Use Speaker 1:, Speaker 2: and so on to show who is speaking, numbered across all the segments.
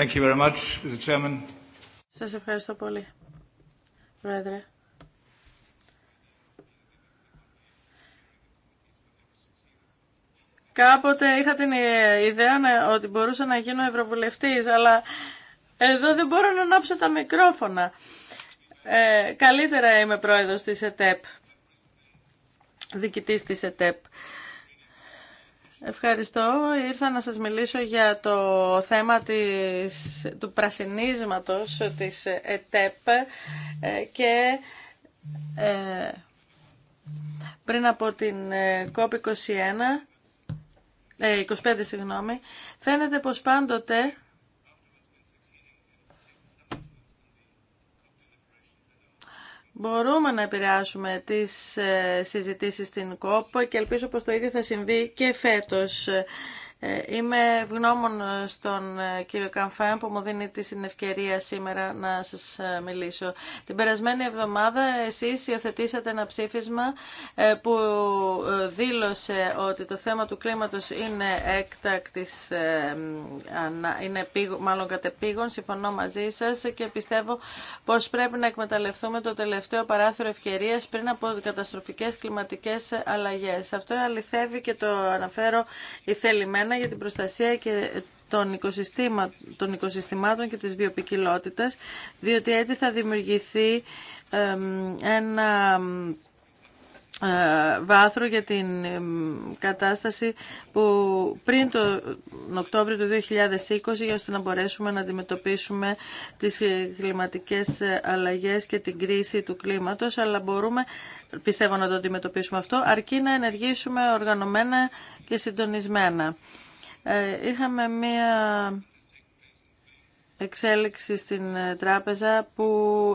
Speaker 1: Thank
Speaker 2: Σας ευχαριστώ πολύ, Πρόεδρε. Κάποτε είχα την ιδέα ότι μπορούσα να γίνω ευρωβουλευτής, αλλά εδώ δεν μπορώ να ανάψω τα μικρόφωνα. Ε, καλύτερα είμαι πρόεδρος της ΕΤΕΠ, διοικητής της ΕΤΕΠ. Ευχαριστώ. Ήρθα να σας μιλήσω για το θέμα της, του πρασινίσματος της ΕΤΕΠ ε, και ε, πριν από την COP21, ε, 25 συγγνώμη, φαίνεται πως πάντοτε Μπορούμε να επηρεάσουμε τις ε, συζητήσεις στην ΚΟΠ και ελπίζω πως το ίδιο θα συμβεί και φέτος. Ε, είμαι ευγνώμων ε, στον ε, κύριο Καμφάν που μου δίνει την ευκαιρία σήμερα να σας μιλήσω. Την περασμένη εβδομάδα εσείς υιοθετήσατε ένα ψήφισμα που δήλωσε ότι το θέμα του κλίματος είναι έκτακτης, είναι μάλλον κατεπήγον, συμφωνώ μαζί σας και πιστεύω πως πρέπει να εκμεταλλευτούμε το τελευταίο παράθυρο ευκαιρίας πριν από καταστροφικές κλιματικές αλλαγές. Αυτό αληθεύει και το αναφέρω για την προστασία και των, οικοσυστήμα, των οικοσυστημάτων και της βιοπικιλότητας, διότι έτσι θα δημιουργηθεί ένα ε, βάθρο για την ε, κατάσταση που πριν τον Οκτώβριο του 2020 ώστε να μπορέσουμε να αντιμετωπίσουμε τις ε, κλιματικές αλλαγές και την κρίση του κλίματος αλλά μπορούμε πιστεύω να το αντιμετωπίσουμε αυτό αρκεί να ενεργήσουμε οργανωμένα και συντονισμένα. Είχαμε μία εξέλιξη στην ε, τράπεζα που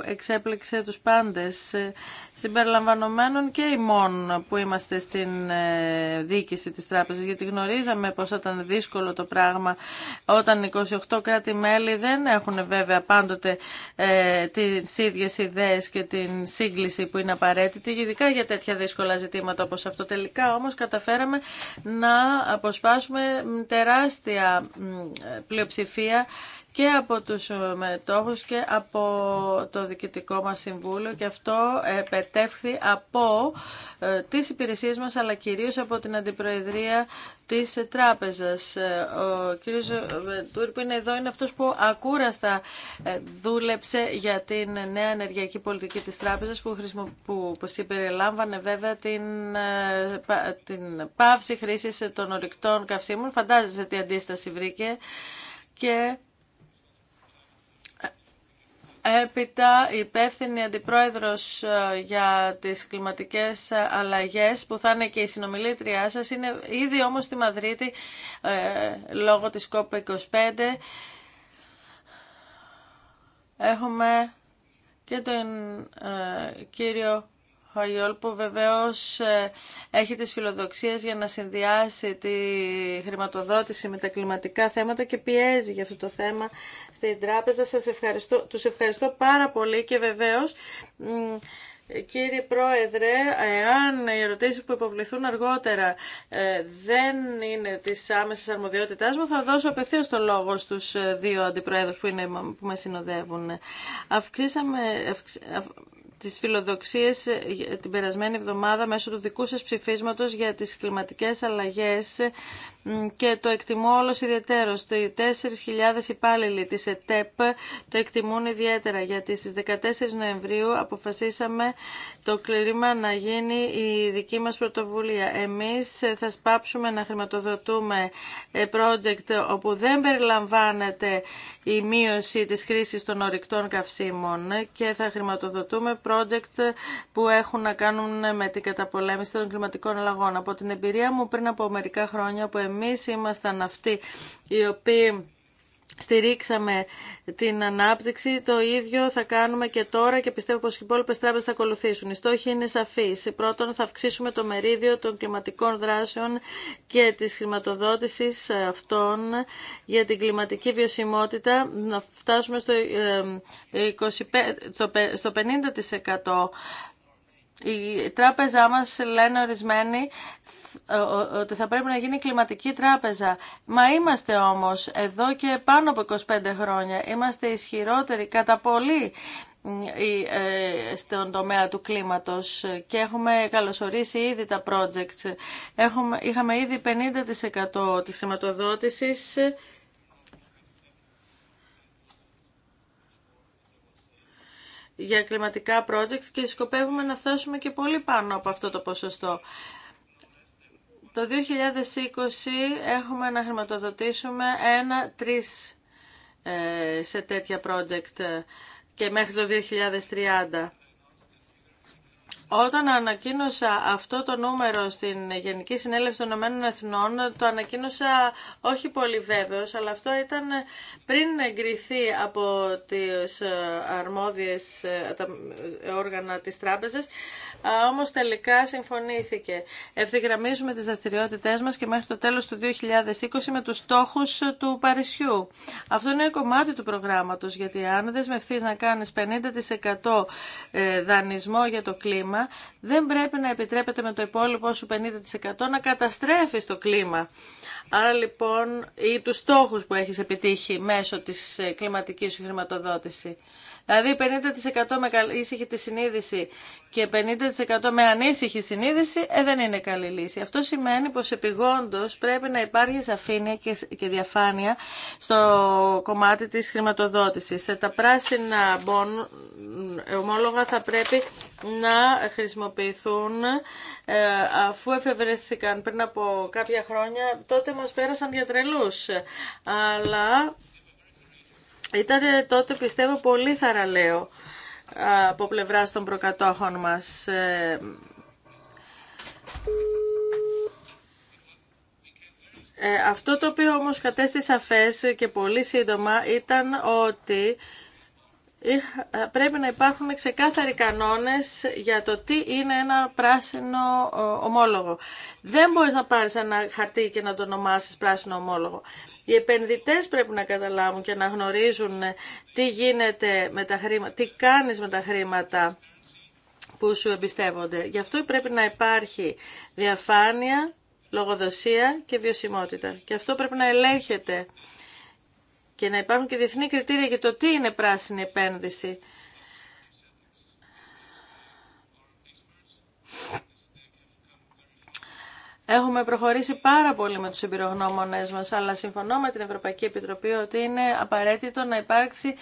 Speaker 2: εξέπληξε τους πάντες ε, συμπεριλαμβανομένων και ημών που είμαστε στην ε, διοίκηση της τράπεζας γιατί γνωρίζαμε πως ήταν δύσκολο το πράγμα όταν 28 κράτη-μέλη δεν έχουν βέβαια πάντοτε ε, τις ίδιες ιδέες και την σύγκληση που είναι απαραίτητη ειδικά για τέτοια δύσκολα ζητήματα όπως αυτό τελικά όμως καταφέραμε να αποσπάσουμε τεράστια πλειοψηφία και από τους ε, μετόχους και από το Διοικητικό μας Συμβούλιο και αυτό επετεύχθη από ε, τις υπηρεσίες μας αλλά κυρίως από την Αντιπροεδρία της Τράπεζας. Ε, ο κ. Βεντούρ που εδώ είναι αυτός που ακούραστα δούλεψε για την νέα ενεργειακή πολιτική της Τράπεζας που, χρησιμο... συμπεριλάμβανε βέβαια την, την πάυση χρήσης των ορυκτών καυσίμων. Φαντάζεσαι τι αντίσταση βρήκε και Έπειτα, η υπεύθυνη αντιπρόεδρος ε, για τις κλιματικές αλλαγές, που θα είναι και η συνομιλήτριά σας, είναι ήδη όμως στη Μαδρίτη, ε, λόγω της COP25. Έχουμε και τον ε, κύριο Χαϊόλ που βεβαίως ε, έχει τις φιλοδοξίες για να συνδυάσει τη χρηματοδότηση με τα κλιματικά θέματα και πιέζει για αυτό το θέμα στην τράπεζα. Σας ευχαριστώ, τους ευχαριστώ πάρα πολύ και βεβαίως Κύριε Πρόεδρε, εάν οι ερωτήσεις που υποβληθούν αργότερα ε, δεν είναι της άμεσης αρμοδιότητάς μου, θα δώσω απευθείας το λόγο στους ε, δύο αντιπρόεδρους που, είναι, με συνοδεύουν. Αυξήσαμε, τις φιλοδοξίες ε, την περασμένη εβδομάδα μέσω του δικού σας ψηφίσματος για τις κλιματικές αλλαγές και το εκτιμώ όλος ιδιαίτερος. οι 4.000 υπάλληλοι της ΕΤΕΠ το εκτιμούν ιδιαίτερα γιατί στις 14 Νοεμβρίου αποφασίσαμε το κλίμα να γίνει η δική μας πρωτοβουλία. Εμείς θα σπάψουμε να χρηματοδοτούμε ε, project όπου δεν περιλαμβάνεται η μείωση της χρήσης των ορυκτών καυσίμων και θα χρηματοδοτούμε project που έχουν να κάνουν με την καταπολέμηση των κλιματικών αλλαγών. Από την εμπειρία μου πριν από μερικά χρόνια που εμείς ήμασταν αυτοί οι οποίοι στηρίξαμε την ανάπτυξη, το ίδιο θα κάνουμε και τώρα και πιστεύω πως οι υπόλοιπε τράπεζες θα ακολουθήσουν. Οι στόχοι είναι σαφείς. Πρώτον, θα αυξήσουμε το μερίδιο των κλιματικών δράσεων και της χρηματοδότησης αυτών για την κλιματική βιωσιμότητα, να φτάσουμε στο, 25, ε, ε, στο 50% η τράπεζά μας λένε ορισμένοι ε, ότι θα πρέπει να γίνει κλιματική τράπεζα. Μα είμαστε όμως εδώ και πάνω από 25 χρόνια. Είμαστε ισχυρότεροι κατά πολύ ε, στον τομέα του κλίματος και έχουμε καλωσορίσει ήδη τα projects. Έχουμε, είχαμε ήδη 50% της χρηματοδότησης για κλιματικά project και σκοπεύουμε να φτάσουμε και πολύ πάνω από αυτό το ποσοστό. Το 2020 έχουμε να χρηματοδοτήσουμε ένα τρεις ε, σε τέτοια project ε, και μέχρι το 2030. Όταν ανακοίνωσα αυτό το νούμερο στην Γενική Συνέλευση των Ηνωμένων Εθνών, το ανακοίνωσα όχι πολύ βέβαιος, αλλά αυτό ήταν πριν εγκριθεί από τις αρμόδιες ε, τα ε, όργανα της τράπεζας όμως τελικά συμφωνήθηκε. Ευθυγραμμίζουμε τις δραστηριότητές μας και μέχρι το τέλος του 2020 με τους στόχους του Παρισιού. Αυτό είναι κομμάτι του προγράμματος, γιατί αν δεσμευτείς να κάνεις 50% ε, δανεισμό για το κλίμα, δεν πρέπει να επιτρέπεται με το υπόλοιπο σου 50% να καταστρέφεις το κλίμα. Άρα λοιπόν, ή τους στόχους που έχεις επιτύχει μέσω της ε, κλιματικής σου χρηματοδότηση. Δηλαδή 50% με ήσυχη τη συνείδηση και 50% με ανήσυχη συνείδηση ε, δεν είναι καλή λύση. Αυτό σημαίνει πως επιγόντως πρέπει να υπάρχει σαφήνεια και διαφάνεια στο κομμάτι της χρηματοδότησης. Σε τα πράσινα μπον, ε, ομόλογα θα πρέπει να χρησιμοποιηθούν ε, αφού εφευρεθήκαν πριν από κάποια χρόνια. Τότε μας πέρασαν για τρελούς. Αλλά ήταν τότε πιστεύω πολύ θαραλέο από πλευρά των προκατόχων μας. Ε, ε, αυτό το οποίο όμως κατέστησε αφές και πολύ σύντομα ήταν ότι πρέπει να υπάρχουν ξεκάθαροι κανόνες για το τι είναι ένα πράσινο ομόλογο. Δεν μπορείς να πάρεις ένα χαρτί και να το ονομάσεις πράσινο ομόλογο. Οι επενδυτές πρέπει να καταλάβουν και να γνωρίζουν ε, τι γίνεται με τα χρήματα, τι κάνεις με τα χρήματα που σου εμπιστεύονται. Γι' αυτό πρέπει να υπάρχει διαφάνεια, λογοδοσία και βιωσιμότητα. Και αυτό πρέπει να ελέγχεται και να υπάρχουν και διεθνή κριτήρια για το τι είναι πράσινη επένδυση. Έχουμε προχωρήσει πάρα πολύ με τους εμπειρογνώμονές μας, αλλά συμφωνώ με την Ευρωπαϊκή Επιτροπή ότι είναι απαραίτητο να υπάρξει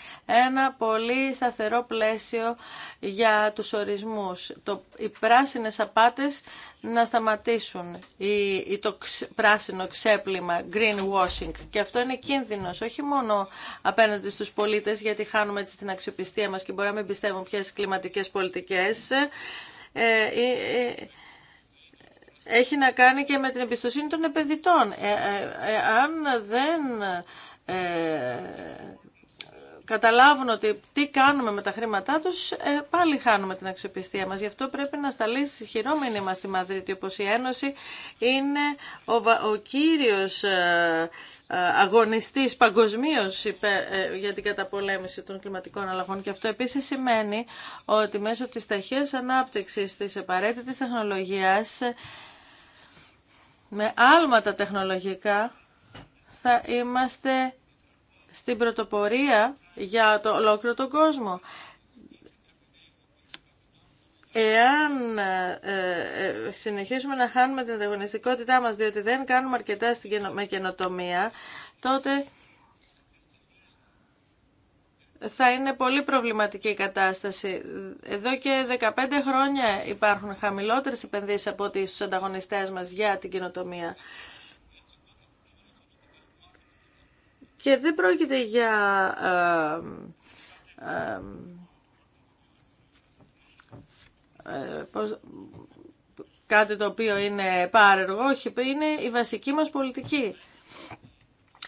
Speaker 2: ένα πολύ σταθερό πλαίσιο για τους ορισμούς. Το, οι πράσινες απάτες να σταματήσουν, η, το ξ, πράσινο ξέπλυμα, greenwashing. Και αυτό είναι κίνδυνος, όχι μόνο απέναντι στους πολίτες, γιατί χάνουμε την αξιοπιστία μας και μπορούμε να μην πιστεύουν ποιες κλιματικές πολιτικές. ε, ε, ε έχει να κάνει και με την εμπιστοσύνη των επενδυτών. αν ε, ε, ε, δεν καταλάβουν ότι τι κάνουμε με τα χρήματά τους, πάλι χάνουμε την αξιοπιστία μας. Γι' αυτό πρέπει να σταλεί ισχυρό μήνυμα στη Μαδρίτη, όπως η Ένωση είναι ο, ο κύριος αγωνιστής παγκοσμίω για την καταπολέμηση των κλιματικών αλλαγών. Και αυτό επίσης σημαίνει ότι μέσω της ταχείας ανάπτυξης της απαραίτητη τεχνολογίας με άλματα τεχνολογικά θα είμαστε στην πρωτοπορία για το ολόκληρο τον κόσμο. Εάν ε, ε, ε, συνεχίσουμε να χάνουμε την ανταγωνιστικότητά μας διότι δεν κάνουμε αρκετά με καινοτομία, τότε θα είναι πολύ προβληματική η κατάσταση. Εδώ και 15 χρόνια υπάρχουν χαμηλότερες επενδύσεις από ό,τι στους ανταγωνιστές μας για την κοινοτομία. Και δεν πρόκειται για ε, ε, ε, κάτι το οποίο είναι πάρεργο, όχι, είναι η βασική μας πολιτική.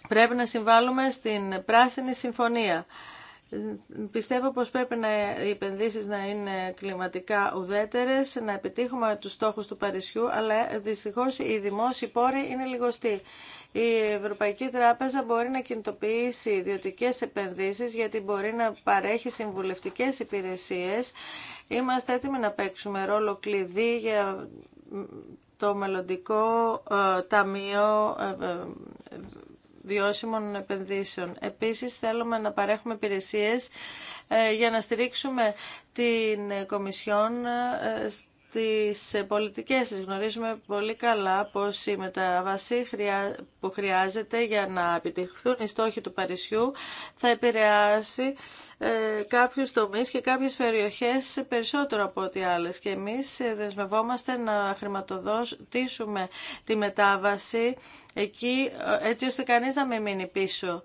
Speaker 2: Πρέπει να συμβάλλουμε στην Πράσινη Συμφωνία. Πιστεύω πως πρέπει να, οι επενδύσεις να είναι κλιματικά ουδέτερες, να επιτύχουμε τους στόχους του Παρισιού, αλλά δυστυχώς οι δημόσιοι πόροι είναι λιγοστοί. Η Ευρωπαϊκή Τράπεζα μπορεί να κινητοποιήσει ιδιωτικέ επενδύσεις γιατί μπορεί να παρέχει συμβουλευτικές υπηρεσίες. Είμαστε έτοιμοι να παίξουμε ρόλο κλειδί για το μελλοντικό ε, ταμείο ε, ε, βιώσιμων επενδύσεων. Επίσης θέλουμε να παρέχουμε υπηρεσίες ε, για να στηρίξουμε την Κομισιόν ε, τις πολιτικές τις γνωρίζουμε πολύ καλά πως η μεταβασή που χρειάζεται για να επιτυχθούν οι στόχοι του Παρισιού θα επηρεάσει ε, κάποιους τομείς και κάποιες περιοχές περισσότερο από ό,τι άλλες και εμείς δεσμευόμαστε να χρηματοδοτήσουμε τη μετάβαση εκεί ε, έτσι ώστε κανείς να μην μείνει πίσω.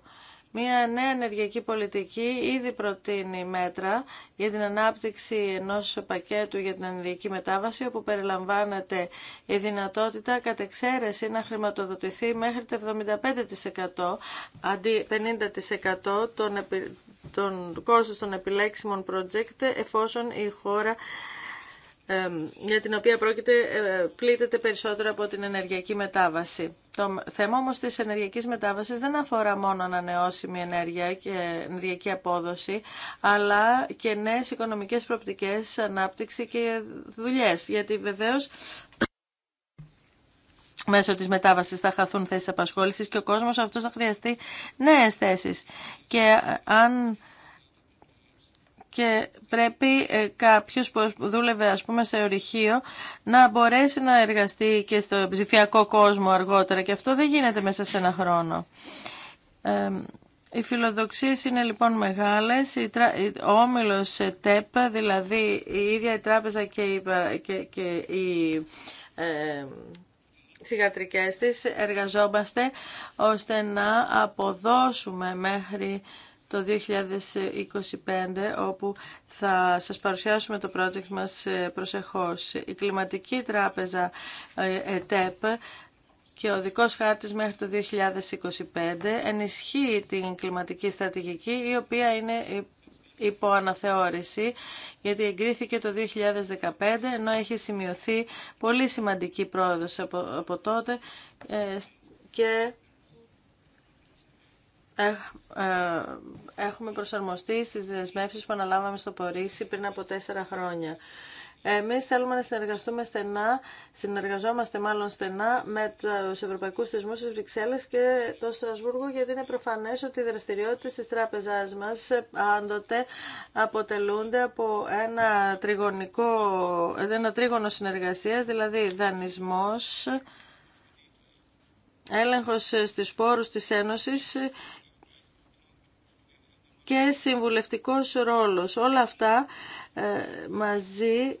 Speaker 2: Μία νέα ενεργειακή πολιτική ήδη προτείνει μέτρα για την ανάπτυξη ενός πακέτου για την ενεργειακή μετάβαση, όπου περιλαμβάνεται η δυνατότητα κατ' εξαίρεση να χρηματοδοτηθεί μέχρι το 75% αντί 50% των, των κόστος των επιλέξιμων project, εφόσον η χώρα για την οποία πρόκειται, ε, πλήττεται περισσότερο από την ενεργειακή μετάβαση. Το θέμα όμως της ενεργειακής μετάβασης δεν αφορά μόνο ανανεώσιμη ενέργεια και ενεργειακή απόδοση, αλλά και νέες οικονομικές προπτικές, ανάπτυξη και δουλειές. Γιατί βεβαίως μέσω της μετάβασης θα χαθούν θέσεις απασχόλησης και ο κόσμος αυτός θα χρειαστεί νέες θέσεις. Και ε, αν και πρέπει ε, κάποιος που δούλευε ας πούμε σε ορυχείο να μπορέσει να εργαστεί και στο ψηφιακό κόσμο αργότερα και αυτό δεν γίνεται μέσα σε ένα χρόνο. Οι φιλοδοξίες είναι λοιπόν μεγάλες, ο όμιλος ΤΕΠ, δηλαδή η ίδια η τράπεζα και οι, και, και οι ε, της εργαζόμαστε ώστε να αποδώσουμε μέχρι το 2025 όπου θα σας παρουσιάσουμε το project μας ε, προσεχώς. Η Κλιματική Τράπεζα ε, ΕΤΕΠ και ο δικός χάρτης μέχρι το 2025 ενισχύει την κλιματική στρατηγική η οποία είναι υπό αναθεώρηση γιατί εγκρίθηκε το 2015 ενώ έχει σημειωθεί πολύ σημαντική πρόοδος από, από τότε ε, και ε, έχουμε προσαρμοστεί στις δεσμεύσεις που αναλάβαμε στο Πορίσι πριν από τέσσερα χρόνια. Εμείς θέλουμε να συνεργαστούμε στενά, συνεργαζόμαστε μάλλον στενά με τους ευρωπαϊκούς θεσμούς της Βρυξέλλες και το Στρασβούργο γιατί είναι προφανές ότι οι δραστηριότητες της τράπεζάς μας πάντοτε αποτελούνται από ένα, τριγωνικό, ένα τρίγωνο συνεργασίας, δηλαδή δανεισμός, έλεγχος στις πόρους της Ένωσης και συμβουλευτικός ρόλος. Όλα αυτά ε, μαζί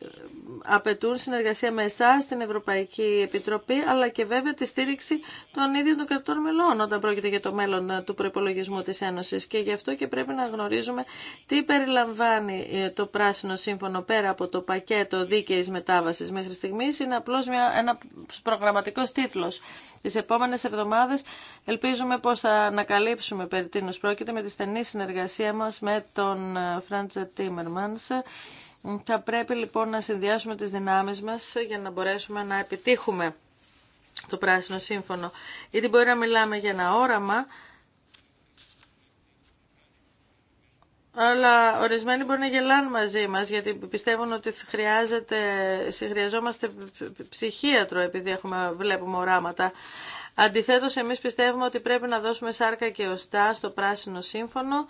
Speaker 2: απαιτούν συνεργασία με εσά στην Ευρωπαϊκή Επιτροπή, αλλά και βέβαια τη στήριξη των ίδιων των κρατών μελών όταν πρόκειται για το μέλλον ε, του προπολογισμού τη Ένωση. Και γι' αυτό και πρέπει να γνωρίζουμε τι περιλαμβάνει ε, το Πράσινο Σύμφωνο πέρα από το πακέτο δίκαιη μετάβαση. Μέχρι στιγμή είναι απλώ ένα προγραμματικό τίτλο. Τι επόμενε εβδομάδε ελπίζουμε πω θα ανακαλύψουμε περί τίνο πρόκειται με τη στενή συνεργασία μα με τον Φράντζα Τίμερμαν θα πρέπει λοιπόν να συνδυάσουμε τις δυνάμεις μας για να μπορέσουμε να επιτύχουμε το πράσινο σύμφωνο. Γιατί μπορεί να μιλάμε για ένα όραμα, Αλλά ορισμένοι μπορεί να γελάνε μαζί μας γιατί πιστεύουν ότι χρειάζεται, χρειαζόμαστε ψυχίατρο επειδή έχουμε, βλέπουμε οράματα. Αντιθέτω, εμεί πιστεύουμε ότι πρέπει να δώσουμε σάρκα και οστά στο Πράσινο Σύμφωνο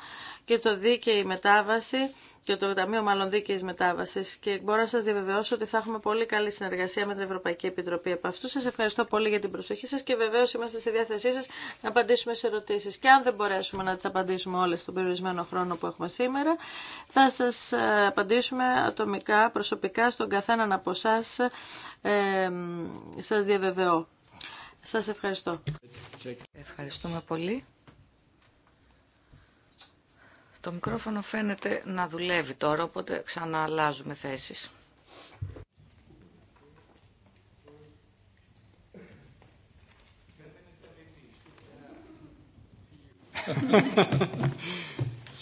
Speaker 2: και το δίκαιη μετάβαση και το Ταμείο μάλλον δίκαιη μετάβαση. και μπορώ να σα διαβεβαιώσω ότι θα έχουμε πολύ καλή συνεργασία με την Ευρωπαϊκή Επιτροπή από αυτού. Σα ευχαριστώ πολύ για την προσοχή σα και βεβαίω, είμαστε στη διάθεσή σα να απαντήσουμε σε ερωτήσει. και αν δεν μπορέσουμε να τι απαντήσουμε όλε στον περιορισμένο χρόνο που έχουμε σήμερα θα σα ε, απαντήσουμε ατομικά, προσωπικά στον καθέναν από εσά ε, Σα διαβεβαιώ. Σας ευχαριστώ.
Speaker 3: Ευχαριστούμε πολύ. Το μικρόφωνο φαίνεται να δουλεύει τώρα, οπότε ξανααλλάζουμε θέσεις.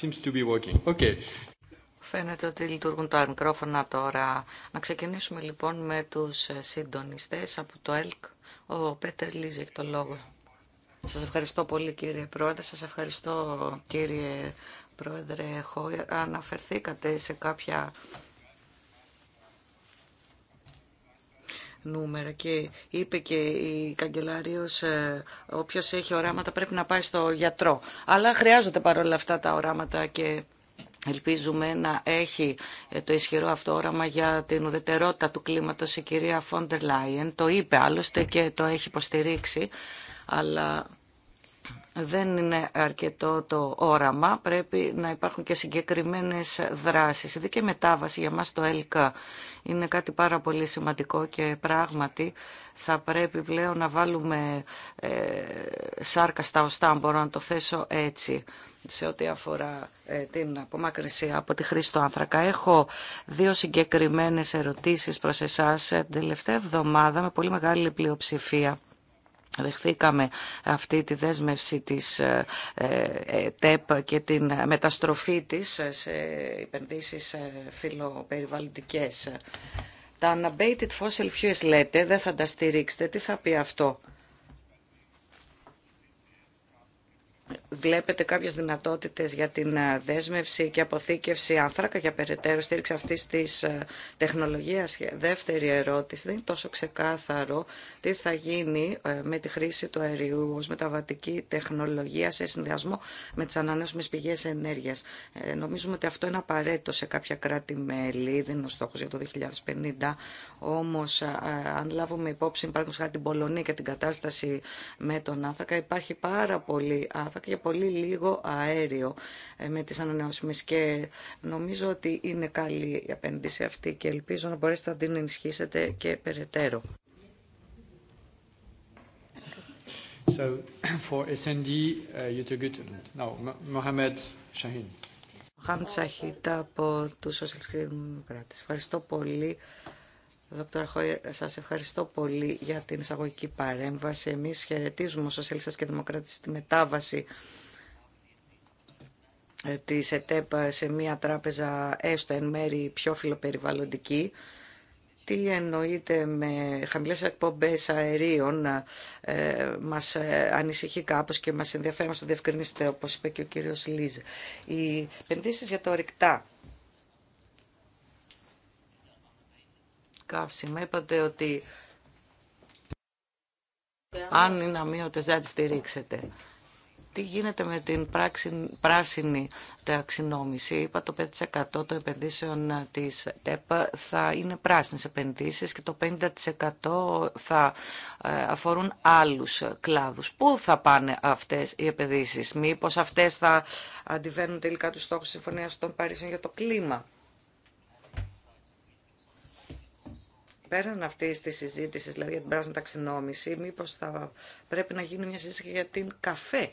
Speaker 1: Seems to be working. Okay.
Speaker 3: Φαίνεται ότι λειτουργούν τα μικρόφωνα τώρα. Να ξεκινήσουμε λοιπόν με τους συντονιστές από το ΕΛΚ. Ο Πέτερ Λίζη το λόγο. Σας ευχαριστώ πολύ κύριε Πρόεδρε, σας ευχαριστώ κύριε Πρόεδρε έχω Αναφερθήκατε σε κάποια νούμερα και είπε και η καγκελάριος ε, όποιος έχει οράματα πρέπει να πάει στο γιατρό. Αλλά χρειάζονται παρόλα αυτά τα οράματα και Ελπίζουμε να έχει το ισχυρό αυτό όραμα για την ουδετερότητα του κλίματος η κυρία Φόντερ Λάιεν. Το είπε άλλωστε και το έχει υποστηρίξει, αλλά δεν είναι αρκετό το όραμα. Πρέπει να υπάρχουν και συγκεκριμένες δράσεις. Η δίκαιη μετάβαση για μας το ΕΛΚΑ είναι κάτι πάρα πολύ σημαντικό και πράγματι θα πρέπει πλέον να βάλουμε ε, σάρκα στα οστά, μπορώ να το θέσω έτσι σε ό,τι αφορά ε, την απομάκρυνση από τη χρήση του άνθρακα. Έχω δύο συγκεκριμένες ερωτήσεις προς εσάς. Ε, την τελευταία εβδομάδα με πολύ μεγάλη πλειοψηφία δεχθήκαμε αυτή τη δέσμευση της ε, ΤΕΠ και την μεταστροφή της σε επενδύσεις φιλοπεριβαλλοντικές. Τα unabated fossil fuels λέτε, δεν θα τα στηρίξετε. Τι θα πει αυτό βλέπετε κάποιες δυνατότητες για την ε, δέσμευση και αποθήκευση άνθρακα για περαιτέρω στήριξη αυτής της ε, τεχνολογίας. Δεύτερη ερώτηση, δεν είναι τόσο ξεκάθαρο τι θα γίνει ε, με τη χρήση του αερίου ως μεταβατική τεχνολογία σε συνδυασμό με τις ανανεώσιμες πηγές ενέργειας. Νομίζουμε ότι αυτό είναι απαραίτητο σε κάποια κράτη-μέλη, δεν είναι ο στόχος για το 2050, όμως αν λάβουμε υπόψη, παράδειγμα την Πολωνία και την κατάσταση με τον άνθρακα, υπάρχει πάρα πολύ άνθρακα πολύ λίγο αέριο ε, με τις ανανεώσιμες και νομίζω ότι είναι καλή η επένδυση αυτή και ελπίζω να μπορέσετε να την ενισχύσετε και περαιτέρω.
Speaker 1: So for SND, uh, to Mohamed Shahin.
Speaker 3: Mohamed Shahid από τους Σοσιαλιστικούς Δημοκράτες. Ευχαριστώ πολύ. Δόκτωρ Χόιερ, σας ευχαριστώ πολύ για την εισαγωγική παρέμβαση. Εμείς χαιρετίζουμε ω σοσιαλιστές και δημοκράτες τη μετάβαση ε, της ΕΤΕΠ σε μια τράπεζα έστω εν μέρη πιο φιλοπεριβαλλοντική. Τι εννοείται με χαμηλές εκπομπές αερίων ε, μας ε, ανησυχεί κάπως και μας ενδιαφέρει να το διευκρινίσετε όπως είπε και ο κύριος Λίζ. Οι επενδύσεις για το ορυκτά καύσιμα. Είπατε ότι αν είναι αμύωτες δεν τη στηρίξετε. Τι γίνεται με την πράσινη ταξινόμηση. Είπα το 5% των επενδύσεων της ΤΕΠΑ θα είναι πράσινες επενδύσεις και το 50% θα ε, αφορούν άλλους κλάδους. Πού θα πάνε αυτές οι επενδύσεις. Μήπως αυτές θα αντιβαίνουν τελικά τους στόχους της Συμφωνίας των Παρίσιων για το κλίμα. πέραν αυτή τη συζήτηση, δηλαδή για την πράσινη ταξινόμηση, μήπω θα πρέπει να γίνει μια συζήτηση για την καφέ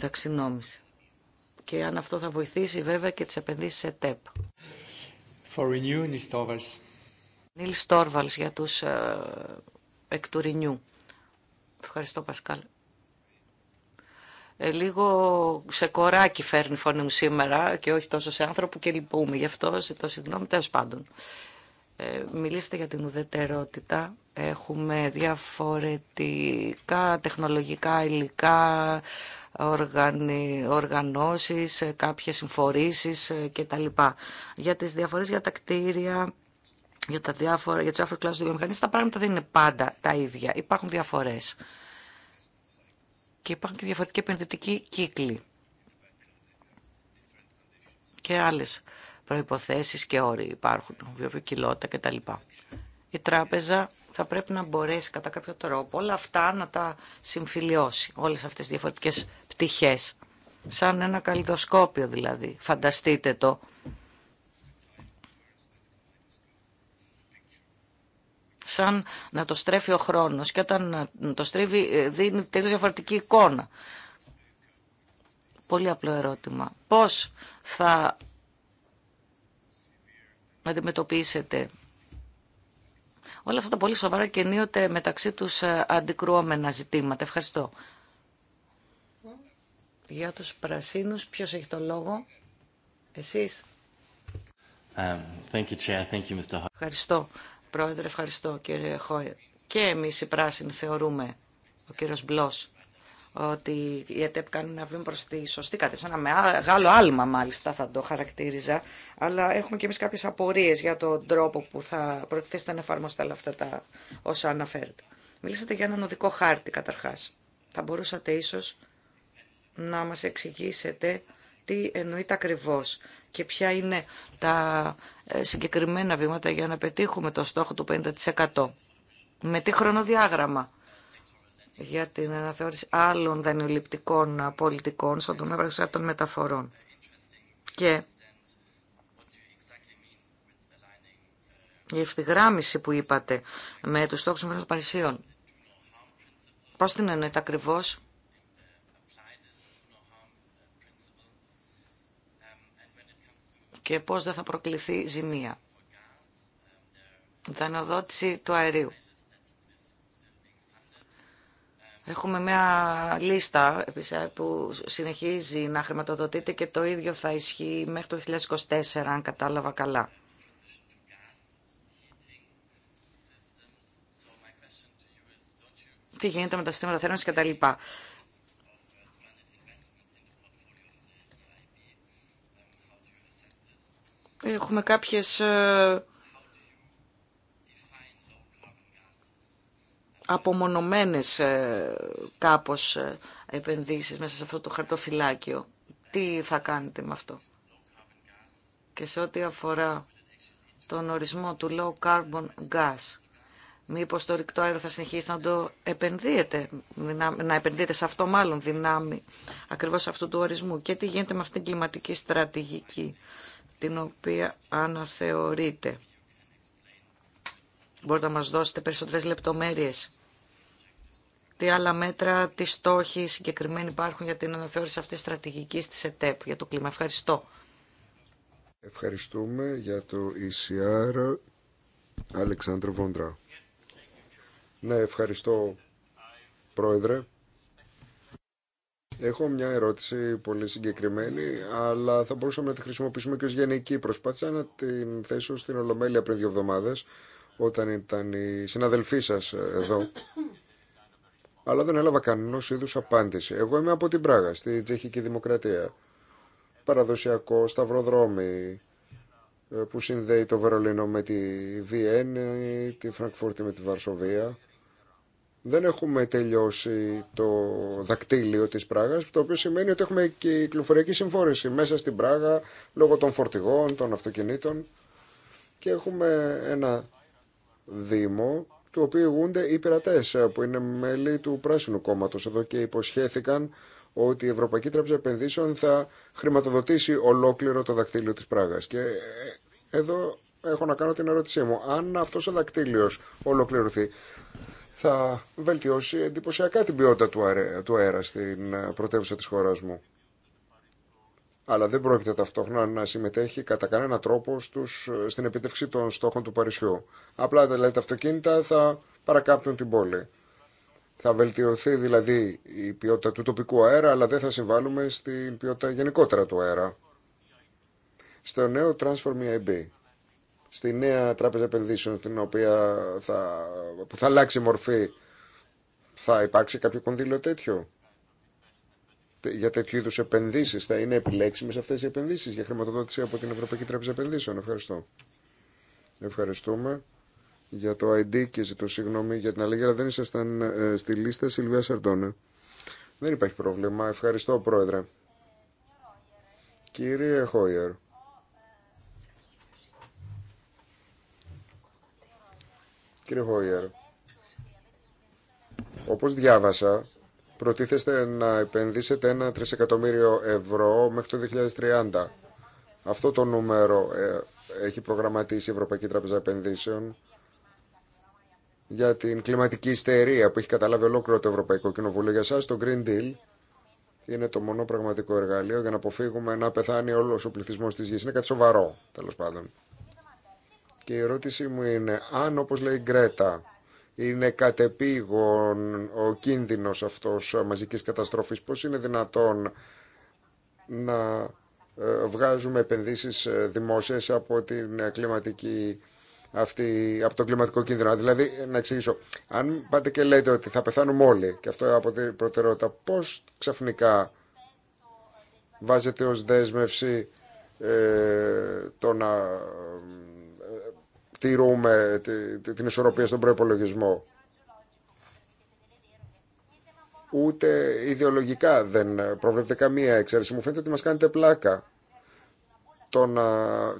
Speaker 3: ταξινόμηση. Και αν αυτό θα βοηθήσει βέβαια και τι επενδύσει σε ΤΕΠ. For Νίλ Στόρβαλ για του ε, εκ του Ευχαριστώ, Πασκάλ. Ε, λίγο σε κοράκι φέρνει φωνή μου σήμερα και όχι τόσο σε άνθρωπο και λυπούμε. Γι' αυτό ζητώ συγγνώμη, τέλο πάντων. Ε, μιλήσετε για την ουδετερότητα. Έχουμε διαφορετικά τεχνολογικά υλικά, οργανι, οργανώσεις, ε, κάποιες συμφορήσεις ε, κτλ. Για τις διαφορές για τα κτίρια, για, τα διάφορα, για τους διάφορες κλάσεις του τα πράγματα δεν είναι πάντα τα ίδια. Υπάρχουν διαφορές. Και υπάρχουν και διαφορετικοί επενδυτικοί κύκλοι. Και άλλες προϋποθέσεις και όροι υπάρχουν, βιοποικιλότητα κτλ. Η τράπεζα θα πρέπει να μπορέσει κατά κάποιο τρόπο όλα αυτά να τα συμφιλιώσει, όλες αυτές τις διαφορετικές πτυχές. Σαν ένα καλλιδοσκόπιο δηλαδή, φανταστείτε το. Σαν να το στρέφει ο χρόνος και όταν το στρίβει ε, δίνει τελείως διαφορετική εικόνα. Πολύ απλό ερώτημα. Πώς θα να αντιμετωπίσετε. Όλα αυτά τα πολύ σοβαρά και ενίοτε μεταξύ τους ε, αντικρουόμενα ζητήματα. Ευχαριστώ. Για τους πρασίνους, ποιος έχει το λόγο, εσείς. Um, ευχαριστώ, Πρόεδρε, ευχαριστώ, κύριε Χόιερ. Και εμείς οι πράσινοι θεωρούμε, ο κύριος Μπλός, ότι η ΕΤΕΠ κάνει ένα βήμα προ τη σωστή κατεύθυνση, ένα μεγάλο άλμα μάλιστα θα το χαρακτήριζα, αλλά έχουμε και εμεί κάποιε απορίε για τον τρόπο που θα προτιθέσετε να εφαρμόσετε όλα αυτά τα όσα αναφέρετε. Μιλήσατε για έναν οδικό χάρτη καταρχά. Θα μπορούσατε ίσω να μα εξηγήσετε τι εννοείται ακριβώ και ποια είναι τα ε, συγκεκριμένα βήματα για να πετύχουμε το στόχο του 50%. Με τι χρονοδιάγραμμα για την αναθεώρηση άλλων δανειοληπτικών πολιτικών στον τομέα των μεταφορών. Και η ευθυγράμμιση που είπατε με τους στόχους των Παρισίων, πώς την εννοείται ακριβώς, και πώς δεν θα προκληθεί ζημία. Δανειοδότηση του αερίου. Έχουμε μια λίστα ε, που συνεχίζει να χρηματοδοτείται και το ίδιο θα ισχύει μέχρι το 2024, αν κατάλαβα καλά. Τι γίνεται με τα συστήματα θέρμανσης και τα λοιπά. Έχουμε κάποιες ε, απομονωμένες ε, κάπως ε, επενδύσεις μέσα σε αυτό το χαρτοφυλάκιο. Τι θα κάνετε με αυτό. Και σε ό,τι αφορά τον ορισμό του low carbon gas, μήπως το ρηκτό αέρα θα συνεχίσει να το επενδύετε, να επενδύετε σε αυτό μάλλον δυνάμει ακριβώς αυτού του ορισμού. Και τι γίνεται με αυτήν την κλιματική στρατηγική, την οποία αναθεωρείται. Μπορείτε να μας δώσετε περισσότερες λεπτομέρειες. Τι άλλα μέτρα, τι στόχοι συγκεκριμένοι υπάρχουν για την αναθεώρηση αυτής της στρατηγικής της ΕΤΕΠ για το κλίμα. Ευχαριστώ.
Speaker 4: Ευχαριστούμε για το ECR. Αλεξάνδρου Βόντρα. Ναι, ευχαριστώ, Πρόεδρε. Έχω μια ερώτηση πολύ συγκεκριμένη, αλλά θα μπορούσαμε να τη χρησιμοποιήσουμε και ως γενική προσπάθεια να την θέσω στην Ολομέλεια πριν δύο εβδομάδες όταν ήταν οι συναδελφοί σας ε, εδώ αλλά δεν έλαβα κανένα είδου απάντηση. Εγώ είμαι από την Πράγα, στη Τσεχική Δημοκρατία. Παραδοσιακό σταυροδρόμι ε, που συνδέει το Βερολίνο με τη Βιέννη, τη Φραγκφούρτη με τη Βαρσοβία. Δεν έχουμε τελειώσει το δακτύλιο της Πράγας, το οποίο σημαίνει ότι έχουμε κυκλοφοριακή συμφόρηση μέσα στην Πράγα, λόγω των φορτηγών, των αυτοκινήτων και έχουμε ένα Δήμο του οποίου ηγούνται οι πειρατέ ε, που είναι μέλη του Πράσινου Κόμματο εδώ και υποσχέθηκαν ότι η Ευρωπαϊκή Τράπεζα Επενδύσεων θα χρηματοδοτήσει ολόκληρο το δακτύλιο τη Πράγα. Και ε, εδώ έχω να κάνω την ερώτησή μου. Αν αυτό ο δακτύλιο ολοκληρωθεί, θα βελτιώσει εντυπωσιακά την ποιότητα του αέρα στην ε, πρωτεύουσα τη χώρα μου αλλά δεν πρόκειται ταυτόχρονα να συμμετέχει κατά κανένα τρόπο στους, στην επίτευξη των στόχων του Παρισιού. Απλά δηλαδή τα αυτοκίνητα θα παρακάπτουν την πόλη. Θα βελτιωθεί δηλαδή η ποιότητα του τοπικού αέρα, αλλά δεν θα συμβάλλουμε στην ποιότητα γενικότερα του αέρα. Στο νέο Transform EIB, στη νέα τράπεζα επενδύσεων, την οποία θα, που θα αλλάξει μορφή, θα υπάρξει κάποιο κονδύλιο τέτοιο για τέτοιου είδου επενδύσει. Θα είναι επιλέξιμε αυτέ οι επενδύσει για χρηματοδότηση από την Ευρωπαϊκή Τράπεζα Επενδύσεων. Ευχαριστώ. Ευχαριστούμε για το ID και ζητώ συγγνώμη για την αλλαγή, αλλά δεν ήσασταν ε, στη λίστα Σιλβία Σαρτώνε. Δεν υπάρχει πρόβλημα. Ευχαριστώ, Πρόεδρε. Κύριε Χόιερ. Κύριε Χόιερ, όπως διάβασα, προτίθεστε να επενδύσετε ένα τρισεκατομμύριο ευρώ μέχρι το 2030. Αυτό το νούμερο ε, έχει προγραμματίσει η Ευρωπαϊκή Τράπεζα Επενδύσεων για την κλιματική ιστερία που έχει καταλάβει ολόκληρο το Ευρωπαϊκό Κοινοβούλιο. Για σας το Green Deal είναι το μόνο πραγματικό εργαλείο για να αποφύγουμε να πεθάνει όλος ο πληθυσμός της γης. Είναι κάτι σοβαρό, τέλος πάντων. Και η ερώτησή μου είναι, αν όπως λέει η Γκρέτα, είναι κατεπήγον ο κίνδυνος αυτός μαζικής καταστροφής. Πώς είναι δυνατόν να ε, βγάζουμε επενδύσεις ε, δημόσιες από την κλιματική αυτή, από το κλιματικό κίνδυνο. Δηλαδή, να εξηγήσω, αν πάτε και λέτε ότι θα πεθάνουμε όλοι, και αυτό από την προτεραιότητα, πώς ξαφνικά βάζετε ως δέσμευση ε, το να τηρούμε την ισορροπία στον προπολογισμό. Ούτε ιδεολογικά δεν προβλέπετε καμία εξαίρεση. Μου φαίνεται ότι μας κάνετε πλάκα. Το να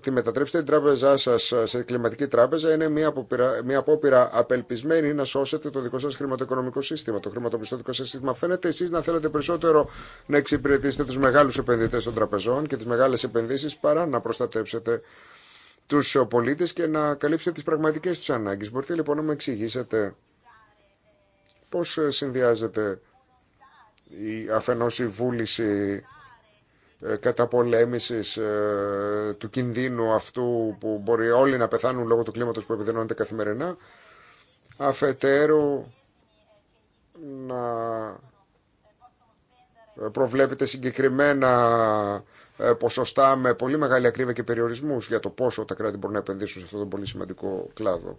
Speaker 4: τη μετατρέψετε την τράπεζά σας σε κλιματική τράπεζα είναι μια απόπειρα, μια απόπειρα απελπισμένη να σώσετε το δικό σας χρηματοοικονομικό σύστημα, το χρηματοπιστωτικό σας σύστημα. Φαίνεται εσείς να θέλετε περισσότερο να εξυπηρετήσετε τους μεγάλους επενδυτές των τραπεζών και τις μεγάλες επενδύσεις παρά να προστατέψετε του πολίτε και να καλύψετε τις πραγματικές του ανάγκες. Μπορείτε λοιπόν να μου εξηγήσετε πώς ε, συνδυάζεται η, αφενός η βούληση ε, καταπολέμησης ε, του κινδύνου αυτού που μπορεί όλοι να πεθάνουν λόγω του κλίματος που επιδεινώνεται καθημερινά αφετέρου να προβλέπετε συγκεκριμένα ε, ποσοστά με πολύ μεγάλη ακρίβεια και περιορισμού για το πόσο τα κράτη μπορούν να επενδύσουν σε αυτόν τον πολύ σημαντικό κλάδο.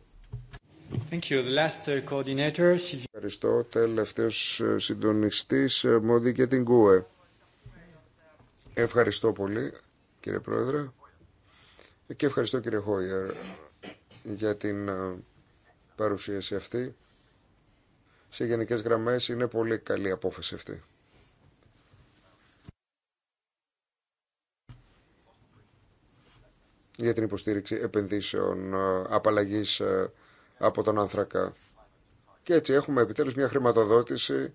Speaker 1: Thank you. The last uh, coordinator...
Speaker 4: Ευχαριστώ. Τελευταίο ε, συντονιστή, ε, Μόντι και την ΚΟΕ. Ευχαριστώ πολύ κύριε Πρόεδρε και ευχαριστώ κύριε Χόιερ για την παρουσίαση αυτή. Σε γενικές γραμμές είναι πολύ καλή απόφαση αυτή. για την υποστήριξη επενδύσεων ε, απαλλαγή ε, από τον άνθρακα. Και έτσι έχουμε επιτέλους μια χρηματοδότηση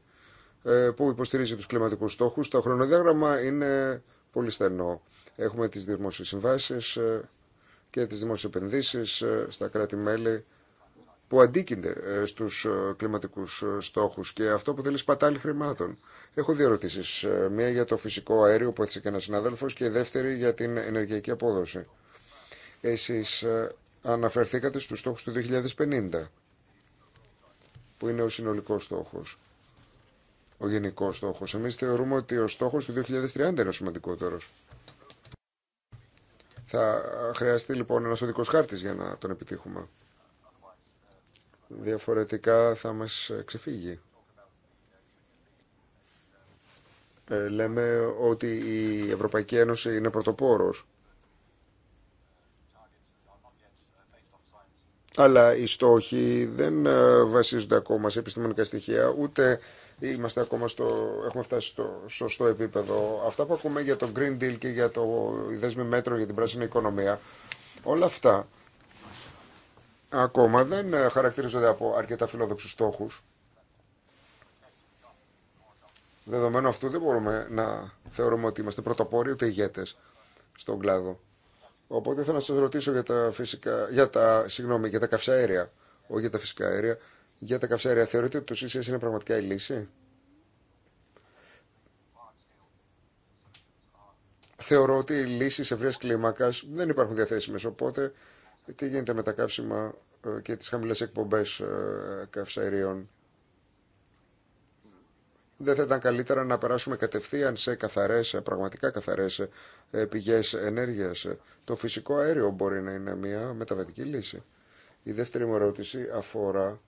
Speaker 4: ε, που υποστηρίζει τους κλιματικούς στόχους. Το χρονοδιάγραμμα είναι πολύ στενό. Έχουμε τις δημόσιες συμβάσεις και τις δημόσιες επενδύσεις στα κράτη-μέλη που αντίκυνται στους κλιματικούς στόχους και αυτό που θέλει σπατάλη χρημάτων. Έχω δύο ερωτήσει. Μία για το φυσικό αέριο που έθεσε και ένα συνάδελφο και η δεύτερη για την ενεργειακή απόδοση. Εσείς ε, αναφερθήκατε στους στόχους του 2050, που είναι ο συνολικός στόχος, ο γενικός στόχος. Εμείς θεωρούμε ότι ο στόχος του 2030 είναι ο σημαντικότερος. Θα χρειαστεί λοιπόν ένας οδικός χάρτης για να τον επιτύχουμε. Διαφορετικά θα μας ξεφύγει. Ε, λέμε ότι η Ευρωπαϊκή Ένωση είναι πρωτοπόρος Αλλά οι στόχοι δεν ε, βασίζονται ακόμα σε επιστημονικά στοιχεία, ούτε είμαστε ακόμα στο, έχουμε φτάσει στο σωστό επίπεδο. Αυτά που ακούμε για το Green Deal και για το δέσμη μέτρο για την πράσινη οικονομία, όλα αυτά ακόμα δεν ε, χαρακτηρίζονται από αρκετά φιλόδοξους στόχους. Δεδομένου αυτού δεν μπορούμε να θεωρούμε ότι είμαστε πρωτοπόροι ούτε ηγέτες στον κλάδο. Οπότε θέλω να σας ρωτήσω για τα, φυσικά, για τα, συγγνώμη, για τα καυσαέρια, όχι για τα φυσικά αέρια, για τα καυσαέρια. Θεωρείτε ότι το CCS είναι πραγματικά η λύση? Θεωρώ ότι οι λύσει ευρεία κλίμακα δεν υπάρχουν διαθέσιμε. Οπότε, τι γίνεται με τα καύσιμα ε, και τι χαμηλέ εκπομπέ ε, καυσαερίων δεν θα ήταν καλύτερα να περάσουμε κατευθείαν σε καθαρές, πραγματικά καθαρές ε, πηγές ενέργειας. Το φυσικό αέριο μπορεί να είναι μια μεταβατική λύση. Η δεύτερη μου ερώτηση αφορά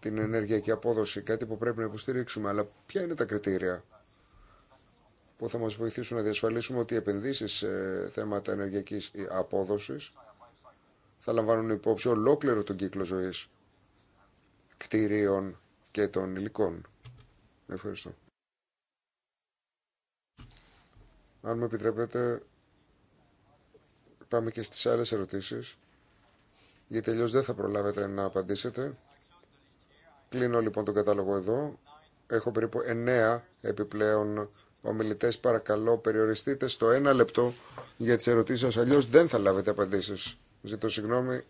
Speaker 4: την ενεργειακή απόδοση, κάτι που πρέπει να υποστηρίξουμε, αλλά ποια είναι τα κριτήρια που θα μας βοηθήσουν να διασφαλίσουμε ότι οι επενδύσεις σε θέματα ενεργειακής απόδοσης θα λαμβάνουν υπόψη ολόκληρο τον κύκλο ζωής κτηρίων και των υλικών. Ευχαριστώ. Αν μου επιτρέπετε, πάμε και στις άλλες ερωτήσεις, γιατί αλλιώ δεν θα προλάβετε να απαντήσετε. Κλείνω λοιπόν τον κατάλογο εδώ. Έχω περίπου 9 επιπλέον ομιλητές. Παρακαλώ, περιοριστείτε στο ένα λεπτό για τις ερωτήσεις σας, αλλιώς δεν θα λάβετε απαντήσεις. Ζητώ συγγνώμη.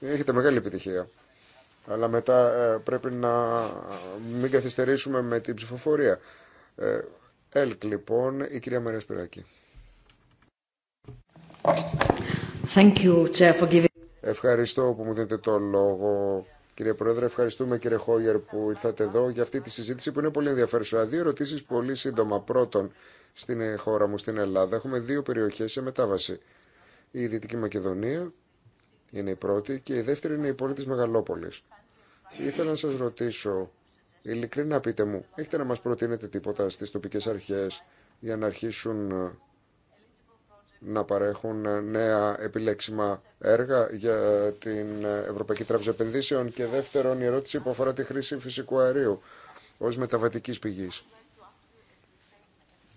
Speaker 4: Έχετε μεγάλη επιτυχία αλλά μετά ε, πρέπει να μην καθυστερήσουμε με την ψηφοφορία. Ε, ΕΛΚ λοιπόν, η κυρία Μαρία Σπυράκη. Thank you, Chair, for giving... Ευχαριστώ που μου δίνετε το λόγο. Κύριε Πρόεδρε, ευχαριστούμε κύριε Χόγερ που ήρθατε εδώ για αυτή τη συζήτηση που είναι πολύ ενδιαφέρουσα. Δύο ερωτήσει πολύ σύντομα. Πρώτον, στην χώρα μου, στην Ελλάδα, έχουμε δύο περιοχέ σε μετάβαση. Η Δυτική Μακεδονία είναι η πρώτη και η δεύτερη είναι η πόλη της Μεγαλόπολης. Ήθελα να σας ρωτήσω, ειλικρινά πείτε μου, έχετε να μας προτείνετε τίποτα στις τοπικές αρχές για να αρχίσουν ε, να παρέχουν ε, νέα επιλέξιμα έργα για ε, την Ευρωπαϊκή Τράπεζα Επενδύσεων και δεύτερον η ερώτηση που αφορά τη χρήση φυσικού αερίου ως μεταβατικής πηγής.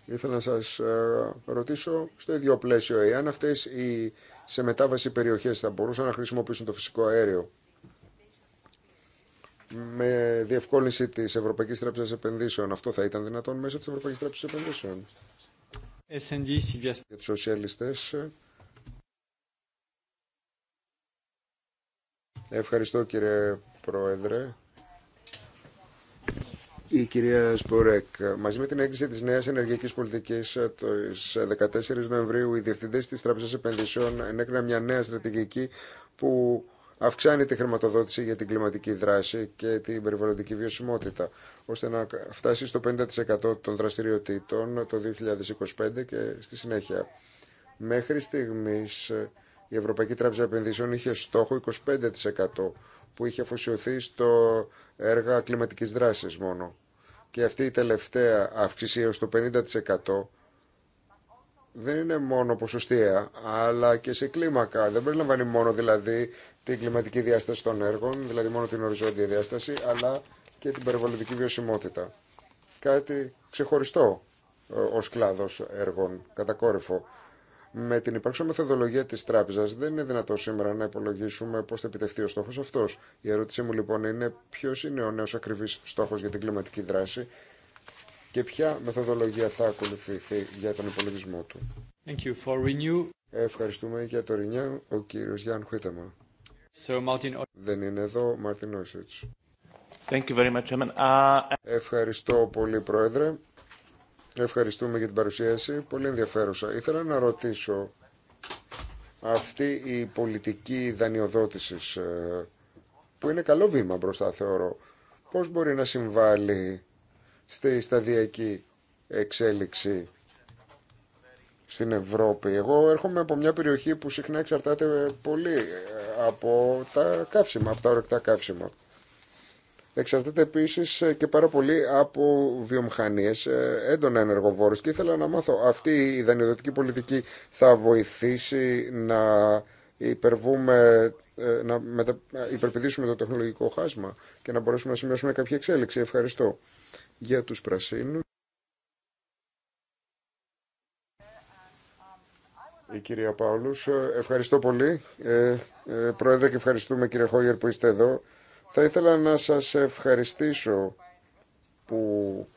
Speaker 4: Ήθελα να σας ε, ρωτήσω στο ίδιο πλαίσιο, εάν αυτές οι σε μετάβαση περιοχές θα μπορούσαν να χρησιμοποιήσουν το φυσικό αέριο με διευκόλυνση της Ευρωπαϊκής Τράπεζας Επενδύσεων, αυτό θα ήταν δυνατόν μέσω της Ευρωπαϊκής Τράπεζας Επενδύσεων. Για τους σοσιαλιστές. Ευχαριστώ κύριε Πρόεδρε. Η κυρία Σπορέκ, μαζί με την έγκριση της νέας ενεργειακής πολιτικής το 14 Νοεμβρίου, οι διευθυντέ της Τράπεζας Επενδύσεων ενέκριναν μια νέα στρατηγική που αυξάνει τη χρηματοδότηση για την κλιματική δράση και την περιβαλλοντική βιωσιμότητα, ώστε να φτάσει στο 50% των δραστηριοτήτων το 2025 και στη συνέχεια. Μέχρι στιγμής η Ευρωπαϊκή Τράπεζα Επενδύσεων είχε στόχο 25% που είχε αφοσιωθεί στο έργα κλιματικής δράσης μόνο. Και αυτή η τελευταία αύξηση έως το 50% δεν είναι μόνο ποσοστία, αλλά και σε κλίμακα. Δεν περιλαμβάνει μόνο δηλαδή την κλιματική διάσταση των έργων, δηλαδή μόνο την οριζόντια διάσταση, αλλά και την περιβαλλοντική βιωσιμότητα. Κάτι ξεχωριστό ε, ως κλάδος έργων, κατακόρυφο. Με την υπάρξη μεθοδολογία τη τράπεζα δεν είναι δυνατό σήμερα να υπολογίσουμε πώ θα επιτευχθεί ο στόχο αυτό. Η ερώτησή μου λοιπόν είναι ποιο είναι ο νέο ακριβή στόχο για την κλιματική δράση και ποια μεθοδολογία θα ακολουθηθεί για τον υπολογισμό του. Thank you for renew. Ευχαριστούμε για το Renew, ο κύριος Γιάνν Χουίτεμα. Δεν είναι εδώ, Μάρτιν Όισιτς. Ε- Ευχαριστώ πολύ, Πρόεδρε. Ευχαριστούμε για την παρουσίαση. Πολύ ενδιαφέρουσα. Ήθελα να ρωτήσω αυτή η πολιτική δανειοδότηση, ε, που είναι καλό βήμα μπροστά θεωρώ πώς μπορεί να συμβάλλει στη σταδιακή εξέλιξη στην Ευρώπη. Εγώ έρχομαι από μια περιοχή που συχνά εξαρτάται πολύ ε, από τα καύσιμα, από τα ορεκτά καύσιμα εξαρτάται επίσης ε, και πάρα πολύ από βιομηχανίες ε, έντονα ενεργοβόρους. και ήθελα να μάθω αυτή η δανειοδοτική πολιτική θα βοηθήσει να υπερβούμε ε, να μετα... υπερπηδήσουμε το τεχνολογικό χάσμα και να μπορέσουμε να σημειώσουμε κάποια εξέλιξη. Ευχαριστώ για τους πρασίνους. Η κυρία Παύλου ευχαριστώ πολύ. Ε, πρόεδρε, και ευχαριστούμε κύριε Χόγερ που είστε εδώ. Θα ήθελα να σας ευχαριστήσω που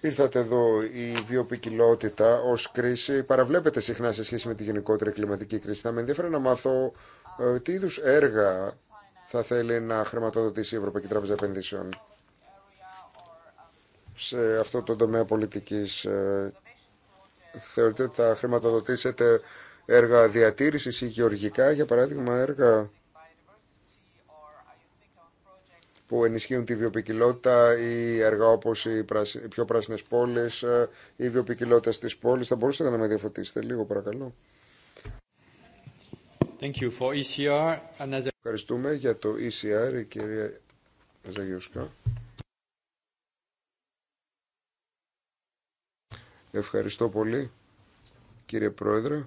Speaker 4: ήρθατε εδώ. Η βιοπικιλότητα ως κρίση Παραβλέπετε συχνά σε σχέση με τη γενικότερη κλιματική κρίση. Θα με ενδιαφέρει να μάθω ε, τι είδους έργα θα θέλει να χρηματοδοτήσει η Ευρωπαϊκή Τράπεζα Επενδύσεων σε αυτό το τομέα πολιτικής. Ε, θεωρείτε ότι θα χρηματοδοτήσετε έργα διατήρησης ή γεωργικά, για παράδειγμα έργα που ενισχύουν τη βιοπικιλότητα ή έργα όπω οι πιο πράσινε πόλει ή ε, η βιοπικιλότητα στι πόλει. Θα μπορούσατε να με διαφωτίσετε λίγο, παρακαλώ. Thank you for ECR. Ευχαριστούμε για το ECR, η κυρία Ζαγιουσκά. Ευχαριστώ πολύ, κύριε Πρόεδρε.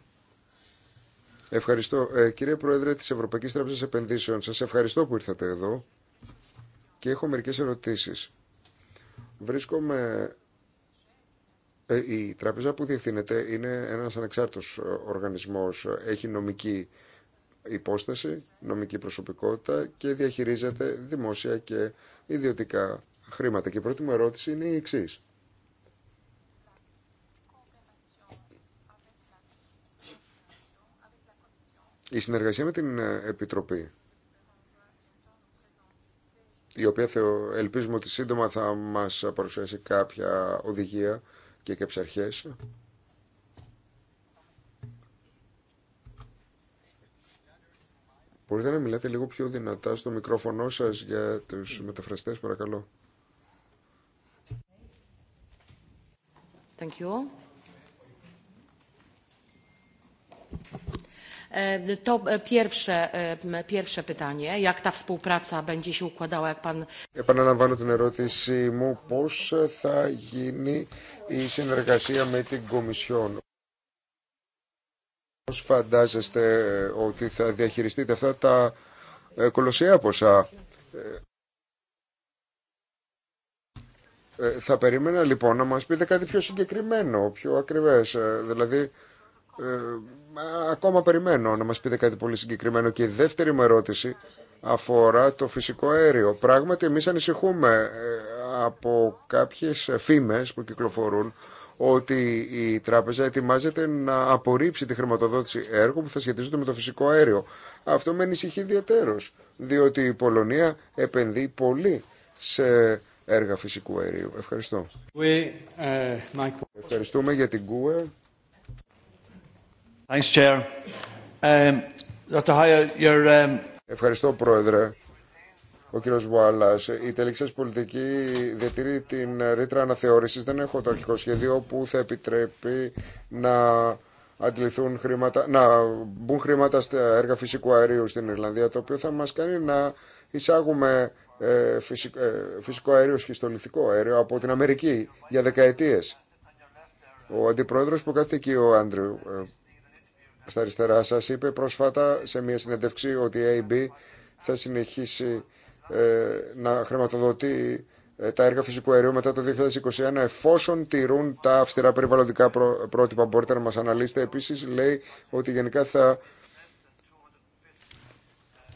Speaker 4: Ευχαριστώ. Ε, κύριε Πρόεδρε της Ευρωπαϊκής Τράπεζας Επενδύσεων, σας ευχαριστώ που ήρθατε εδώ και έχω μερικές ερωτήσεις. Βρίσκομαι... Ε, η τράπεζα που διευθύνεται είναι ένας ανεξάρτητος ε, οργανισμός, έχει νομική υπόσταση, νομική προσωπικότητα και διαχειρίζεται δημόσια και ιδιωτικά χρήματα. Και η πρώτη μου ερώτηση είναι η εξής. Η συνεργασία με την ε, Επιτροπή η οποία θεω, ελπίζουμε ότι σύντομα θα μας παρουσιάσει κάποια οδηγία και κάποιες αρχές. Μπορείτε να μιλάτε λίγο πιο δυνατά στο μικρόφωνο σας για τους μεταφραστές, παρακαλώ.
Speaker 3: Thank you
Speaker 2: E, to e, e, pierwsze, pytanie, jak
Speaker 4: την ερώτησή μου, πώς θα γίνει η συνεργασία με την Κομισιόν. Πώς φαντάζεστε ότι θα διαχειριστείτε αυτά τα ε, κολοσσιαία ποσά. Ε, ε, θα περίμενα λοιπόν να μας πείτε κάτι πιο συγκεκριμένο, πιο ακριβές. Δηλαδή, ε, ακόμα περιμένω να μας πείτε κάτι πολύ συγκεκριμένο. Και η δεύτερη μου ερώτηση αφορά το φυσικό αέριο. Πράγματι, εμείς ανησυχούμε ε, από κάποιες φήμες που κυκλοφορούν ότι η τράπεζα ετοιμάζεται να απορρίψει τη χρηματοδότηση έργου που θα σχετίζονται με το φυσικό αέριο. Αυτό με ανησυχεί ιδιαίτερω, διότι η Πολωνία επενδύει πολύ σε έργα φυσικού αερίου. Ευχαριστώ. Ε, Ευχαριστούμε για την ΚΟΕ. Thanks, Chair. Um, Dr. your, um... Ευχαριστώ, Πρόεδρε. Ο κύριο Βουάλλα, η τελική σα πολιτική διατηρεί την ρήτρα αναθεώρηση. Δεν έχω το αρχικό σχέδιο που θα επιτρέπει να αντιληθούν χρήματα, να μπουν χρήματα στα έργα φυσικού αερίου στην Ιρλανδία, το οποίο θα μας κάνει να εισάγουμε ε, ε, φυσικό αέριο σχιστολιθικό αέριο από την Αμερική για δεκαετίες. Ο αντιπρόεδρος που κάθεται εκεί, ο Άντριου, ε, στα αριστερά σας είπε πρόσφατα σε μια συνέντευξη ότι η AB θα συνεχίσει ε, να χρηματοδοτεί ε, τα έργα φυσικού αερίου μετά το 2021 εφόσον τηρούν τα αυστηρά περιβαλλοντικά πρότυπα. Μπορείτε να μας αναλύσετε. Επίσης λέει ότι γενικά θα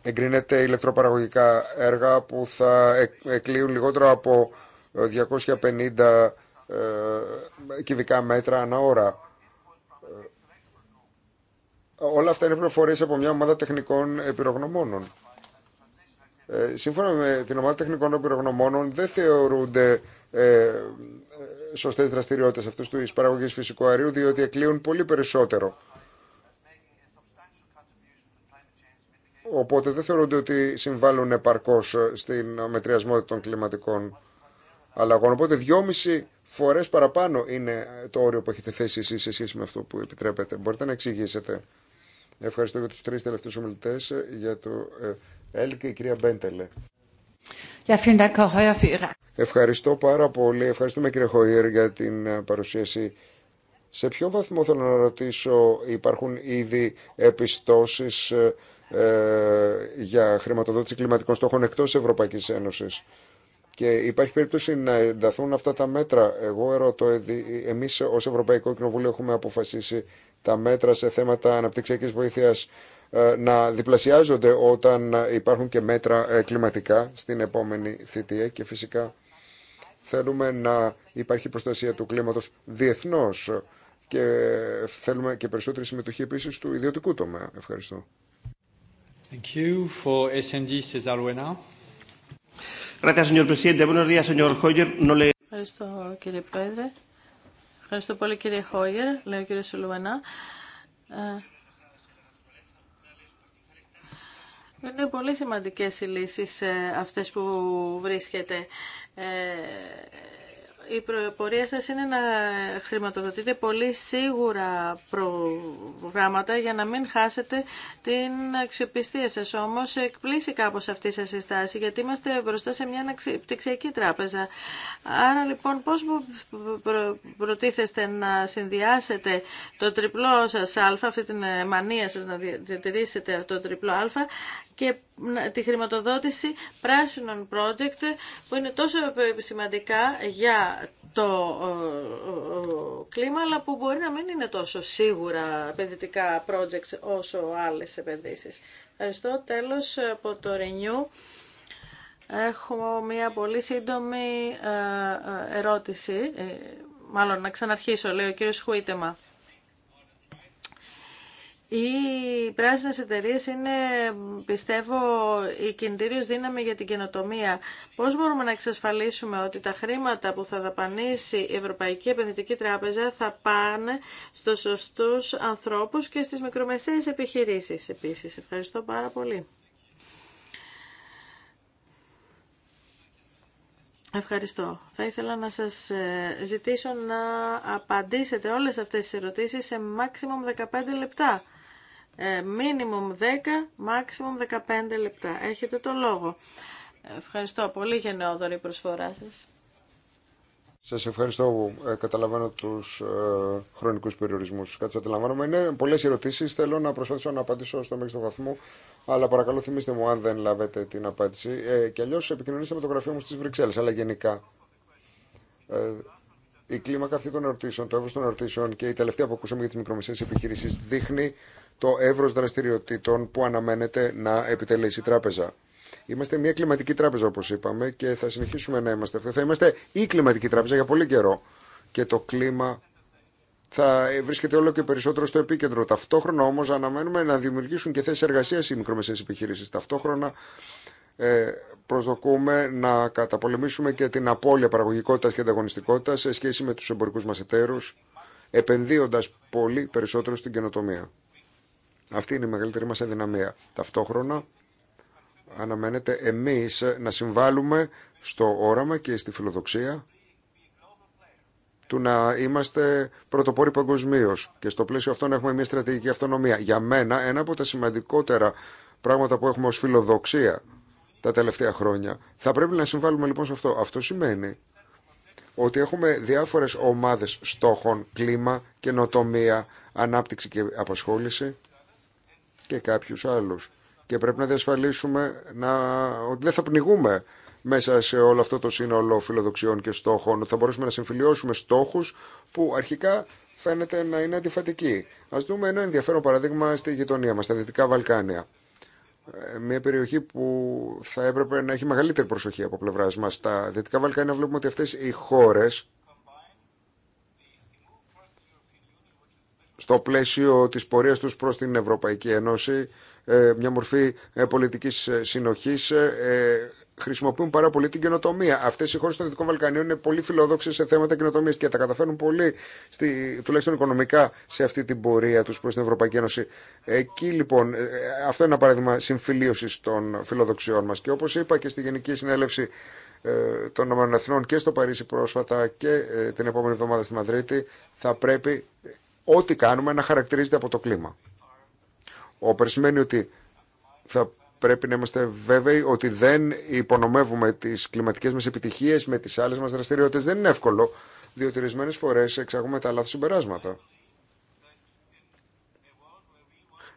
Speaker 4: εγκρίνεται ηλεκτροπαραγωγικά έργα που θα εκλείουν λιγότερο από 250 ε, κυβικά μέτρα ανά ώρα. Όλα αυτά είναι πληροφορίες από μια ομάδα τεχνικών επιρρογνωμόνων. Ε, σύμφωνα με την ομάδα τεχνικών επιρογνωμόνων, δεν θεωρούνται ε, ε σωστές δραστηριότητες αυτούς του παραγωγής φυσικού αερίου διότι εκλείουν πολύ περισσότερο. Οπότε δεν θεωρούνται ότι συμβάλλουν επαρκώς ε, στην μετριασμό των κλιματικών αλλαγών. Οπότε δυόμιση φορές παραπάνω είναι το όριο που έχετε θέσει εσείς σε σχέση με αυτό που επιτρέπετε. Μπορείτε να εξηγήσετε. Ευχαριστώ για τους τρεις τελευταίους ομιλητές για το ΕΛΚ και η κυρία Μπέντελε. Ευχαριστώ πάρα πολύ. Ευχαριστούμε κύριε Χοϊερ για την ε, παρουσίαση. Σε ποιο βαθμό θέλω να ρωτήσω, υπάρχουν ήδη επιστώσεις ε, ε, για χρηματοδότηση κλιματικών στόχων εκτός Ευρωπαϊκής Ένωσης. Και υπάρχει περίπτωση να ενταθούν αυτά τα μέτρα. Εγώ ερωτώ, ε, εμείς ως Ευρωπαϊκό Κοινοβούλιο έχουμε αποφασίσει τα μέτρα σε θέματα αναπτυξιακής βοήθειας ε, να διπλασιάζονται όταν ε, υπάρχουν και μέτρα ε, κλιματικά στην επόμενη θητεία και φυσικά θέλουμε να υπάρχει προστασία του κλίματος διεθνώς και θέλουμε και περισσότερη συμμετοχή επίσης του ιδιωτικού τομέα. Ευχαριστώ.
Speaker 1: Thank you for le...
Speaker 2: Ευχαριστώ κύριε Πρόεδρε. Ευχαριστώ πολύ κύριε Χόγερ, λέει ο κύριο ε, Είναι πολύ σημαντικές οι λύσεις ε, αυτές που βρίσκεται ε, η πορεία σας είναι να χρηματοδοτείτε πολύ σίγουρα προγράμματα για να μην χάσετε την αξιοπιστία σας. Όμως εκπλήσει κάπως αυτή σας η στάση γιατί είμαστε μπροστά σε μια αναπτυξιακή τράπεζα. Άρα λοιπόν πώς προτίθεστε να συνδυάσετε το τριπλό σας α, αυτή την μανία σας να διατηρήσετε το τριπλό α και τη χρηματοδότηση πράσινων project που είναι τόσο σημαντικά για το κλίμα αλλά που μπορεί να μην είναι τόσο σίγουρα επενδυτικά projects όσο άλλες επενδύσεις. Ευχαριστώ. Τέλος από το Renew. Έχω μία πολύ σύντομη ε, ε, ερώτηση. Ε, μάλλον να ξαναρχίσω, λέει ο κύριος Χουίτεμα. Οι πράσινε εταιρείε είναι, πιστεύω, η κινητήριο δύναμη για την καινοτομία. Πώ μπορούμε να εξασφαλίσουμε ότι τα χρήματα που θα δαπανίσει η Ευρωπαϊκή Επενδυτική Τράπεζα θα πάνε στου σωστού ανθρώπου και στι μικρομεσαίε επιχειρήσει επίση. Ευχαριστώ πάρα πολύ. Ευχαριστώ. Θα ήθελα να σας ε, ζητήσω να απαντήσετε όλες αυτές τις ερωτήσεις σε μάξιμουμ 15 λεπτά μίνιμουμ 10, μάξιμουμ 15 λεπτά. Έχετε το λόγο. Ευχαριστώ πολύ γενναιόδορη η προσφορά σας.
Speaker 4: Σας ευχαριστώ. Ε, καταλαβαίνω τους ε, χρονικούς περιορισμούς. Κάτι αντιλαμβάνομαι. Είναι πολλές ερωτήσεις. Θέλω να προσπαθήσω να απαντήσω στο μέγιστο βαθμό. Αλλά παρακαλώ θυμίστε μου αν δεν λάβετε την απάντηση. Ε, και αλλιώ επικοινωνήστε με το γραφείο μου στις Βρυξέλλες. Αλλά γενικά. Ε, η κλίμακα αυτή των ερωτήσεων, το εύρο των ερωτήσεων και η τελευταία που ακούσαμε για τι μικρομεσαίε επιχειρήσει δείχνει το εύρο δραστηριοτήτων που αναμένεται να επιτελέσει η τράπεζα. Είμαστε μια κλιματική τράπεζα, όπω είπαμε, και θα συνεχίσουμε να είμαστε αυτό. Θα είμαστε η κλιματική τράπεζα για πολύ καιρό. Και το κλίμα θα βρίσκεται όλο και περισσότερο στο επίκεντρο. Ταυτόχρονα όμω αναμένουμε να δημιουργήσουν και θέσει εργασία οι μικρομεσαίε επιχειρήσει. Ταυτόχρονα ε, προσδοκούμε να καταπολεμήσουμε και την απώλεια παραγωγικότητας και ανταγωνιστικότητας σε σχέση με τους εμπορικούς μας εταίρους, επενδύοντας πολύ περισσότερο στην καινοτομία. Αυτή είναι η μεγαλύτερη μας αδυναμία. Ταυτόχρονα αναμένεται εμείς να συμβάλλουμε στο όραμα και στη φιλοδοξία του να είμαστε πρωτοπόροι παγκοσμίω και στο πλαίσιο αυτό να έχουμε μια στρατηγική αυτονομία. Για μένα ένα από τα σημαντικότερα πράγματα που έχουμε ως φιλοδοξία τα τελευταία χρόνια. Θα πρέπει να συμβάλλουμε λοιπόν σε αυτό. Αυτό σημαίνει ότι έχουμε διάφορες ομάδες στόχων, κλίμα, καινοτομία, ανάπτυξη και απασχόληση και κάποιους άλλους. Και πρέπει να διασφαλίσουμε να... ότι δεν θα πνιγούμε μέσα σε όλο αυτό το σύνολο φιλοδοξιών και στόχων, θα μπορέσουμε να συμφιλιώσουμε στόχους που αρχικά φαίνεται να είναι αντιφατικοί. Ας δούμε ένα ενδιαφέρον παραδείγμα στη γειτονία μας, στα Δυτικά Βαλκάνια. Ε, μια περιοχή που θα έπρεπε να έχει μεγαλύτερη προσοχή από πλευρά μας. Στα Δυτικά Βαλκάνια βλέπουμε ότι αυτέ οι χώρε. στο πλαίσιο της πορείας τους προς την Ευρωπαϊκή Ένωση ε, μια μορφή ε, πολιτικής συνοχής χρησιμοποιούν πάρα πολύ την καινοτομία. Αυτέ οι χώρε των Δυτικών Βαλκανίων είναι πολύ φιλόδοξε σε θέματα καινοτομία και τα καταφέρνουν πολύ, στη, τουλάχιστον οικονομικά, σε αυτή την πορεία του προ την Ευρωπαϊκή Ένωση. Εκεί λοιπόν, ε, αυτό είναι ένα παράδειγμα συμφιλίωση των φιλοδοξιών μα. Και όπω είπα και στη Γενική Συνέλευση ε, των Εθνών και στο Παρίσι πρόσφατα και ε, την επόμενη εβδομάδα στη Μαδρίτη, θα πρέπει ό,τι κάνουμε να χαρακτηρίζεται από το κλίμα. Ο σημαίνει ότι θα πρέπει να είμαστε βέβαιοι ότι δεν υπονομεύουμε τις κλιματικές μας επιτυχίες με τις άλλε μας δραστηριότητες. Δεν είναι εύκολο, διότι ορισμένε φορές εξάγουμε τα λάθο συμπεράσματα.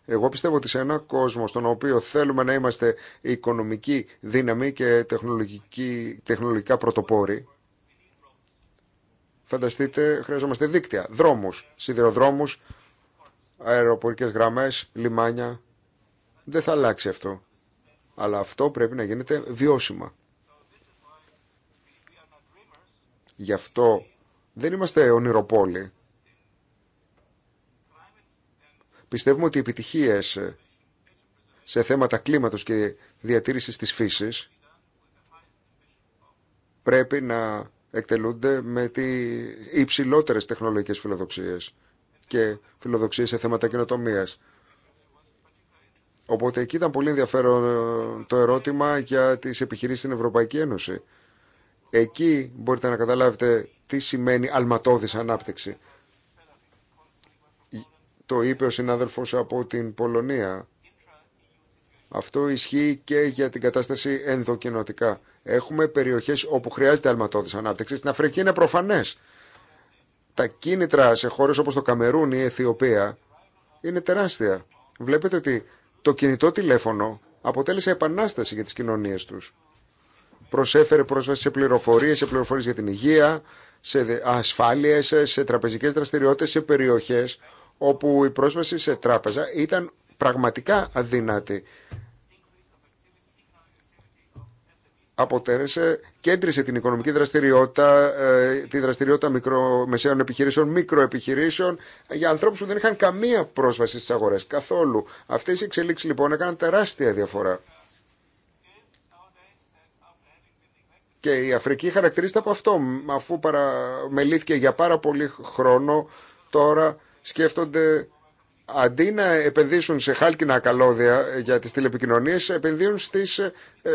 Speaker 4: Εγώ πιστεύω ότι σε ένα κόσμο στον οποίο θέλουμε να είμαστε οικονομική δύναμη και τεχνολογική, τεχνολογικά πρωτοπόροι, φανταστείτε, χρειαζόμαστε δίκτυα, δρόμους, σιδηροδρόμους, αεροπορικές γραμμές, λιμάνια. Δεν θα αλλάξει αυτό αλλά αυτό πρέπει να γίνεται βιώσιμα. Γι' αυτό δεν είμαστε ονειροπόλοι. Πιστεύουμε ότι οι επιτυχίες σε θέματα κλίματος και διατήρησης της φύσης πρέπει να εκτελούνται με τι υψηλότερες τεχνολογικές φιλοδοξίες και φιλοδοξίες σε θέματα καινοτομίας. Οπότε εκεί ήταν πολύ ενδιαφέρον ε, το ερώτημα για τις επιχειρήσεις στην Ευρωπαϊκή Ένωση. Εκεί μπορείτε να καταλάβετε τι σημαίνει αλματώδης ανάπτυξη. Το είπε ο συνάδελφος από την Πολωνία. Αυτό ισχύει και για την κατάσταση ενδοκινοτικά. Έχουμε περιοχές όπου χρειάζεται αλματώδης ανάπτυξη. Στην Αφρική είναι προφανές. Τα κίνητρα σε χώρες όπως το Καμερούν ή η Αιθιοπία είναι τεράστια. Βλέπετε ότι το κινητό τηλέφωνο αποτέλεσε επανάσταση για τις κοινωνίες τους. Προσέφερε πρόσβαση σε πληροφορίες, σε πληροφορίες για την υγεία, σε ασφάλειες, σε τραπεζικές δραστηριότητες, σε περιοχές όπου η πρόσβαση σε τράπεζα ήταν πραγματικά αδύνατη. αποτέλεσε, κέντρισε την οικονομική δραστηριότητα, ε, τη δραστηριότητα μικρομεσαίων επιχειρήσεων, μικροεπιχειρήσεων, για ανθρώπου που δεν είχαν καμία πρόσβαση στι αγορέ καθόλου. Αυτέ οι εξελίξει λοιπόν έκαναν τεράστια διαφορά. Και η Αφρική χαρακτηρίζεται από αυτό, αφού παραμελήθηκε για πάρα πολύ χρόνο, τώρα σκέφτονται αντί να επενδύσουν σε χάλκινα καλώδια για τις τηλεπικοινωνίες, επενδύουν στις ε, ε, ε,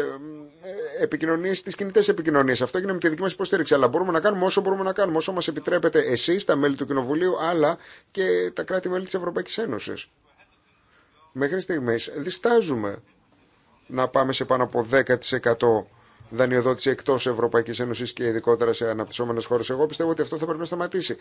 Speaker 4: επικοινωνίες, στις κινητές επικοινωνίες. Αυτό έγινε με τη δική μας υποστήριξη, αλλά μπορούμε να κάνουμε όσο μπορούμε να κάνουμε, όσο μας επιτρέπετε εσείς, τα μέλη του Κοινοβουλίου, αλλά και τα κράτη-μέλη της Ευρωπαϊκής Ένωσης. Μέχρι στιγμής διστάζουμε να πάμε σε πάνω από 10% δανειοδότηση εκτό Ευρωπαϊκή Ένωση και ειδικότερα σε αναπτυσσόμενε χώρε. Εγώ πιστεύω ότι αυτό θα πρέπει να σταματήσει.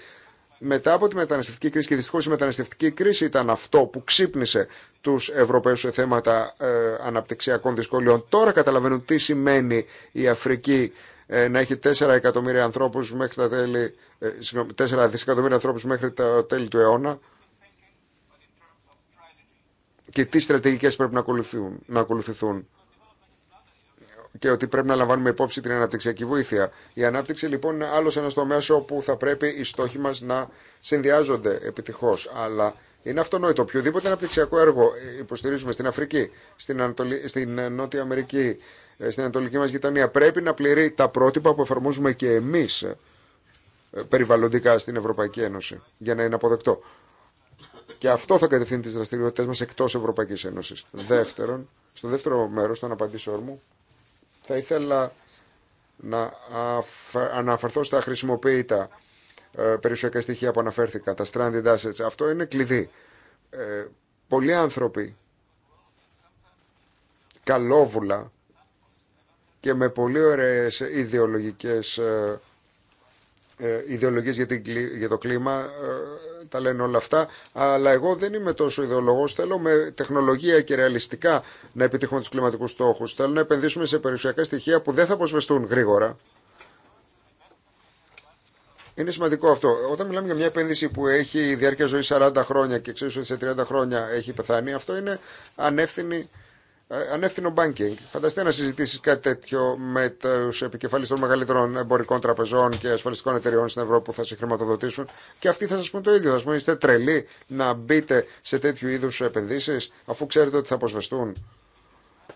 Speaker 4: Μετά από τη μεταναστευτική κρίση, και δυστυχώ η μεταναστευτική κρίση ήταν αυτό που ξύπνησε του Ευρωπαίου σε θέματα ε, αναπτυξιακών δυσκολιών. Τώρα καταλαβαίνουν τι σημαίνει η Αφρική ε, να έχει 4 εκατομμύρια ανθρώπου μέχρι τα τέλη. Ε, 4 δισεκατομμύρια ανθρώπου μέχρι τα τέλη του αιώνα και τι στρατηγικέ πρέπει Να ακολουθηθούν και ότι πρέπει να λαμβάνουμε υπόψη την αναπτυξιακή βοήθεια. Η ανάπτυξη λοιπόν είναι άλλο ένα τομέα όπου θα πρέπει οι στόχοι μα να συνδυάζονται επιτυχώ. Αλλά είναι αυτονόητο. Οποιοδήποτε αναπτυξιακό έργο υποστηρίζουμε στην Αφρική, στην, Ανατολή, στην Νότια Αμερική, ε, στην Ανατολική μα γειτονία, πρέπει να πληρεί τα πρότυπα που εφαρμόζουμε και εμεί ε, περιβαλλοντικά στην Ευρωπαϊκή Ένωση για να είναι αποδεκτό. Και αυτό θα κατευθύνει τι δραστηριότητε μα εκτό Ευρωπαϊκή Ένωση. Δεύτερον, στο δεύτερο μέρο των απαντήσεων μου, θα ήθελα να αναφερθώ στα χρησιμοποιητά ε, περιουσιακά στοιχεία που αναφέρθηκα, τα stranded assets. Αυτό είναι κλειδί. Ε, πολλοί άνθρωποι καλόβουλα και με πολύ ωραίες ιδεολογικές ε, ιδεολογίες για, το κλίμα τα λένε όλα αυτά, αλλά εγώ δεν είμαι τόσο ιδεολογός. Θέλω με τεχνολογία και ρεαλιστικά να επιτύχουμε τους κλιματικούς στόχους. Θέλω να επενδύσουμε σε περιουσιακά στοιχεία που δεν θα αποσβεστούν γρήγορα. Είναι σημαντικό αυτό. Όταν μιλάμε για μια επένδυση που έχει διάρκεια ζωή 40 χρόνια και εξίσου ότι σε 30 χρόνια έχει πεθάνει, αυτό είναι ανεύθυνη ε, ανεύθυνο banking. Φανταστείτε να συζητήσει κάτι τέτοιο με του επικεφαλεί των μεγαλύτερων εμπορικών τραπεζών και ασφαλιστικών εταιριών στην Ευρώπη που θα σε χρηματοδοτήσουν και αυτοί θα σα πούν το ίδιο. Θα σα πούν είστε τρελοί να μπείτε σε τέτοιου είδου επενδύσει αφού ξέρετε ότι θα αποσβεστούν.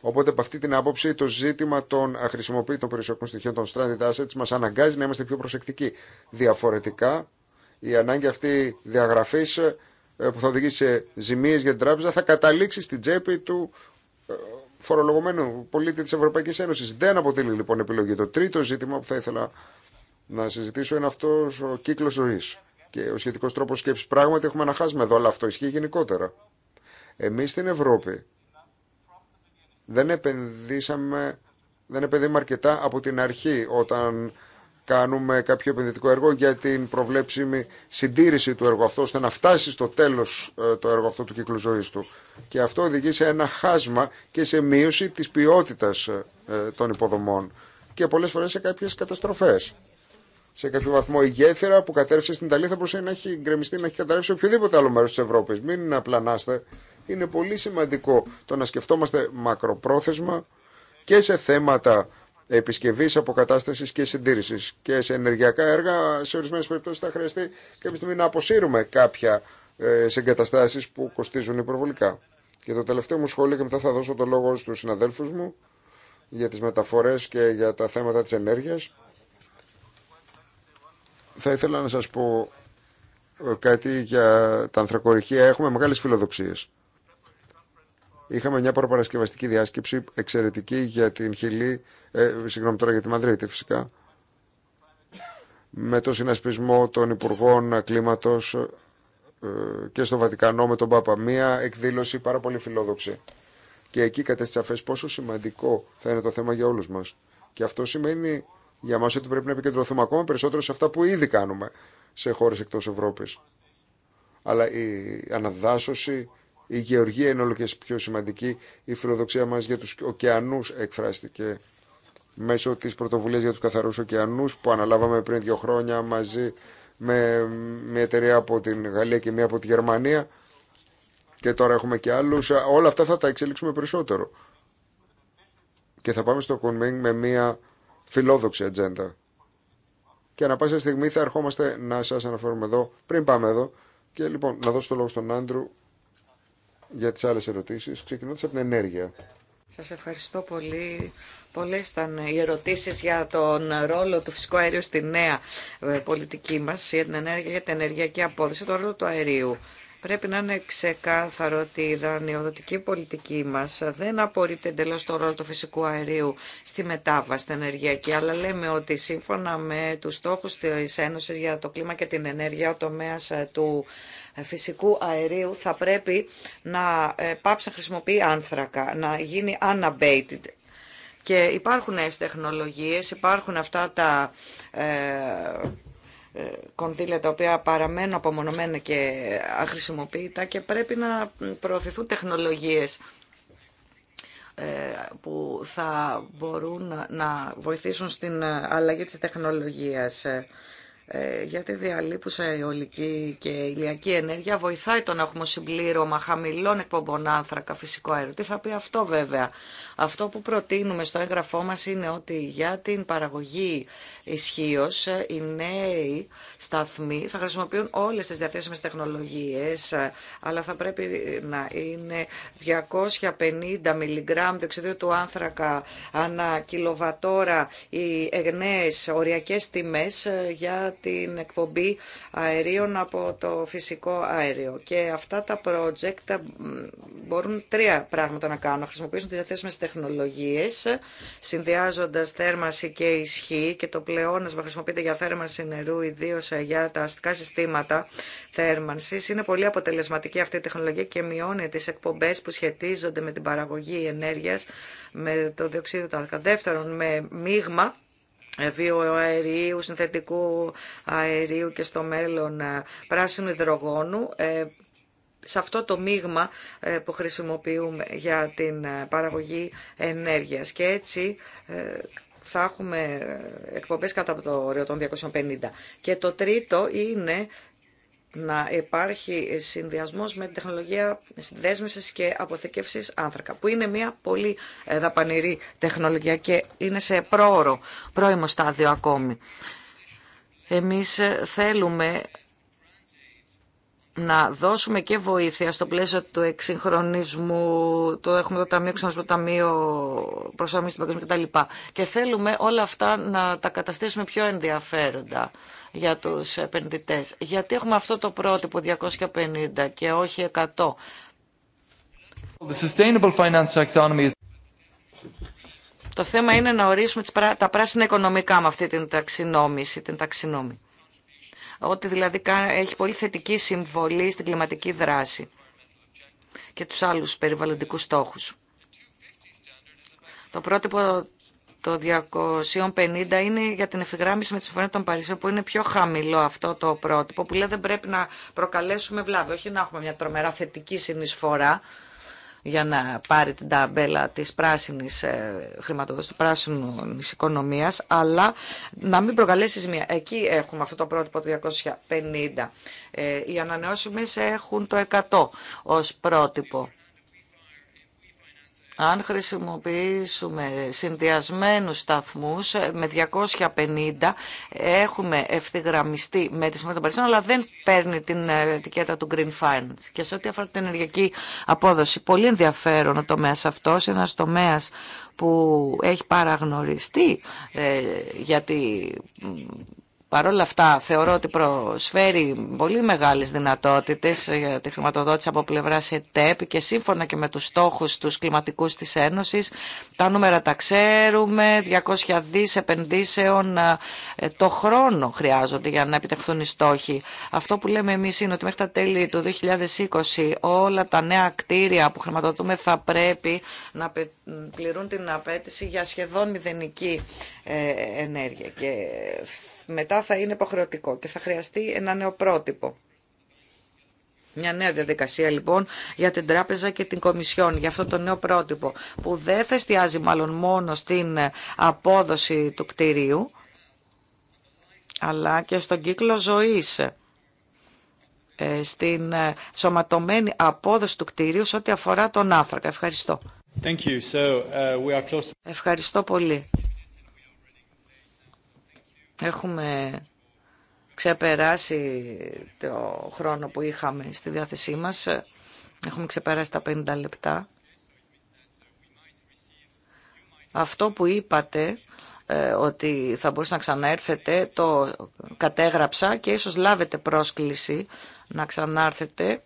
Speaker 4: Οπότε από αυτή την άποψη το ζήτημα των αχρησιμοποιητών περιουσιακών στοιχείων των stranded assets μας αναγκάζει να είμαστε πιο προσεκτικοί. Διαφορετικά η ανάγκη αυτή διαγραφής ε, που θα οδηγήσει σε ζημίες για την τράπεζα θα καταλήξει στην τσέπη του φορολογωμένου πολίτη της Ευρωπαϊκής Ένωση, Δεν αποτελεί λοιπόν επιλογή. Το τρίτο ζήτημα που θα ήθελα να συζητήσω είναι αυτός ο κύκλος ζωή. και ο σχετικό τρόπος σκέψης. Πράγματι έχουμε ένα χάσμα εδώ, αλλά αυτό ισχύει γενικότερα. Εμείς στην Ευρώπη δεν επενδύσαμε, δεν αρκετά από την αρχή όταν κάνουμε κάποιο επενδυτικό έργο για την προβλέψιμη συντήρηση του έργου αυτού, ώστε να φτάσει στο τέλο ε, το έργο αυτό του κύκλου ζωή του. Και αυτό οδηγεί σε ένα χάσμα και σε μείωση τη ποιότητα ε, ε, των υποδομών και πολλέ φορέ σε κάποιε καταστροφέ. Σε κάποιο βαθμό η γέφυρα που κατέρευσε στην Ιταλία θα μπορούσε να έχει γκρεμιστεί, να έχει καταρρεύσει οποιοδήποτε άλλο μέρο τη Ευρώπη. Μην απλανάστε. Είναι πολύ σημαντικό το να σκεφτόμαστε μακροπρόθεσμα και σε θέματα επισκευή, αποκατάσταση και συντήρηση. Και σε ενεργειακά έργα, σε ορισμένε περιπτώσει, θα χρειαστεί κάποια στιγμή να αποσύρουμε κάποια ε, σε εγκαταστάσει που κοστίζουν υπερβολικά. Και το τελευταίο μου σχόλιο, και μετά θα δώσω το λόγο στου συναδέλφου μου για τι μεταφορέ και για τα θέματα τη ενέργεια. Θα ήθελα να σα πω ε, κάτι για τα ανθρακοριχεία. Έχουμε μεγάλε φιλοδοξίε. Είχαμε μια προπαρασκευαστική διάσκεψη εξαιρετική για την Χιλή, ε, συγγνώμη τώρα για τη Μαδρίτη φυσικά, με το συνασπισμό των Υπουργών Κλίματος ε, και στο Βατικανό με τον Πάπα. Μια εκδήλωση πάρα πολύ φιλόδοξη. Και εκεί κατέστησε πόσο σημαντικό θα είναι το θέμα για όλους μας. Και αυτό σημαίνει για μας ότι πρέπει να επικεντρωθούμε ακόμα περισσότερο σε αυτά που ήδη κάνουμε σε χώρες εκτός Ευρώπης. Αλλά η αναδάσωση η γεωργία είναι όλο και πιο σημαντική. Η φιλοδοξία μας για τους ωκεανούς εκφράστηκε μέσω της πρωτοβουλίας για τους καθαρούς ωκεανούς που αναλάβαμε πριν δύο χρόνια μαζί με μια εταιρεία από την Γαλλία και μια από τη Γερμανία και τώρα έχουμε και άλλους. Όλα αυτά θα τα εξελίξουμε περισσότερο. Και θα πάμε στο Κουνμίνγκ με μια φιλόδοξη ατζέντα. Και ανα πάσα στιγμή θα ερχόμαστε να σας αναφέρουμε εδώ πριν πάμε εδώ. Και λοιπόν να δώσω το λόγο στον Άντρου για τις άλλες ερωτήσεις, ξεκινώντας από την ενέργεια.
Speaker 3: Σας ευχαριστώ πολύ. Πολλές ήταν οι ερωτήσεις για τον ρόλο του φυσικού αερίου στη νέα ε, πολιτική μας, για την ενέργεια, για την ενεργειακή απόδοση, τον ρόλο του αερίου. Πρέπει να είναι ξεκάθαρο ότι η δανειοδοτική πολιτική μα δεν απορρίπτει εντελώ το ρόλο του φυσικού αερίου στη μετάβαση στην ενεργειακή, αλλά λέμε ότι σύμφωνα με τους στόχους της Ένωσης για το κλίμα και την ενέργεια, ο τομέας ε, του φυσικού αερίου θα πρέπει να ε, πάψει να χρησιμοποιεί άνθρακα, να γίνει unabated, και υπάρχουν νέες τεχνολογίες, υπάρχουν αυτά τα ε, ε, κονδύλια τα οποία παραμένουν απομονωμένα και αχρησιμοποιητά και πρέπει να προωθηθούν τεχνολογίες ε, που θα μπορούν να βοηθήσουν στην αλλαγή της τεχνολογίας ε, γιατί διαλείπουσα αιωλική και ηλιακή ενέργεια βοηθάει το να έχουμε συμπλήρωμα χαμηλών εκπομπών άνθρακα, φυσικό αέριο. Τι θα πει αυτό βέβαια αυτό που προτείνουμε στο έγγραφό μας είναι ότι για την παραγωγή ισχύω οι νέοι σταθμοί θα χρησιμοποιούν όλες τις διαθέσιμες τεχνολογίες, αλλά θα πρέπει να είναι 250 μιλιγκράμμ διοξιδίου του άνθρακα ανά κιλοβατόρα οι εγνές οριακές τιμές για την εκπομπή αερίων από το φυσικό αέριο. Και αυτά τα project μπορούν τρία πράγματα να κάνουν. χρησιμοποιήσουν τις διαθέσιμες τεχνολογίες τεχνολογίες, συνδυάζοντας θέρμανση και ισχύ και το πλεόνασμα χρησιμοποιείται για θέρμανση νερού, ιδίω ε, για τα αστικά συστήματα θέρμανσης. Είναι πολύ αποτελεσματική αυτή η τεχνολογία και μειώνει τις εκπομπές που σχετίζονται με την παραγωγή ενέργειας, με το διοξείδιο του δεύτερον με μείγμα ε, βιοαερίου, συνθετικού αερίου και στο μέλλον ε, πράσινου υδρογόνου σε αυτό το μείγμα ε, που χρησιμοποιούμε για την ε, παραγωγή ενέργειας. Και έτσι ε, θα έχουμε εκπομπές κάτω από το όριο των 250. Και το τρίτο είναι να υπάρχει συνδυασμός με την τεχνολογία συνδέσμευσης και αποθηκεύσης άνθρακα, που είναι μια πολύ δαπανηρή τεχνολογία και είναι σε πρόωρο, πρώιμο στάδιο ακόμη. Εμείς θέλουμε να δώσουμε και βοήθεια στο πλαίσιο του εξυγχρονισμού, το έχουμε το Ταμείο Εξυγχρονισμού, το Ταμείο Προσαρμογή στην Παγκόσμια κτλ. Και θέλουμε όλα αυτά να τα καταστήσουμε πιο ενδιαφέροντα για τους επενδυτές. Γιατί έχουμε αυτό το πρότυπο 250 και όχι 100.
Speaker 1: The sustainable
Speaker 3: Το θέμα είναι να ορίσουμε τα πράσινα οικονομικά με αυτή την ταξινόμηση, την ταξινόμηση ότι δηλαδή έχει πολύ θετική συμβολή στην κλιματική δράση και τους άλλους περιβαλλοντικούς στόχους. Το πρότυπο το 250 είναι για την ευθυγράμμιση με τη Συμφωνία των Παρισίων που είναι πιο χαμηλό αυτό το πρότυπο που λέει δεν πρέπει να προκαλέσουμε βλάβη, όχι να έχουμε μια τρομερά θετική συνεισφορά για να πάρει την ταμπέλα της πράσινης ε, χρηματοδότησης, του πράσινου οικονομίας, αλλά να μην προκαλέσει μια Εκεί έχουμε αυτό το πρότυπο 250. Ε, οι ανανεώσιμες έχουν το 100 ως πρότυπο αν χρησιμοποιήσουμε συνδυασμένου σταθμούς ε, με 250, έχουμε ευθυγραμμιστεί με τη Συμφωνία των Παρισίων, αλλά δεν παίρνει την ε, ετικέτα του Green Finance. Και σε ό,τι αφορά την ενεργειακή απόδοση, πολύ ενδιαφέρον ο τομέας αυτός, ένας τομέας που έχει παραγνωριστεί, ε, γιατί Παρ' όλα αυτά, θεωρώ ότι προσφέρει πολύ μεγάλες δυνατότητες ε, για τη χρηματοδότηση από πλευράς ΕΤΕΠ και σύμφωνα και με τους στόχους τους κλιματικούς της Ένωσης, τα νούμερα τα ξέρουμε, 200 δις επενδύσεων ε, το χρόνο χρειάζονται για να επιτευχθούν οι στόχοι. Αυτό που λέμε εμείς είναι ότι μέχρι τα τέλη του 2020 όλα τα νέα κτίρια που χρηματοδοτούμε θα πρέπει να πληρούν την απέτηση για σχεδόν μηδενική ε, ενέργεια και μετά θα είναι υποχρεωτικό και θα χρειαστεί ένα νέο πρότυπο. Μια νέα διαδικασία λοιπόν για την Τράπεζα και την Κομισιόν για αυτό το νέο πρότυπο που δεν θα εστιάζει μάλλον μόνο στην ε, απόδοση του κτηρίου αλλά και στον κύκλο ζωής ε, στην ε, σωματωμένη απόδοση του κτηρίου σε ό,τι αφορά τον άνθρακα. Ευχαριστώ. Uh, Ευχαριστώ πολύ. Έχουμε ξεπεράσει το χρόνο που είχαμε στη διάθεσή μας. Έχουμε ξεπεράσει τα 50 λεπτά. Αυτό που είπατε ε, ότι θα μπορούσατε να ξαναέρθετε, το κατέγραψα και ίσως λάβετε πρόσκληση να ξανάρθετε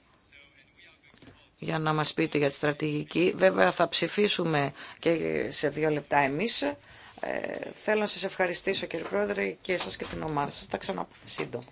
Speaker 3: για να μας πείτε για τη στρατηγική. Βέβαια θα ψηφίσουμε και σε δύο λεπτά εμείς ε, θέλω να σας ευχαριστήσω κύριε Πρόεδρε και εσάς και την ομάδα σας. Τα ξαναπούμε σύντομα.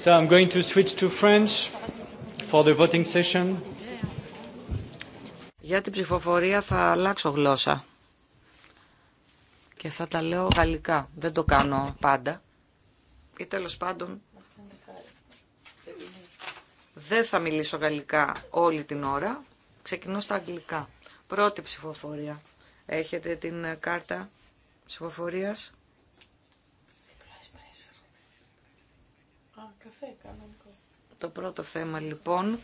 Speaker 1: So I'm going to switch to French for the voting session.
Speaker 3: Για την ψηφοφορία θα αλλάξω γλώσσα και θα τα λέω γαλλικά. Δεν το κάνω πάντα. Ή τέλος πάντων δεν θα μιλήσω γαλλικά όλη την ώρα. Ξεκινώ στα αγγλικά. Πρώτη ψηφοφορία. Έχετε την κάρτα ψηφοφορίας. Το πρώτο θέμα λοιπόν.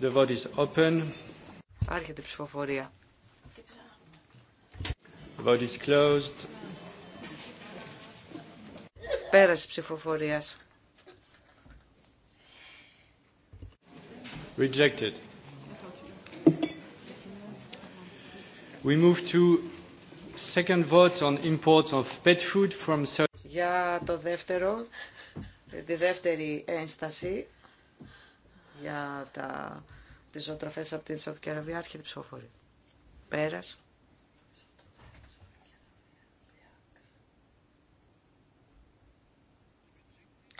Speaker 3: The vote is open. Άρχεται η ψηφοφορία.
Speaker 1: The vote is closed.
Speaker 3: Πέραση ψηφοφορίας.
Speaker 1: Rejected. We move to second vote on imports of pet food from...
Speaker 3: Για το δεύτερο, τη δεύτερη ένσταση για τα, τις ζωοτροφές από την Σαουδική Αραβία, άρχεται ψηφοφορία. Πέρας.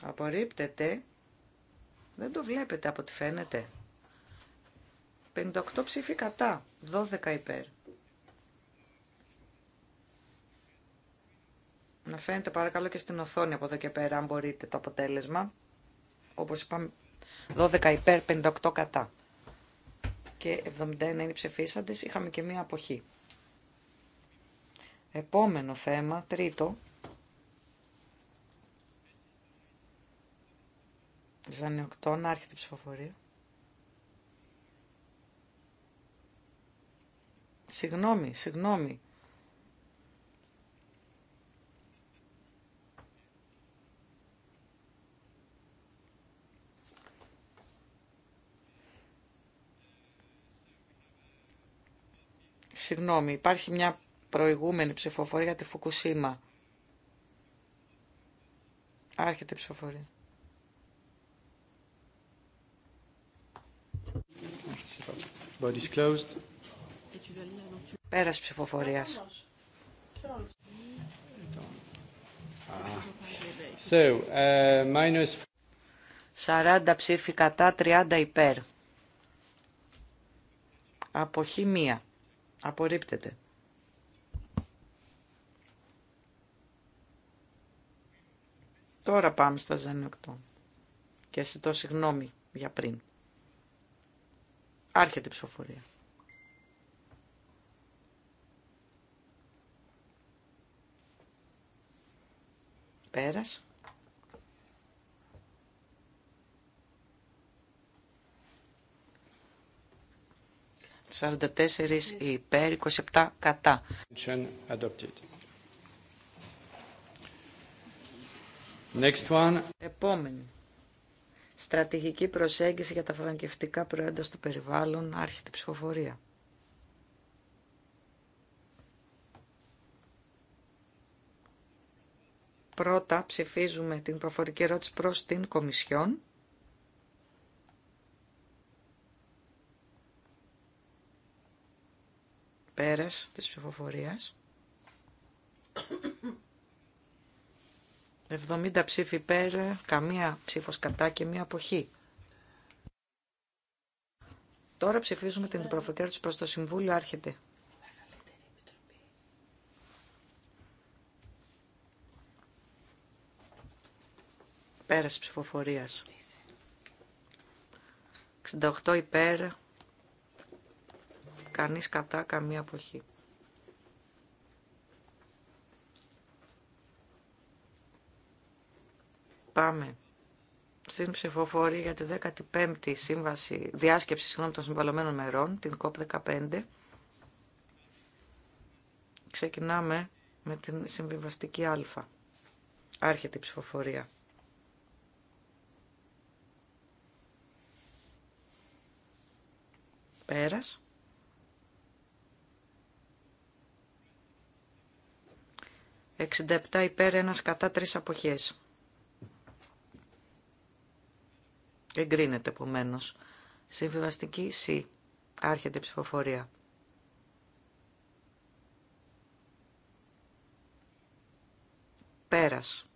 Speaker 3: Απορρίπτεται. Δεν το βλέπετε από ό,τι φαίνεται. 58 ψήφοι κατά, 12 υπέρ. Να φαίνεται παρακαλώ και στην οθόνη από εδώ και πέρα, αν μπορείτε, το αποτέλεσμα. Όπως είπαμε, 12 υπέρ, 58 κατά. Και 71 είναι ψεφίσαντες. είχαμε και μία αποχή. Επόμενο θέμα, τρίτο. να άρχεται η ψηφοφορία. Συγγνώμη, συγγνώμη. Συγγνώμη, υπάρχει μια προηγούμενη ψηφοφορία για τη Φουκουσίμα. Άρχεται η ψηφοφορία. Πέρας ψηφοφορίας. Ah. So, uh, minus... 40 ψήφοι κατά, 30 υπέρ. Αποχή μία. Απορρίπτεται. Τώρα πάμε στα ζανιοκτών. Και ζητώ συγγνώμη για πριν. Άρχεται η ψηφοφορία. Πέρας. 44 υπέρ, 27 κατά.
Speaker 1: Next one.
Speaker 3: Επόμενη. Στρατηγική προσέγγιση για τα φαρμακευτικά προϊόντα στο περιβάλλον, άρχιτη ψηφοφορία. Πρώτα ψηφίζουμε την προφορική ερώτηση προς την Κομισιόν. Πέρας της ψηφοφορίας. 70 ψήφοι πέρα. καμία ψήφος κατά και μία αποχή. Τώρα ψηφίζουμε την προφοκέρτηση προς το Συμβούλιο. Άρχεται. Πέρας ψηφοφορίας. 68 υπέρ, κανείς κατά καμία αποχή. Πάμε στην ψηφοφορία για τη 15η σύμβαση, διάσκεψη συγγνώμη, των συμβαλωμένων μερών, την COP15. Ξεκινάμε με την συμβιβαστική α. Άρχεται η ψηφοφορία. Πέρας. 67 υπέρ, ένας κατά, τρεις αποχές. Εγκρίνεται επομένω. Συμβιβαστική C. Άρχεται ψηφοφορία. Πέρας.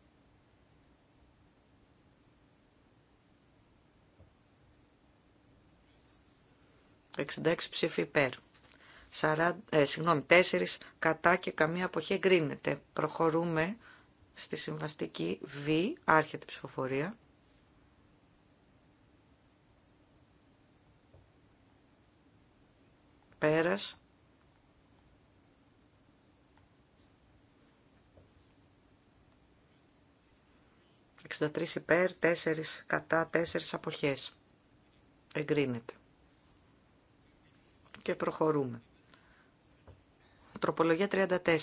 Speaker 3: 66 ψηφί υπέρ. 40, ε, συγγνώμη, 4 κατά και καμία αποχή εγκρίνεται. Προχωρούμε στη συμβαστική Β, άρχεται ψηφοφορία. Πέρας. 63 υπέρ, 4 κατά, 4 αποχές. Εγκρίνεται. Και προχωρούμε. Τροπολογία 34.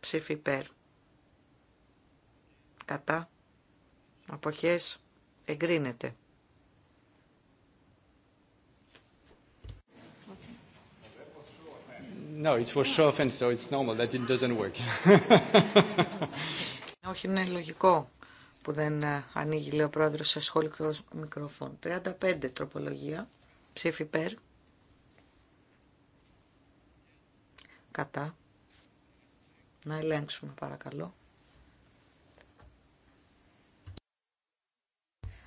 Speaker 3: Ψήφι υπέρ. Κατά. Αποχές. Εγκρίνεται.
Speaker 1: No, it's for show offense, so it's normal that it doesn't work.
Speaker 3: Όχι, είναι λογικό που δεν ε, ανοίγει, λέει ο πρόεδρος, σε σχόλιο μικρόφωνο. 35 τροπολογία, ψήφι υπέρ. κατά. Να ελέγξουμε παρακαλώ.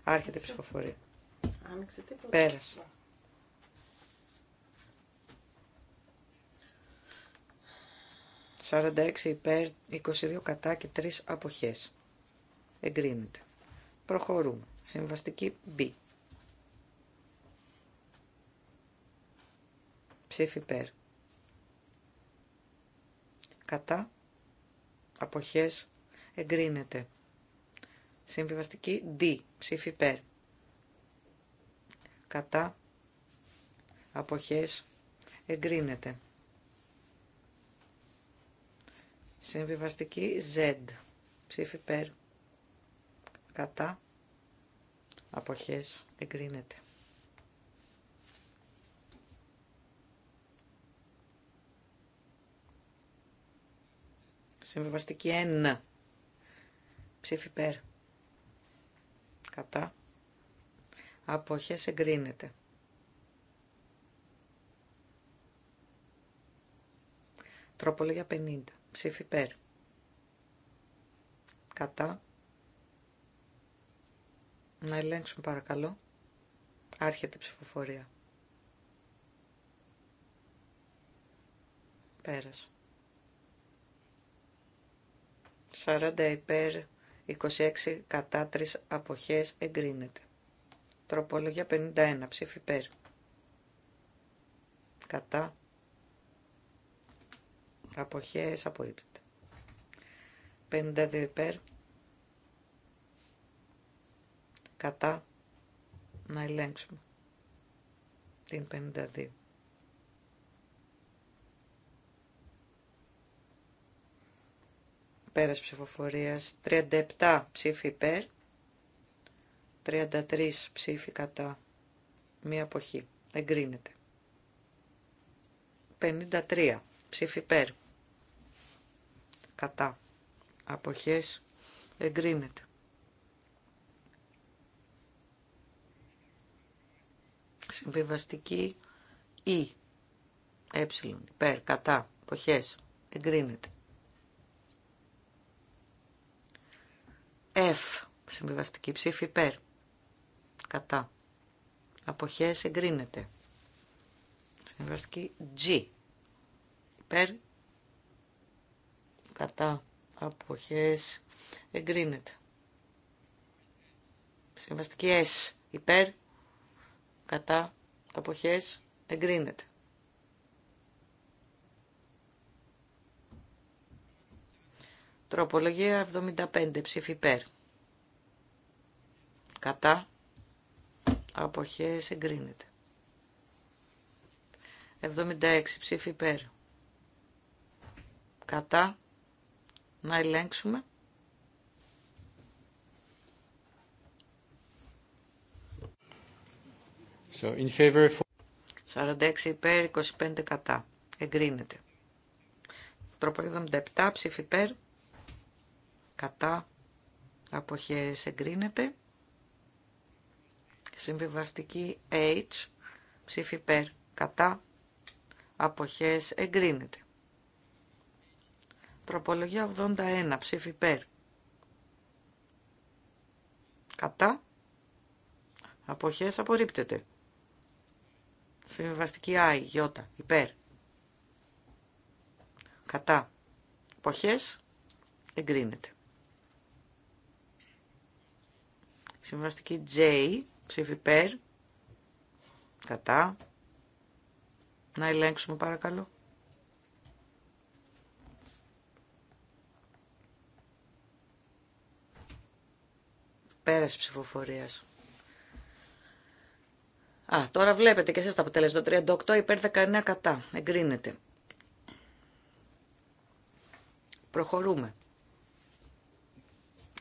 Speaker 3: Άρχεται η ψηφοφορία.
Speaker 2: Άνοιξε τίποτα. Πέρασε.
Speaker 3: «46 υπέρ, 22 κατά και 3 αποχές». Εγκρίνεται. Προχωρούμε. Συμβαστική B. Ψήφι υπέρ κατά αποχές εγκρίνεται. Συμβιβαστική D, ψήφι περ. Κατά αποχές εγκρίνεται. Συμβιβαστική Z, ψήφι περ. Κατά αποχές εγκρίνεται. Συμβιβαστική 1. Ψήφι περ. Κατά. Αποχές εγκρίνεται. Τροπολογία 50. Ψήφι περ. Κατά. Να ελέγξουν παρακαλώ. Άρχεται η ψηφοφορία. Πέρασε. 40 υπέρ, 26 κατά 3 αποχές εγκρίνεται. Τροπολογία 51 ψήφι υπέρ. Κατά αποχές απορρίπτεται. 52 υπέρ. Κατά να ελέγξουμε την 52. πέρας ψηφοφορίας 37 ψήφοι υπέρ 33 ψήφοι κατά μία αποχή εγκρίνεται 53 ψήφοι υπέρ κατά αποχές εγκρίνεται συμβιβαστική ή e. ε υπέρ κατά αποχές εγκρίνεται F. Συμβιβαστική ψήφη υπέρ. Κατά. Αποχές εγκρίνεται. Συμβιβαστική G. Υπέρ. Κατά. Αποχές εγκρίνεται. Συμβαστική S. Υπέρ. Κατά. Αποχές εγκρίνεται. Τροπολογία 75. Ψήφι υπέρ. Κατά. Αποχές εγκρίνεται. 76. Ψήφι υπέρ. Κατά. Να ελέγξουμε. So in favor 46 υπέρ, 25 κατά. Εγκρίνεται. Τροπολογία 77, ψήφι υπέρ, κατά αποχές εγκρίνεται. Συμβιβαστική H, ψήφι περ. κατά αποχές εγκρίνεται. Τροπολογία 81, ψήφι περ. κατά αποχές απορρίπτεται. Συμβιβαστική I, J, υπέρ, κατά αποχές εγκρίνεται. Συμβαστική J, ψήφι ΠΕΡ, κατά. Να ελέγξουμε παρακαλώ. Πέρασε ψηφοφορίας. Α, τώρα βλέπετε και εσείς τα αποτελέσματα. 38 υπέρ 19 κατά. Εγκρίνεται. Προχωρούμε.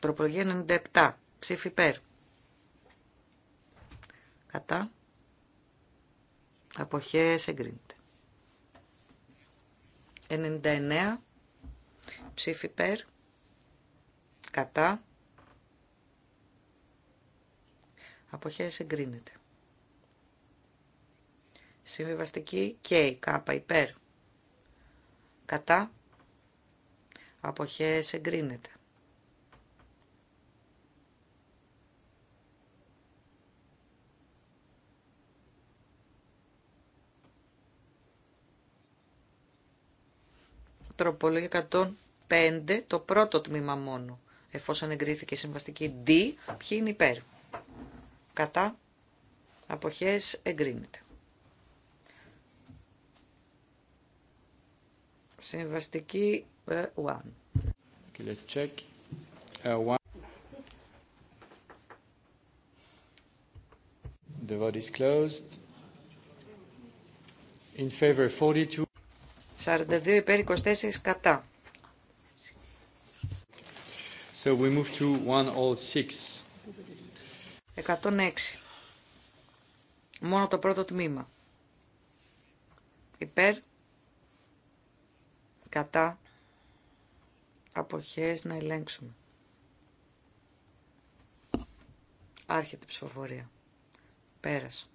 Speaker 3: Τροπολογία 97. Ψήφι υπέρ. Κατά. Αποχές εγκρίνεται. 99. Ψήφι περ. Κατά. Αποχές εγκρίνεται. Συμβιβαστική K, K, υπέρ. Κατά. Αποχές εγκρίνεται. τροπολογία 105, το πρώτο τμήμα μόνο. Εφόσον εγκρίθηκε η συμβαστική D, ποιοι είναι υπέρ. Κατά αποχές εγκρίνεται. Συμβαστική 1. Ε, uh, one.
Speaker 1: The vote is closed. In favor
Speaker 3: 42. 42 υπέρ 24 κατά.
Speaker 1: So we move to
Speaker 3: 106. 106. Μόνο το πρώτο τμήμα. Υπέρ, κατά, αποχές να ελέγξουμε. Άρχεται η ψηφοφορία. Πέρασε.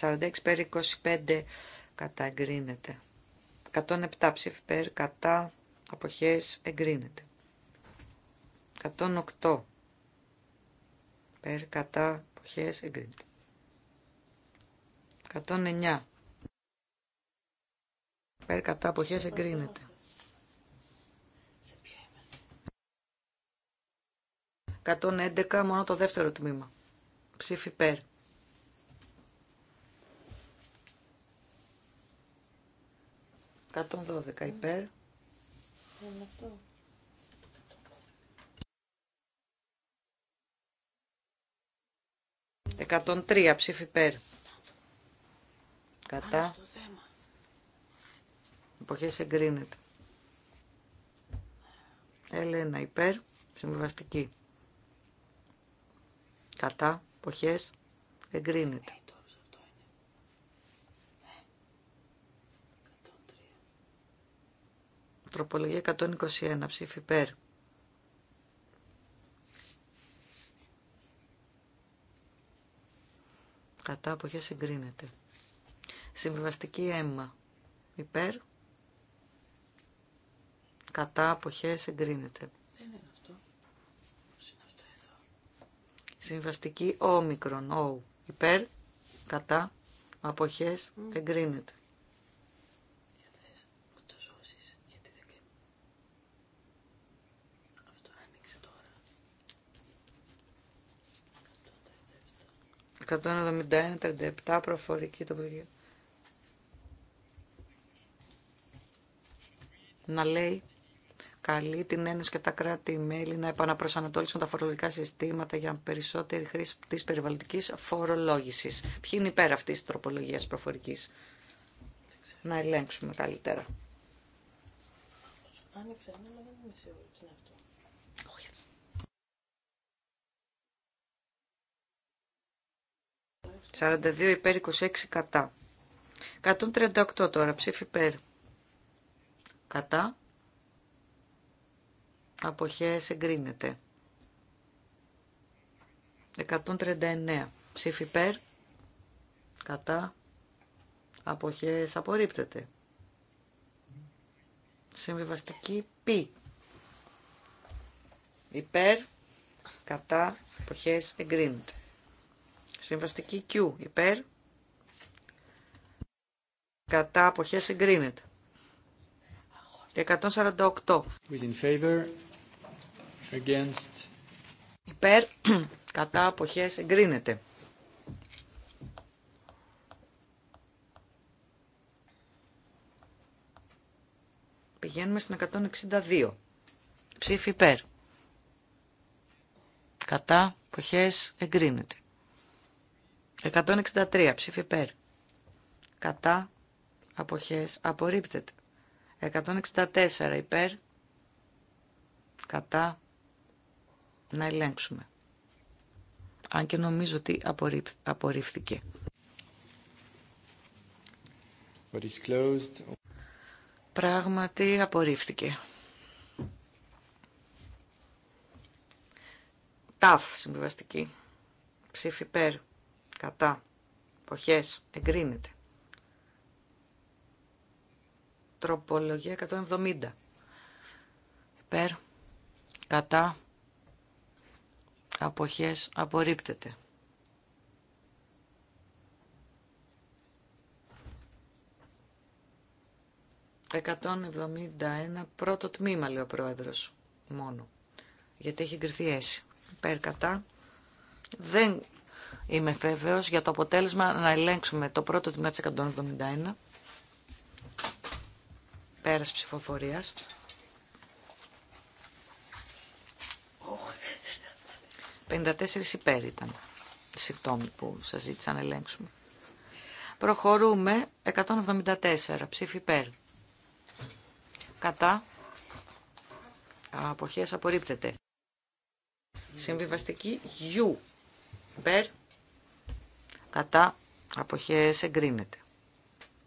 Speaker 3: 46 περί 25 κατά εγκρίνεται. 107 ψήφι περί κατά αποχές εγκρίνεται. 108 περί κατά αποχές εγκρίνεται. 109 περί κατά αποχές εγκρίνεται. 111 μόνο το δεύτερο τμήμα. Ψήφι πέρ. 112 υπέρ. Εκατόν τρία ψήφι υπέρ. Κατά. Εποχές εγκρίνεται. Ελένα υπέρ. Συμβιβαστική. Κατά. Εποχές εγκρίνεται. Προπολογία 121. Ψήφι υπέρ. Κατά αποχές συγκρίνεται. Συμβιβαστική αίμα. Υπέρ. Κατά αποχές συγκρίνεται.
Speaker 2: Δεν είναι αυτό. Πώς είναι αυτό
Speaker 3: εδώ. Συμβαστική όμικρον. ο Υπέρ. Κατά αποχές εγκρίνεται. 171-37 προφορική τροπολογία. Να λέει καλή την Ένωση και τα κράτη-μέλη να επαναπροσανατολίσουν τα φορολογικά συστήματα για περισσότερη χρήση της περιβαλλοντικής φορολόγησης. Ποιοι είναι υπέρ αυτής της τροπολογίας προφορικής. Να ελέγξουμε καλύτερα.
Speaker 2: Άνοιξε, δεν είμαι Είναι αυτό.
Speaker 3: 42 υπέρ 26 κατά. 138 τώρα ψήφι υπέρ. Κατά. Αποχές εγκρίνεται. 139 ψήφι υπέρ. Κατά. Αποχές απορρίπτεται. Συμβιβαστική π. Υπέρ. Κατά. Αποχές εγκρίνεται. Συμβαστική Q υπέρ. Κατά αποχές εγκρίνεται. 148. favor, against... Υπέρ. Κατά αποχές εγκρίνεται. Πηγαίνουμε στην 162. Ψήφι υπέρ. Κατά αποχές εγκρίνεται. 163 ψήφι υπέρ. Κατά αποχές απορρίπτεται. 164 υπέρ. Κατά να ελέγξουμε. Αν και νομίζω ότι απορρίφθηκε. Πράγματι απορρίφθηκε. Ταφ συμβιβαστική. Ψήφι υπέρ κατά εποχές εγκρίνεται. Τροπολογία 170. Υπέρ, κατά, αποχές απορρίπτεται. ...171 πρώτο τμήμα, λέει ο πρόεδρος, μόνο. Γιατί έχει εγκριθεί έτσι. Υπέρ κατά. Δεν είμαι βέβαιο για το αποτέλεσμα να ελέγξουμε το πρώτο τμήμα τη 171. Πέρας ψηφοφορία. 54 υπέρ ήταν Συγγνώμη που σας ζήτησα να ελέγξουμε. Προχωρούμε 174 ψήφι υπέρ. Κατά. Αποχές απορρίπτεται. Συμβιβαστική γιου. Υπέρ κατά αποχές εγκρίνεται.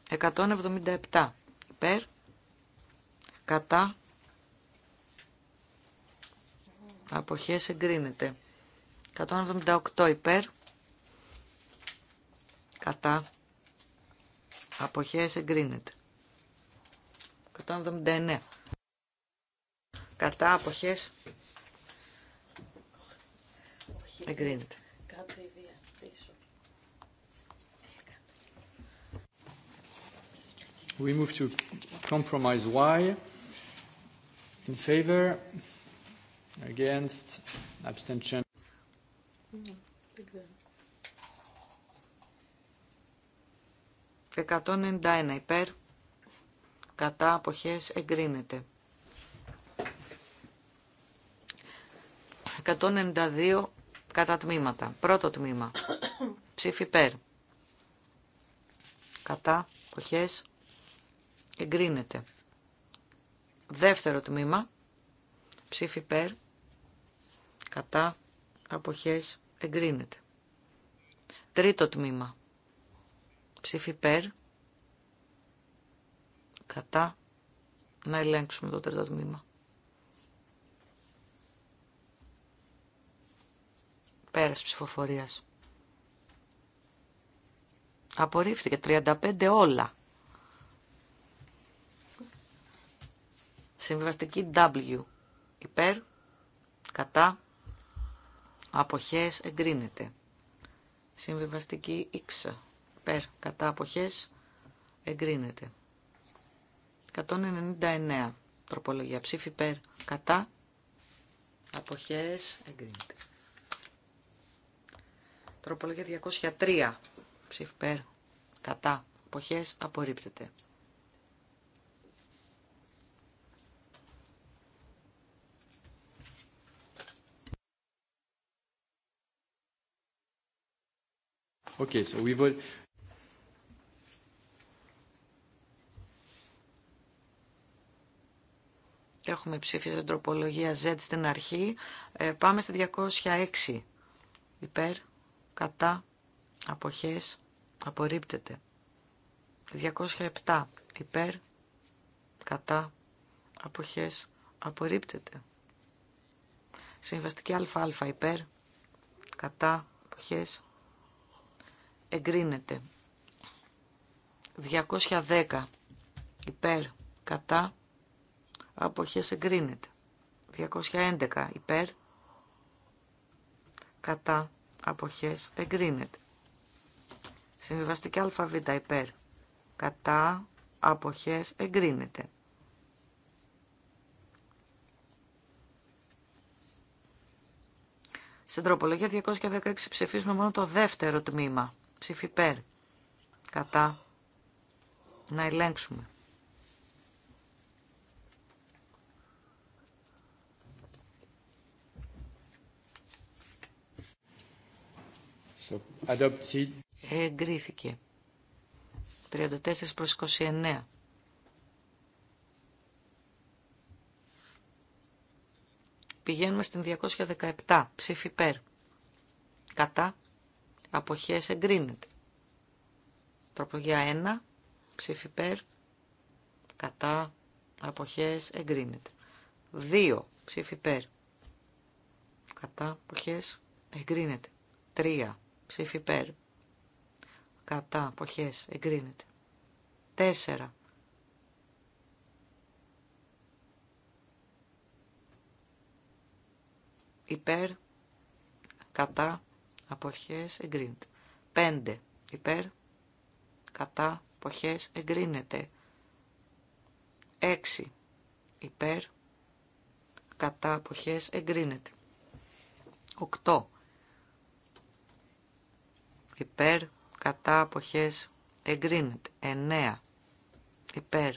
Speaker 3: 177 υπέρ κατά αποχές εγκρίνεται. 178 υπέρ κατά αποχές εγκρίνεται. 179 κατά αποχές εγκρίνεται.
Speaker 1: We move to compromise Y. In favor, against,
Speaker 3: abstention. Εκατόν υπέρ, κατά αποχές εγκρίνεται. 192 κατά τμήματα. Πρώτο τμήμα. Ψήφι υπέρ. Κατά αποχές Εγκρίνεται. Δεύτερο τμήμα. Ψήφι περ. Κατά. Αποχές. Εγκρίνεται. Τρίτο τμήμα. Ψήφι περ. Κατά. Να ελέγξουμε το τρίτο τμήμα. Πέρας ψηφοφορίας. Απορρίφθηκε 35 όλα. Συμβιβαστική W. Υπέρ, κατά, αποχές εγκρίνεται. Συμβιβαστική X. Υπέρ, κατά, αποχές εγκρίνεται. 199. Τροπολογία ψήφι υπέρ, κατά, αποχές εγκρίνεται. Τροπολογία 203. Ψήφι υπέρ, κατά, αποχές απορρίπτεται. Okay, so we Έχουμε ψήφιση την τροπολογία Z στην αρχή. Ε, πάμε στη 206. Υπέρ, κατά, αποχές, απορρίπτεται. 207. Υπέρ, κατά, αποχές, απορρίπτεται. Συμβαστική ΑΑ υπέρ, κατά, αποχές, εγκρίνεται. 210 υπέρ κατά αποχές εγκρίνεται. 211 υπέρ κατά αποχές εγκρίνεται. Συμβιβαστική αλφαβήτα υπέρ κατά αποχές εγκρίνεται. Στην τροπολογία 216 ψηφίζουμε μόνο το δεύτερο τμήμα Ψήφι Κατά. Να ελέγξουμε. Εγκρίθηκε. 34 προς 29. Πηγαίνουμε στην 217. Ψήφι υπέρ. Κατά αποχές εγκρίνεται. Τροπολογία 1, ψήφι κατά, αποχές εγκρίνεται. 2, ψήφι κατά, αποχές εγκρίνεται. 3, ψήφι κατά, αποχές εγκρίνεται. 4, υπέρ, κατά, αποχές εγκρίνεται. 5 υπέρ, κατά, αποχές εγκρίνεται. 6 υπέρ, κατά, αποχές εγκρίνεται. 8 υπέρ, κατά, αποχές εγκρίνεται. 9 υπέρ,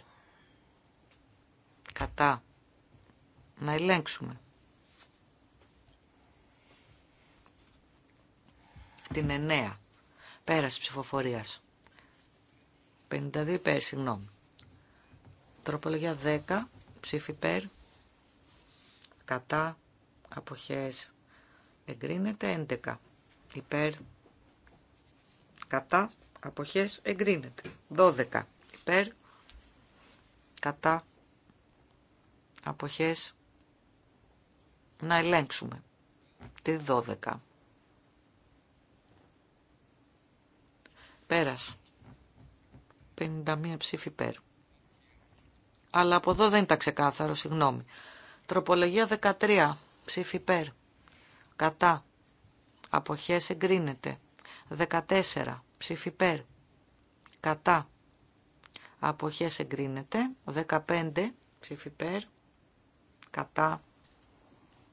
Speaker 3: κατά, να ελέγξουμε. την 9. Πέραση ψηφοφορίας. 52 υπέρ, συγγνώμη. Τροπολογία 10, ψήφι υπέρ, κατά, αποχές, εγκρίνεται 11, υπέρ, κατά, αποχές, εγκρίνεται 12, υπέρ, κατά, αποχές, να ελέγξουμε τη 12. Πέρας. 51 ψήφι πέρ. Αλλά από εδώ δεν ήταν ξεκάθαρο, συγγνώμη. Τροπολογία 13. Ψήφι πέρ. Κατά. Αποχές εγκρίνεται. 14. Ψήφι πέρ. Κατά. Αποχές εγκρίνεται. 15. Ψήφι πέρ. Κατά.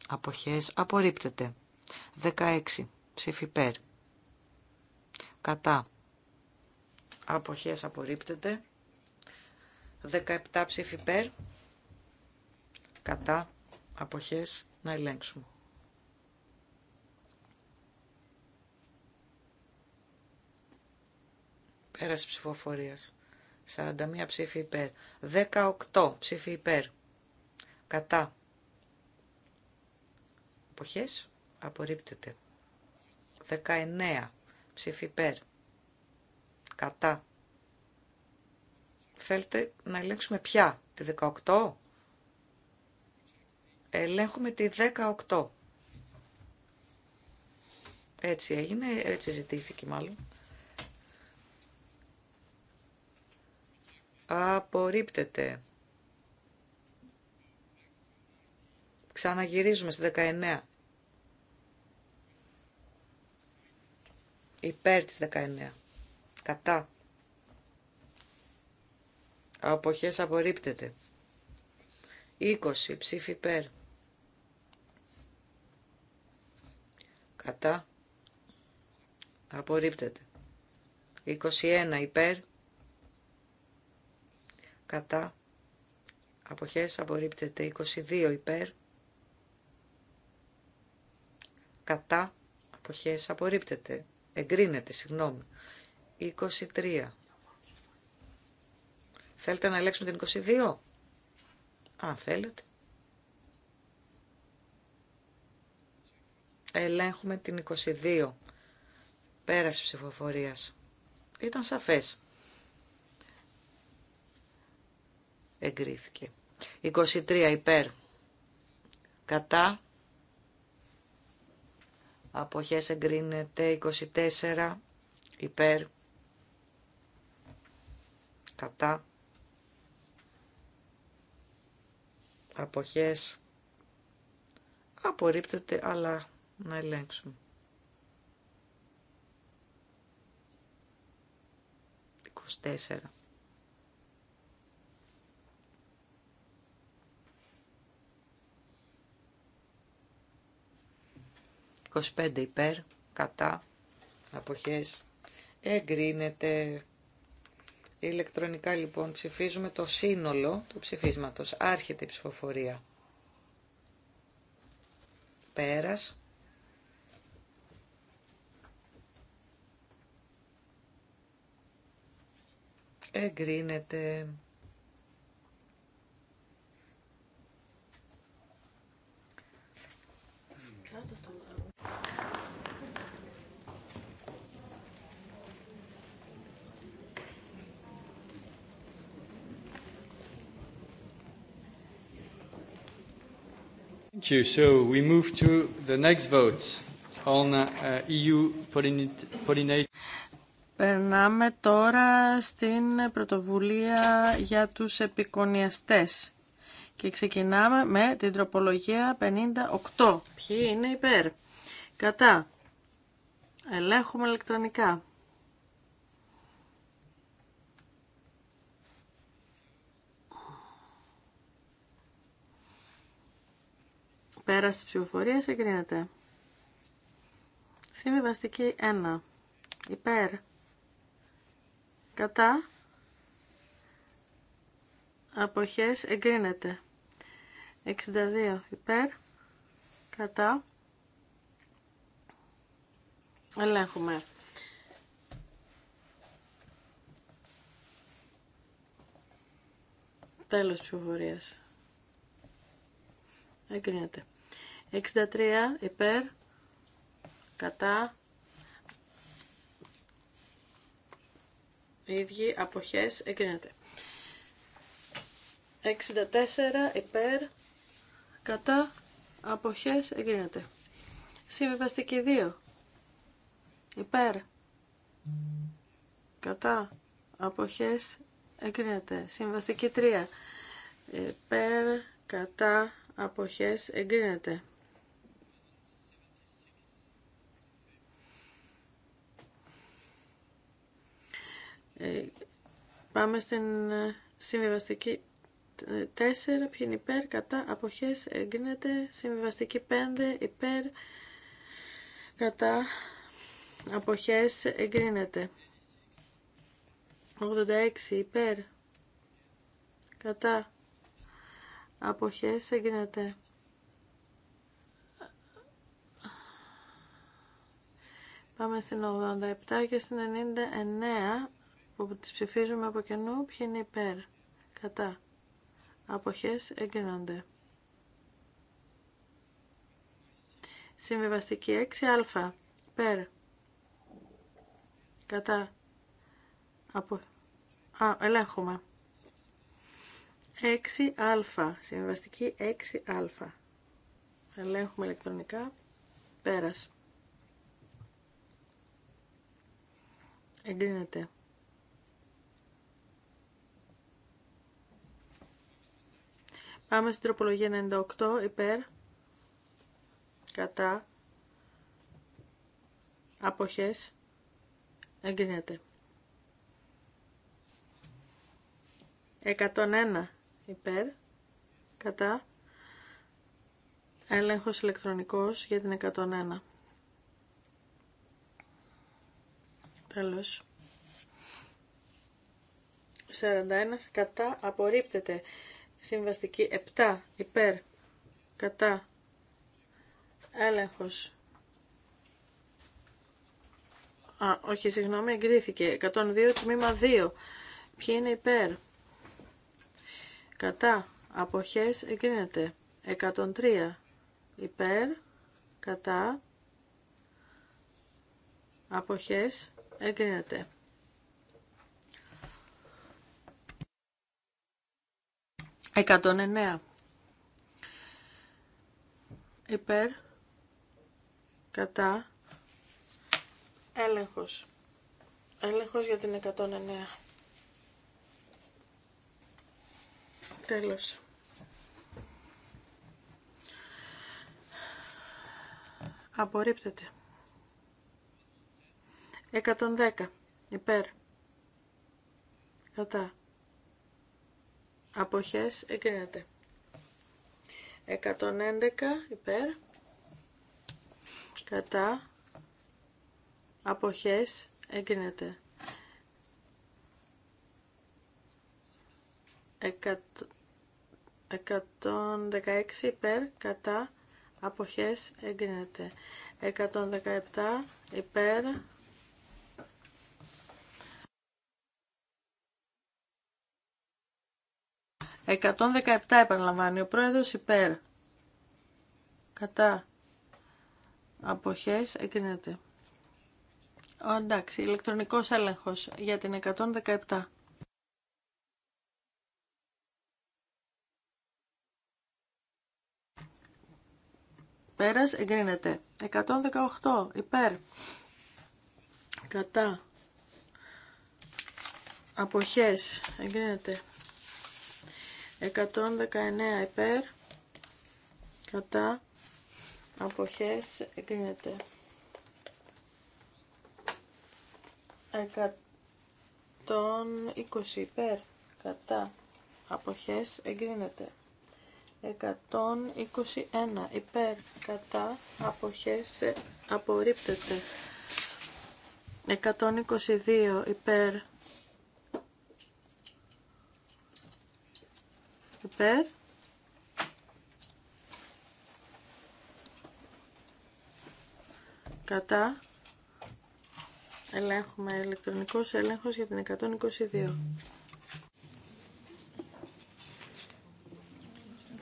Speaker 3: Αποχές απορρίπτεται. 16. Ψήφι πέρ. Κατά αποχές απορρίπτεται. 17 ψήφι υπέρ, κατά, αποχές, να ελέγξουμε. Πέραση ψηφοφορίας. 41 ψήφι υπέρ. 18 ψήφι υπέρ. Κατά. Αποχές, απορρίπτεται. 19 ψήφι υπέρ. Κατά. Θέλετε να ελέγξουμε πια τη 18. Ελέγχουμε τη 18. Έτσι έγινε, έτσι ζητήθηκε μάλλον. Απορρίπτεται. Ξαναγυρίζουμε στη 19. Υπέρ της 19 κατά αποχές απορρίπτεται 20 ψήφι υπέρ κατά απορρίπτεται 21 υπέρ κατά αποχές απορρίπτεται 22 υπέρ κατά αποχές απορρίπτεται εγκρίνεται συγγνώμη 23. Θέλετε να ελέγξουμε την 22. Αν θέλετε. Ελέγχουμε την 22. Πέραση ψηφοφορίας. Ήταν σαφές. Εγκρίθηκε. 23 υπέρ. Κατά. Αποχές εγκρίνεται. 24 υπέρ κατά αποχές απορρίπτεται αλλά να ελέγξουμε. 24. υπέρ, κατά, αποχές, εγκρίνεται Ηλεκτρονικά λοιπόν ψηφίζουμε το σύνολο του ψηφίσματος. Άρχεται η ψηφοφορία. Πέρας. Εγκρίνεται.
Speaker 1: to the next on uh, EU
Speaker 2: Περνάμε τώρα στην πρωτοβουλία για τους επικονιαστές και ξεκινάμε με την τροπολογία 58. Ποιοι είναι υπέρ. Κατά. Ελέγχουμε ηλεκτρονικά. Πέρα τη ψηφοφορία εγκρίνεται. Συμβιβαστική 1. Υπέρ. Κατά. Αποχές εγκρίνεται. 62. Υπέρ. Κατά. Ελέγχουμε. Τέλος ψηφοφορίας. Εγκρίνεται. 63 υπέρ κατά ίδιοι αποχές εγκρίνεται 64 υπέρ κατά αποχές εγκρίνεται συμβιβαστική 2 υπέρ κατά αποχές εγκρίνεται συμβαστική 3 υπέρ κατά αποχές εγκρίνεται Ε, πάμε στην ε, συμβιβαστική 4, ε, ποιοι είναι υπέρ, κατά, αποχές, εγκρίνεται, συμβιβαστική 5, υπέρ, κατά, αποχές, εγκρίνεται. 86, υπέρ, κατά, αποχές, εγκρίνεται. Πάμε στην 87 και στην 99 που τις ψηφίζουμε από κενού, ποιοι είναι υπέρ, κατά. Αποχές εγκρίνονται. Συμβιβαστική 6α, υπέρ, κατά. Από... Α, περ κατα 6α, συμβιβαστική 6α. Ελέγχουμε ηλεκτρονικά, πέρας. Εγκρίνεται. Πάμε στην τροπολογία 98 υπέρ κατά αποχές εγκρίνεται. 101 υπέρ κατά έλεγχος ηλεκτρονικός για την 101. Τέλος. 41 κατά απορρίπτεται. Συμβαστική 7 υπέρ κατά έλεγχος. Α, όχι, συγγνώμη, εγκρίθηκε. 102 τμήμα 2. Ποιοι είναι υπέρ. Κατά. Αποχές εγκρίνεται. 103 υπέρ. Κατά. Αποχές εγκρίνεται. 109. Υπέρ. Κατά. Έλεγχος. Έλεγχος για την 109. Τέλος. Απορρίπτεται. 110. Υπέρ. Κατά αποχές εγκρίνεται. 111 υπέρ, κατά, αποχές εγκρίνεται. 116 υπέρ, κατά, αποχές εγκρίνεται. 117 υπέρ, 117 επαναλαμβάνει ο πρόεδρος υπέρ. Κατά. Αποχές εγκρίνεται. Ο, εντάξει, ηλεκτρονικός έλεγχος για την 117. Πέρας εγκρίνεται. 118 υπέρ. Κατά. Αποχές εγκρίνεται. 119 υπέρ κατά αποχές εγκρίνεται 120 υπέρ κατά αποχές εγκρίνεται 121 υπέρ κατά αποχές απορρίπτεται 122 υπέρ υπέρ κατά ελέγχουμε ηλεκτρονικός έλεγχος για την 122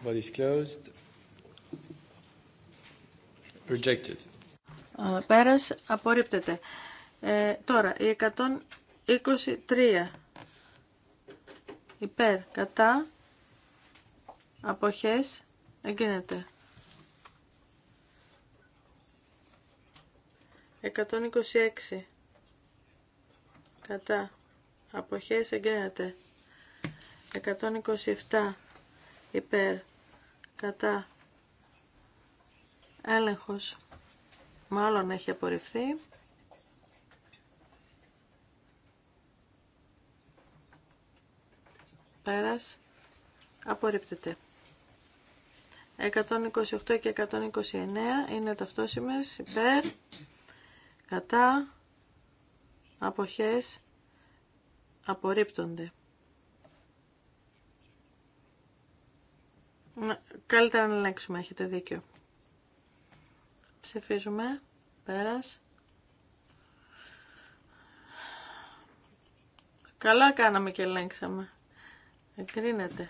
Speaker 1: What is closed. Rejected.
Speaker 2: Πέρας απορρίπτεται. Ε, τώρα, η 123 υπέρ, κατά, αποχές εγκρίνεται. 126 κατά αποχές εγκρίνεται. 127 υπέρ κατά έλεγχος μάλλον έχει απορριφθεί. Πέρας απορρίπτεται. 128 και 129 είναι ταυτόσιμες υπέρ, κατά, αποχές, απορρίπτονται. Καλύτερα να ελέγξουμε, έχετε δίκιο. Ψηφίζουμε, πέρας. Καλά κάναμε και ελέγξαμε. Εγκρίνεται.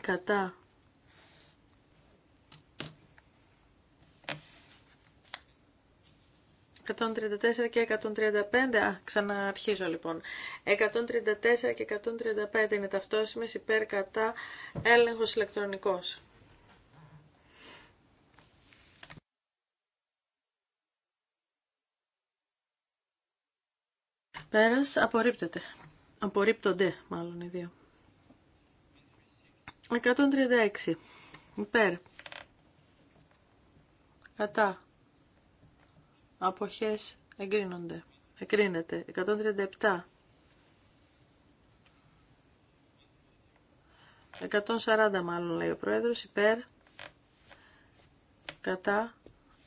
Speaker 2: κατά «134 και 135». Α, ξαναρχίζω λοιπόν. «134 και 135 είναι ταυτόσιμες υπέρ κατά έλεγχος ηλεκτρονικός». Πέρας απορρίπτεται. Απορρίπτονται μάλλον οι δύο. 136. Υπέρ. Κατά. Αποχές εγκρίνονται. Εκρίνεται. 137. 140 μάλλον λέει ο Πρόεδρος. Υπέρ. Κατά.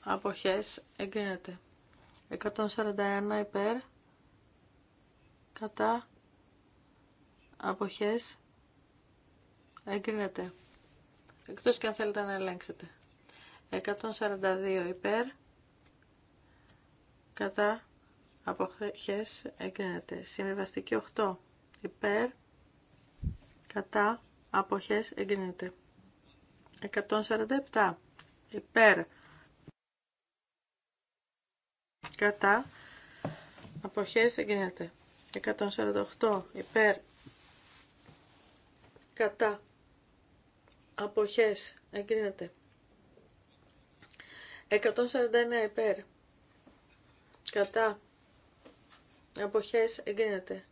Speaker 2: Αποχές εγκρίνεται. 141 υπέρ. Κατά. Αποχές Εγκρίνεται. Εκτός και αν θέλετε να ελέγξετε. 142 υπέρ. Κατά αποχές εγκρίνεται. Συμβιβαστική 8 υπέρ. Κατά αποχές εγκρίνεται. 147 υπέρ. Κατά αποχές εγκρίνεται. 148 υπέρ. Κατά αποχές εγκρίνεται 141 υπέρ κατά αποχές εγκρίνεται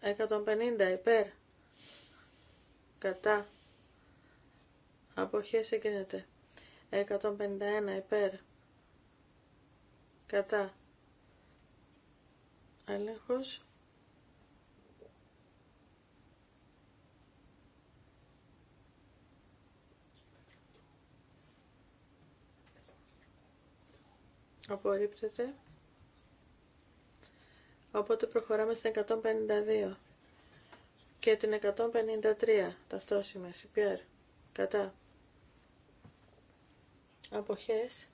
Speaker 2: 150 υπέρ κατά αποχές εγκρίνεται 151 υπέρ κατά έλεγχος απορρίπτεται. Οπότε προχωράμε στην 152 και την 153 ταυτόσημα CPR κατά αποχές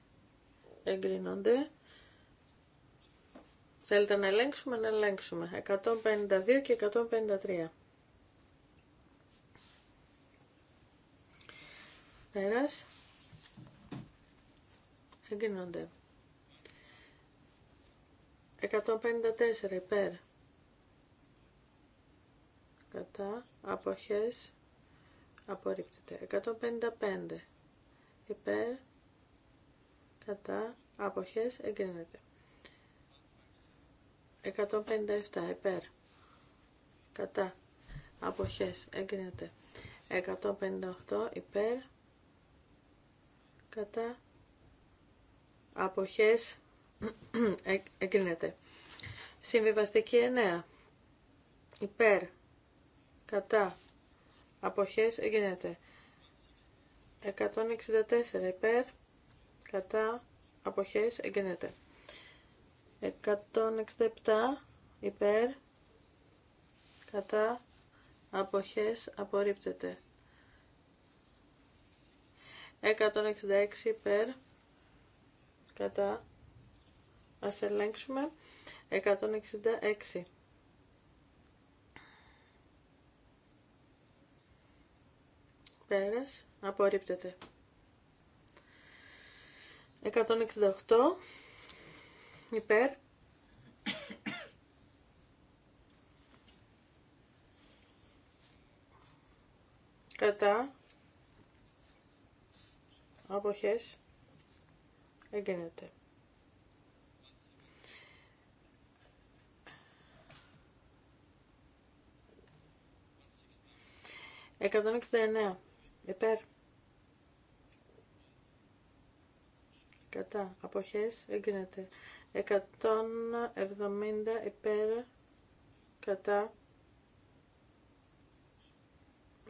Speaker 2: εγκρίνονται. Θέλετε να ελέγξουμε, να ελέγξουμε. 152 και 153. Πέρας. Εγκρίνονται. 154 υπέρ κατά αποχές απορρίπτεται 155 υπέρ κατά αποχές εγκρίνεται 157 υπέρ κατά αποχές εγκρίνεται 158 υπέρ κατά αποχές εγκρίνεται. Συμβιβαστική 9. Υπέρ. Κατά. Αποχές εγκρίνεται. 164. Υπέρ. Κατά. Αποχές εγκρίνεται. 167. Υπέρ. Κατά. Αποχές απορρίπτεται. 166 υπέρ κατά Ας ελέγξουμε 166. Πέρας. Απορρίπτεται. 168. Υπέρ. Κατά. Αποχές. Εγκρίνεται. 169 επέρ κατά αποχές εγκρίνεται 170 επέρ κατά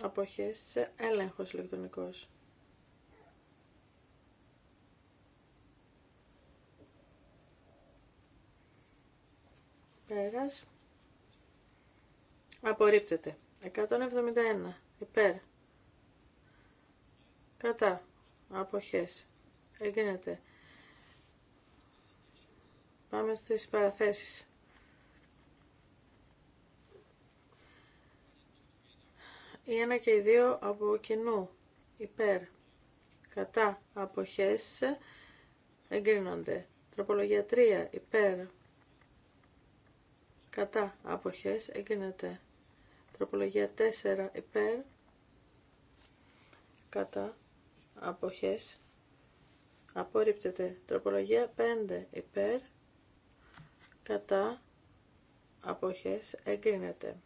Speaker 2: αποχές έλεγχος ηλεκτρονικός πέρας απορρίπτεται 171 υπέρ, κατά, αποχές, εγκρίνεται. Πάμε στις παραθέσεις. Η ένα και οι δύο από κοινού, υπέρ, κατά, αποχές, εγκρίνονται. Τροπολογία 3, υπέρ, κατά, αποχές, εγκρίνεται. Τροπολογία 4 υπέρ κατά αποχές απορρίπτεται. Τροπολογία 5 υπέρ κατά αποχές εγκρίνεται.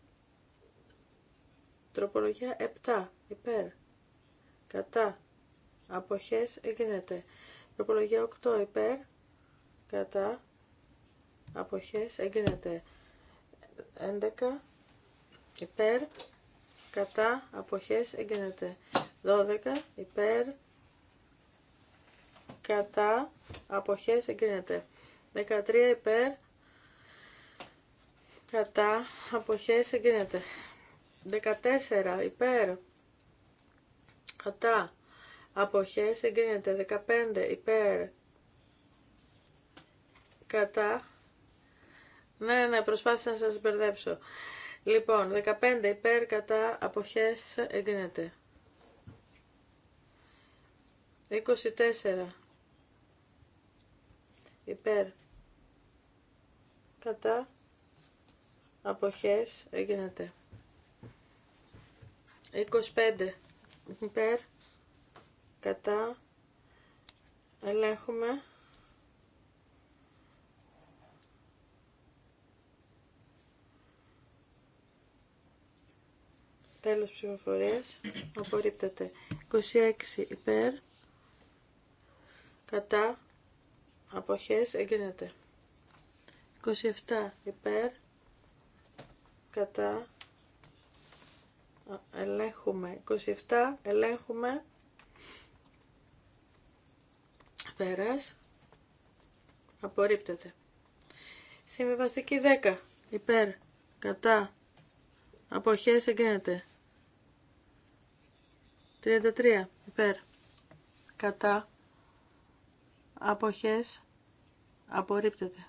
Speaker 2: Τροπολογία 7 υπέρ κατά αποχές εγκρίνεται. Τροπολογία 8 υπέρ κατά αποχές εγκρίνεται. 11 υπέρ, κατά, αποχές, εγκρίνεται. 12 υπέρ, κατά, αποχές, εγκρίνεται. 13 υπέρ, κατά, αποχές, εγκρίνεται. 14 υπέρ, κατά, αποχές, εγκρίνεται. 15 υπέρ, κατά, ναι, ναι, προσπάθησα να σας μπερδέψω. Λοιπόν, 15 υπέρ κατά αποχές εγκρίνεται. 24 υπέρ κατά αποχές εγκρίνεται. 25 υπέρ κατά ελέγχουμε Τέλος ψηφοφορίας. Απορρίπτεται. 26 υπέρ. Κατά. Αποχές εγκρίνεται. 27 υπέρ. Κατά. Ελέγχουμε. 27 ελέγχουμε. Πέρας. Απορρίπτεται. Συμβιβαστική 10. Υπέρ. Κατά. Αποχές εγκρίνεται. 33 υπέρ κατά αποχές απορρίπτεται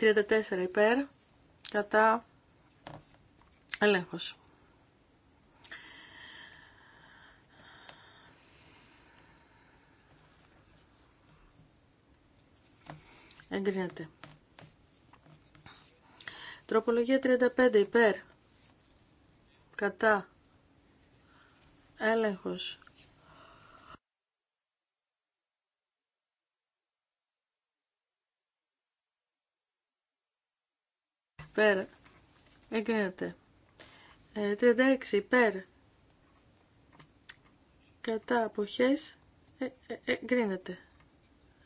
Speaker 2: 34 υπέρ κατά ελέγχος εγκρίνεται τροπολογία 35 υπέρ Κατά. Έλεγχος. Πέρα. Εγκρίνεται. 36 ε, υπέρ. Κατά αποχές ε, ε, ε, εγκρίνεται.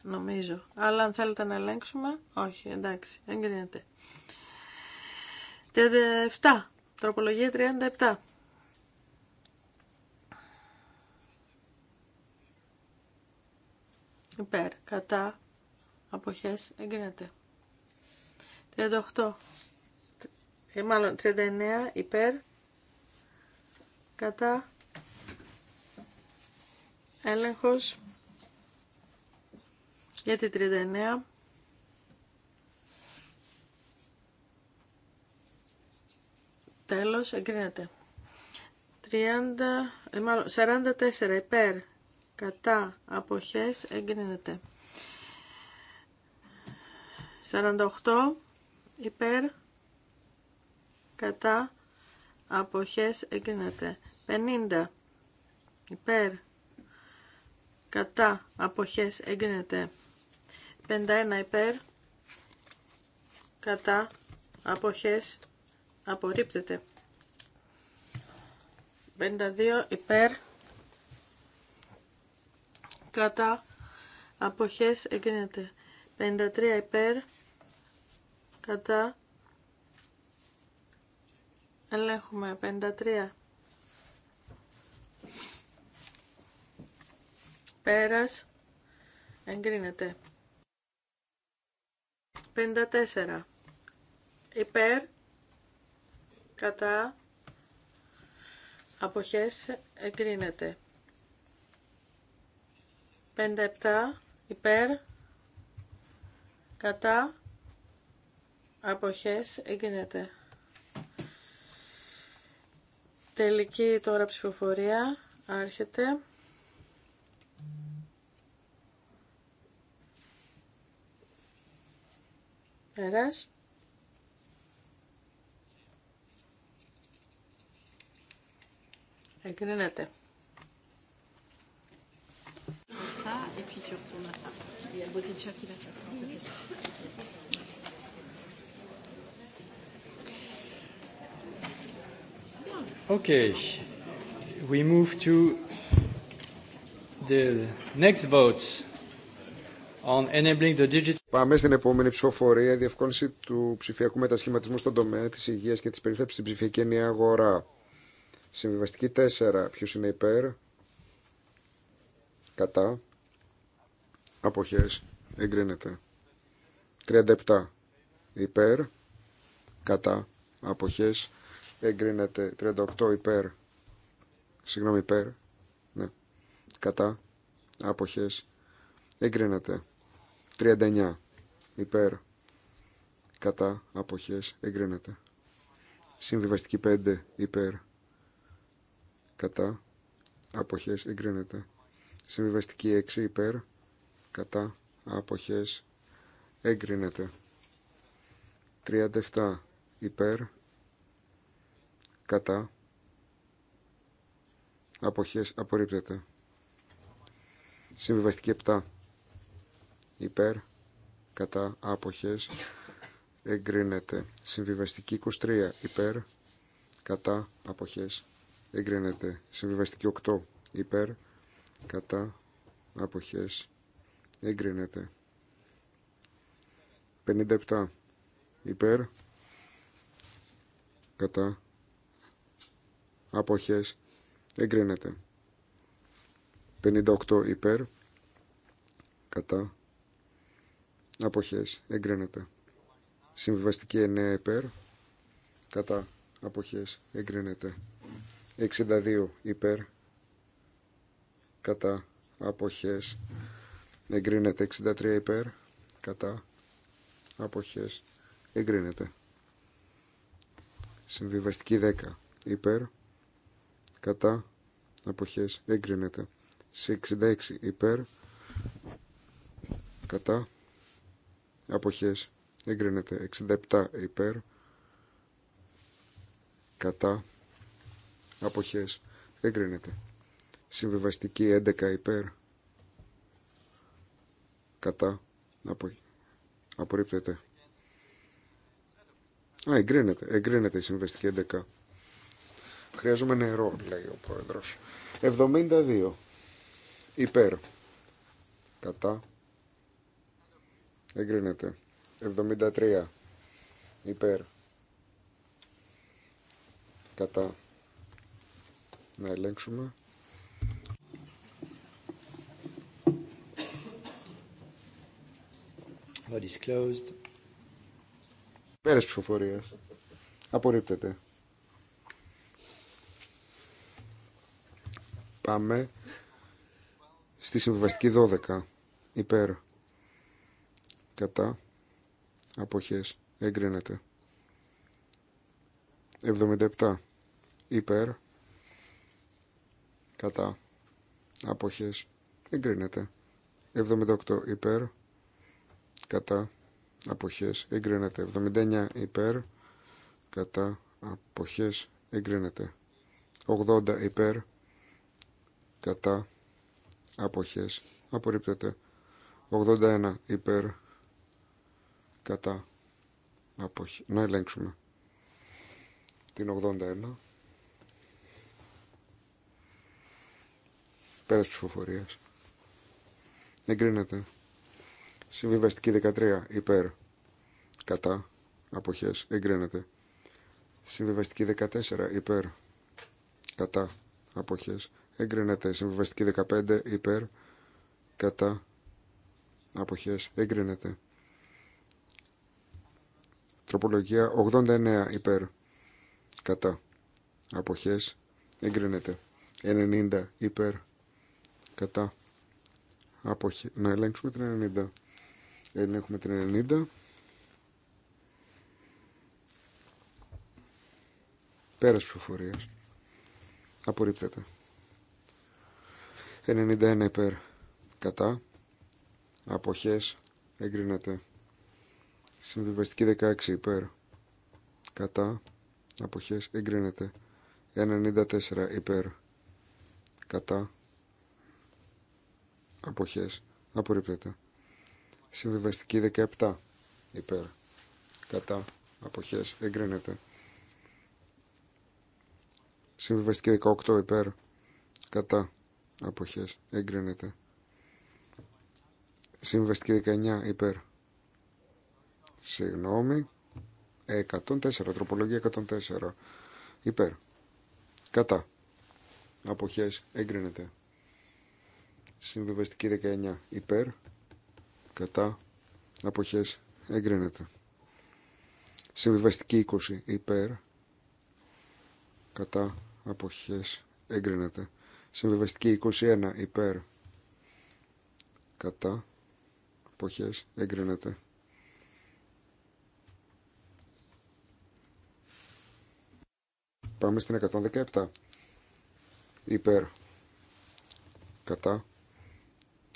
Speaker 2: Νομίζω. Αλλά αν θέλετε να ελέγξουμε, όχι, εντάξει, εγκρίνεται. 37 Τροπολογία 37. Υπέρ, κατά, αποχές, εγκρίνεται. 38, ε, μάλλον 39, υπέρ, κατά, έλεγχος, γιατί 39, Τέλος, εγκρίνεται. 30, ε, μάλλον, 44 υπέρ κατά αποχές εγκρίνεται. 48 υπέρ κατά αποχές εγκρίνεται. 50 υπέρ κατά αποχές εγκρίνεται. 51 υπέρ κατά αποχές απορρίπτεται. 52 υπέρ κατά αποχές εγκρίνεται. 53 υπέρ κατά ελέγχουμε 53 πέρας εγκρίνεται. 54 υπέρ κατά αποχές εγκρίνεται 57 υπέρ κατά αποχές εγκρίνεται τελική τώρα ψηφοφορία άρχεται Πέρας. Εγκρίνεται.
Speaker 1: Okay, we move to the next
Speaker 4: votes on enabling the digital. Πάμε στην επόμενη ψηφοφορία, διευκόλυνση του ψηφιακού μετασχηματισμού στον τομέα της υγείας και της περιθέψης στην ψηφιακή ενιαία αγορά. Συμβιβαστική 4. Ποιος είναι υπέρ. Κατά. Αποχές. Εγκρίνεται. 37. Υπέρ. Κατά. Αποχές. Εγκρίνεται. 38. Υπέρ. Συγγνώμη υπέρ. Ναι. Κατά. Αποχές. Εγκρίνεται. 39. Υπέρ. Κατά. Αποχές. Εγκρίνεται. Συμβιβαστική 5. Υπέρ κατά αποχές εγκρίνεται. Συμβιβαστική 6 υπέρ κατά αποχές εγκρίνεται. 37 υπέρ κατά αποχές απορρίπτεται. Συμβιβαστική 7 υπέρ κατά αποχές εγκρίνεται. Συμβιβαστική 23 υπέρ κατά αποχές εγκρίνεται. Συμβιβαστική 8 υπέρ κατά αποχές εγκρίνεται. 57 υπέρ κατά αποχές εγκρίνεται. 58 υπέρ κατά αποχές εγκρίνεται. Συμβιβαστική 9 υπέρ κατά αποχές εγκρίνεται. 62 υπέρ κατά αποχές εγκρίνεται 63 υπέρ κατά αποχές εγκρίνεται συμβιβαστική 10 υπέρ κατά αποχές εγκρίνεται 66 υπέρ κατά αποχές εγκρίνεται 67 υπέρ κατά αποχές εγκρίνεται. Συμβιβαστική 11 υπέρ κατά απο... απορρίπτεται. Α, εγκρίνεται. Εγκρίνεται η συμβιβαστική 11. Χρειάζομαι νερό, λέει ο πρόεδρος. 72 υπέρ κατά εγκρίνεται. 73 υπέρ κατά να ελέγξουμε. Πέρες ψηφοφορίας. Απορρίπτεται. Πάμε στη συμβιβαστική 12. Υπέρ. Κατά. Αποχές. Εγκρίνεται. 77. Υπέρ κατά αποχές εγκρίνεται 78 υπέρ κατά αποχές εγκρίνεται 79 υπέρ κατά αποχές εγκρίνεται 80 υπέρ κατά αποχές απορρίπτεται 81 υπέρ κατά αποχές να ελέγξουμε την 81 τη ψηφοφορία. Εγκρίνεται. Συμβιβαστική 13 υπέρ. Κατά. αποχέ. Εγκρίνεται. Συμβιβαστική 14 υπέρ. Κατά. απόχέ. Εγκρίνεται. Συμβιβαστική 15 υπέρ. Κατά. απόχέ. Εγκρίνεται. Τροπολογία 89 υπέρ. Κατά. απόχέ. Εγκρίνεται. 90 υπέρ κατά αποχή. Να ελέγξουμε την 90. Ελέγχουμε την 90. Πέρας ψηφοφορίας. Απορρίπτεται. 91 υπέρ κατά. Αποχές εγκρίνεται. Συμβιβαστική 16 υπέρ κατά. Αποχές εγκρίνεται. 94 υπέρ κατά αποχές απορρίπτεται. Συμβιβαστική 17 υπέρ κατά αποχές εγκρίνεται. Συμβιβαστική 18 υπέρ κατά αποχές εγκρίνεται. Συμβιβαστική 19 υπέρ. Συγγνώμη. 104. Τροπολογία 104. Υπέρ. Κατά. Αποχές εγκρίνεται. Συμβιβαστική 19 υπέρ, κατά, αποχές, εγκρίνεται. Συμβιβαστική 20 υπέρ, κατά, αποχές, εγκρίνεται. Συμβιβαστική 21 υπέρ, κατά, αποχές, εγκρίνεται. Πάμε στην 117. Υπέρ. Κατά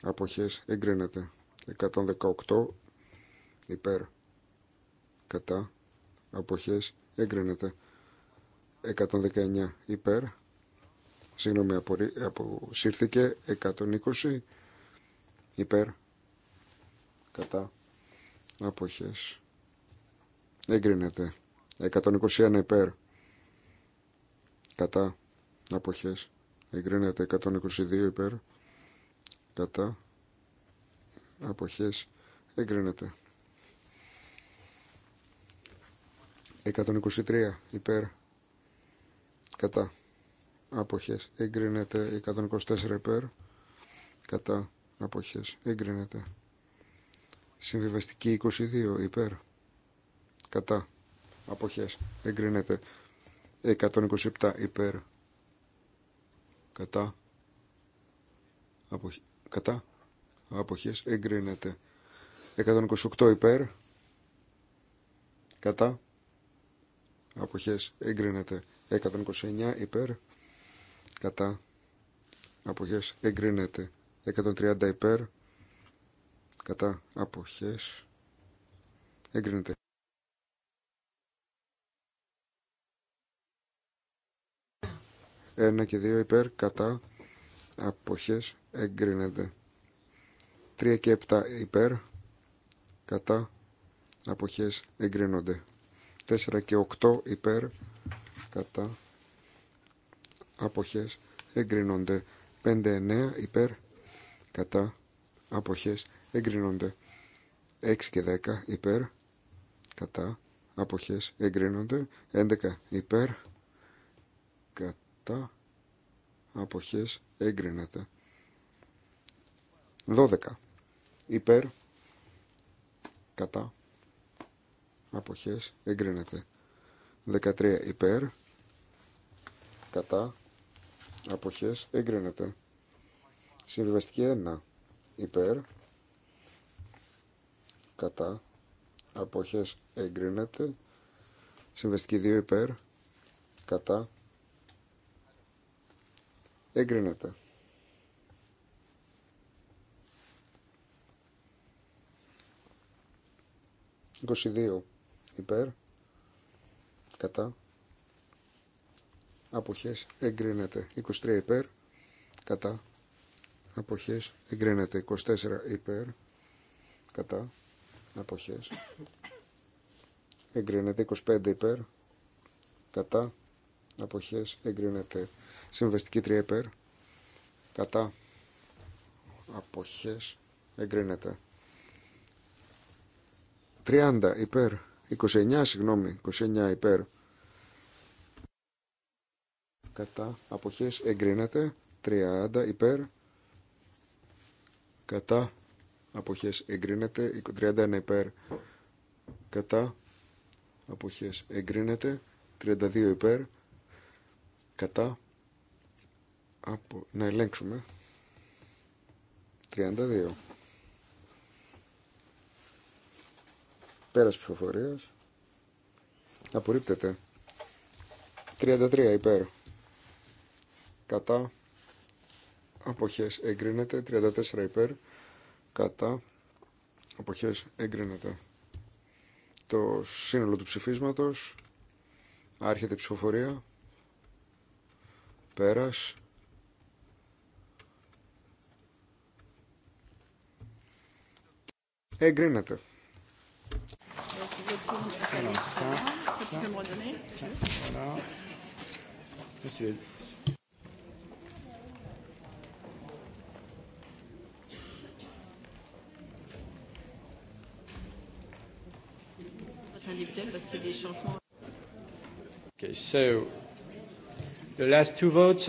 Speaker 4: αποχές εγκρίνεται 118 υπέρ κατά αποχές εγκρίνεται 119 υπέρ συγγνώμη απορρί, αποσύρθηκε 120 υπέρ κατά αποχές εγκρίνεται 121 υπέρ κατά αποχές εγκρίνεται 122 υπέρ κατά αποχές εγκρίνεται 123 υπέρ κατά αποχές εγκρίνεται 124 υπέρ κατά αποχές εγκρίνεται συμβιβαστική 22 υπέρ κατά αποχές εγκρίνεται 127 υπέρ κατά αποχές κατά αποχές εγκρίνεται 128 υπέρ κατά αποχές εγκρίνεται 129 υπέρ κατά αποχές εγκρίνεται 130 υπέρ κατά αποχές εγκρίνεται ένα και δύο υπέρ κατά αποχές εγκρίνεται 3 και 7 υπέρ κατά αποχές εγκρίνονται 4 και 8 υπέρ κατά αποχές εγκρίνονται 5-9 υπέρ κατά αποχές εγκρίνονται 6 και 10 υπέρ κατά αποχές εγκρίνονται 11 υπέρ κατά αποχές εγκρίνεται 12 υπέρ κατά αποχές εγκρίνεται 13 υπέρ κατά αποχές εγκρίνεται συμβιβαστική 1 υπέρ κατά αποχές εγκρίνεται συμβιβαστική 2 υπέρ κατά Εγκρίνεται. 22 υπέρ. Κατά. Αποχές εγκρίνεται. 23 υπέρ. Κατά. Αποχές εγκρίνεται. 24 υπέρ. Κατά. Αποχές. Εγκρίνεται. 25 υπέρ. Κατά. Αποχές εγκρίνεται. Συμβαστική 3 υπέρ. Κατά. Αποχές. Εγκρίνεται. 30 υπέρ. 29 συγγνώμη. 29 υπέρ. Κατά. Αποχές. Εγκρίνεται. 30 υπέρ. Κατά. Αποχές. Εγκρίνεται. 31 υπέρ. Κατά. Αποχές. Εγκρίνεται. 32 υπέρ. Κατά από, να ελέγξουμε 32 πέρας ψηφοφορίας απορρίπτεται 33 υπέρ κατά αποχές εγκρίνεται 34 υπέρ κατά αποχές εγκρίνεται το σύνολο του ψηφίσματος άρχεται η ψηφοφορία πέρας Εγκρίνεται.
Speaker 1: Okay, so the last two votes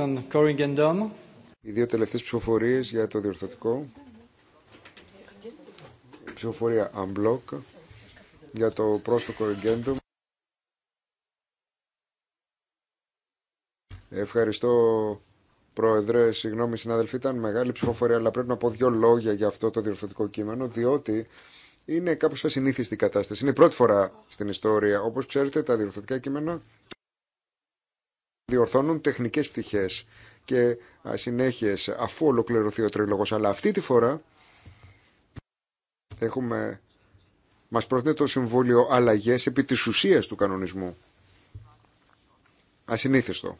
Speaker 4: Οι δύο τελευταίες ψηφοφορίες για το διορθωτικό ψηφοφορία unblock για το πρόστοκο Ριγκέντουμ. Ευχαριστώ Πρόεδρε, συγγνώμη συνάδελφοι, ήταν μεγάλη ψηφοφορία, αλλά πρέπει να πω δύο λόγια για αυτό το διορθωτικό κείμενο, διότι είναι κάπως ασυνήθιστη η κατάσταση. Είναι η πρώτη φορά στην ιστορία. Όπως ξέρετε, τα διορθωτικά κείμενα διορθώνουν τεχνικές πτυχές και συνέχειες αφού ολοκληρωθεί ο τρίλογος. Αλλά αυτή τη φορά Έχουμε... Μας πρότεινε το Συμβούλιο αλλαγές επί της ουσίας του κανονισμού. Ασυνήθιστο.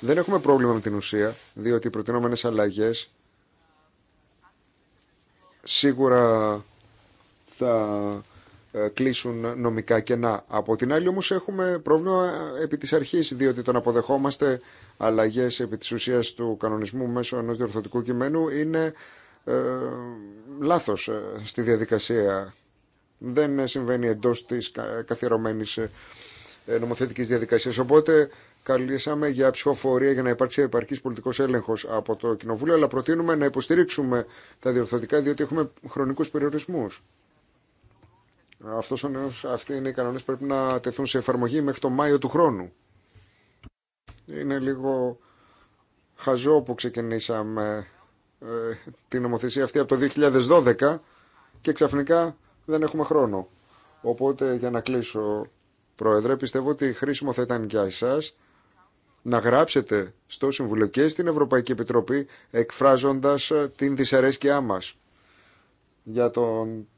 Speaker 4: Δεν έχουμε πρόβλημα με την ουσία, διότι οι προτείνομενες αλλαγές σίγουρα θα ε, κλείσουν νομικά κενά. Από την άλλη όμως έχουμε πρόβλημα επί της αρχής, διότι τον αποδεχόμαστε αλλαγές επί της ουσίας του κανονισμού μέσω ενός διορθωτικού κειμένου είναι ε, λάθος ε, στη διαδικασία. Δεν συμβαίνει εντός της καθιερωμένης ε, νομοθετικής διαδικασίας. Οπότε καλήσαμε για ψηφοφορία για να υπάρξει επαρκής πολιτικός έλεγχος από το Κοινοβούλιο, αλλά προτείνουμε να υποστηρίξουμε τα διορθωτικά, διότι έχουμε χρονικούς περιορισμούς. Αυτός ο νέος, αυτοί είναι οι κανόνες που πρέπει να τεθούν σε εφαρμογή μέχρι το Μάιο του χρόνου. Είναι λίγο χαζό που ξεκινήσαμε ε, την νομοθεσία αυτή από το 2012 και ξαφνικά δεν έχουμε χρόνο. Οπότε για να κλείσω, Πρόεδρε, πιστεύω ότι χρήσιμο θα ήταν για εσάς να γράψετε στο Συμβουλίο και στην Ευρωπαϊκή Επιτροπή εκφράζοντας ε, την δυσαρέσκειά μας για τον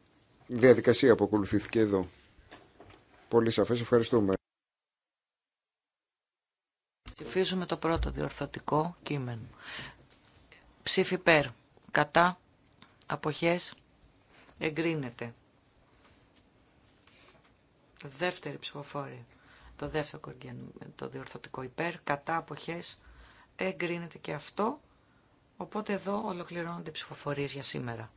Speaker 4: διαδικασία που ακολουθήθηκε εδώ. Πολύ σαφές, ευχαριστούμε.
Speaker 3: Ψηφίζουμε το πρώτο διορθωτικό κείμενο ψήφι ΠΕΡ Κατά αποχές εγκρίνεται. Δεύτερη ψηφοφόρη. Το δεύτερο το διορθωτικό υπέρ. Κατά αποχές εγκρίνεται και αυτό. Οπότε εδώ ολοκληρώνονται οι ψηφοφορίες για σήμερα.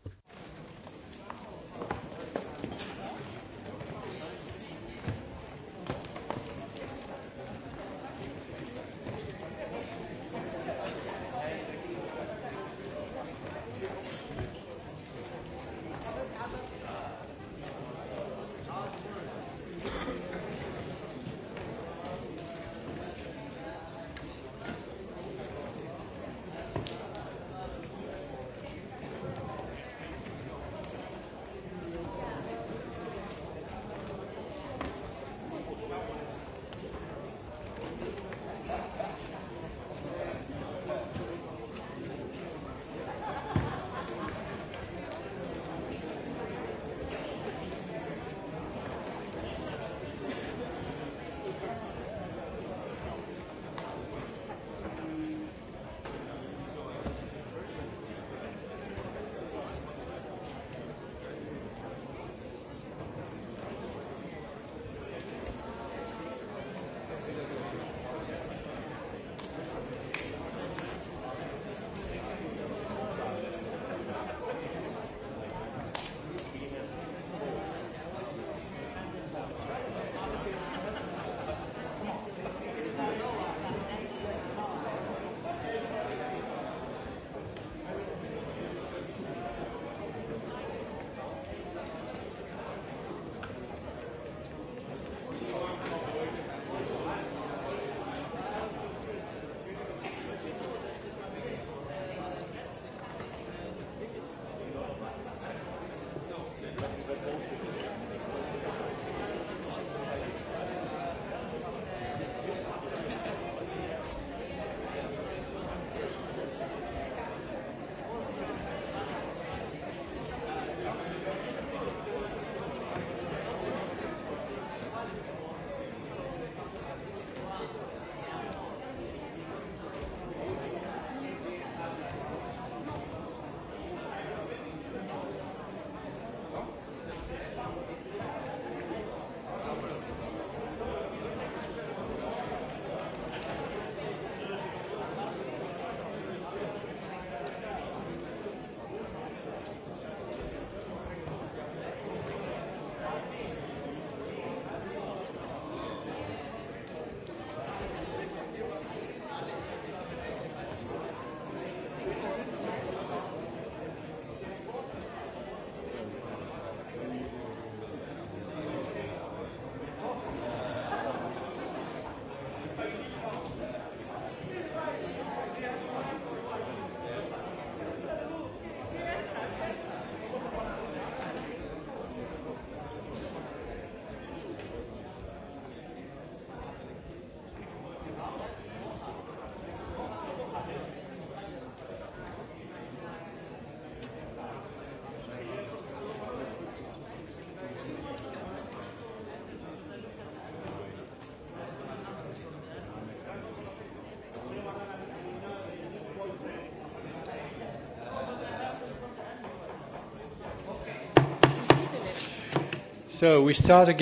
Speaker 1: So we start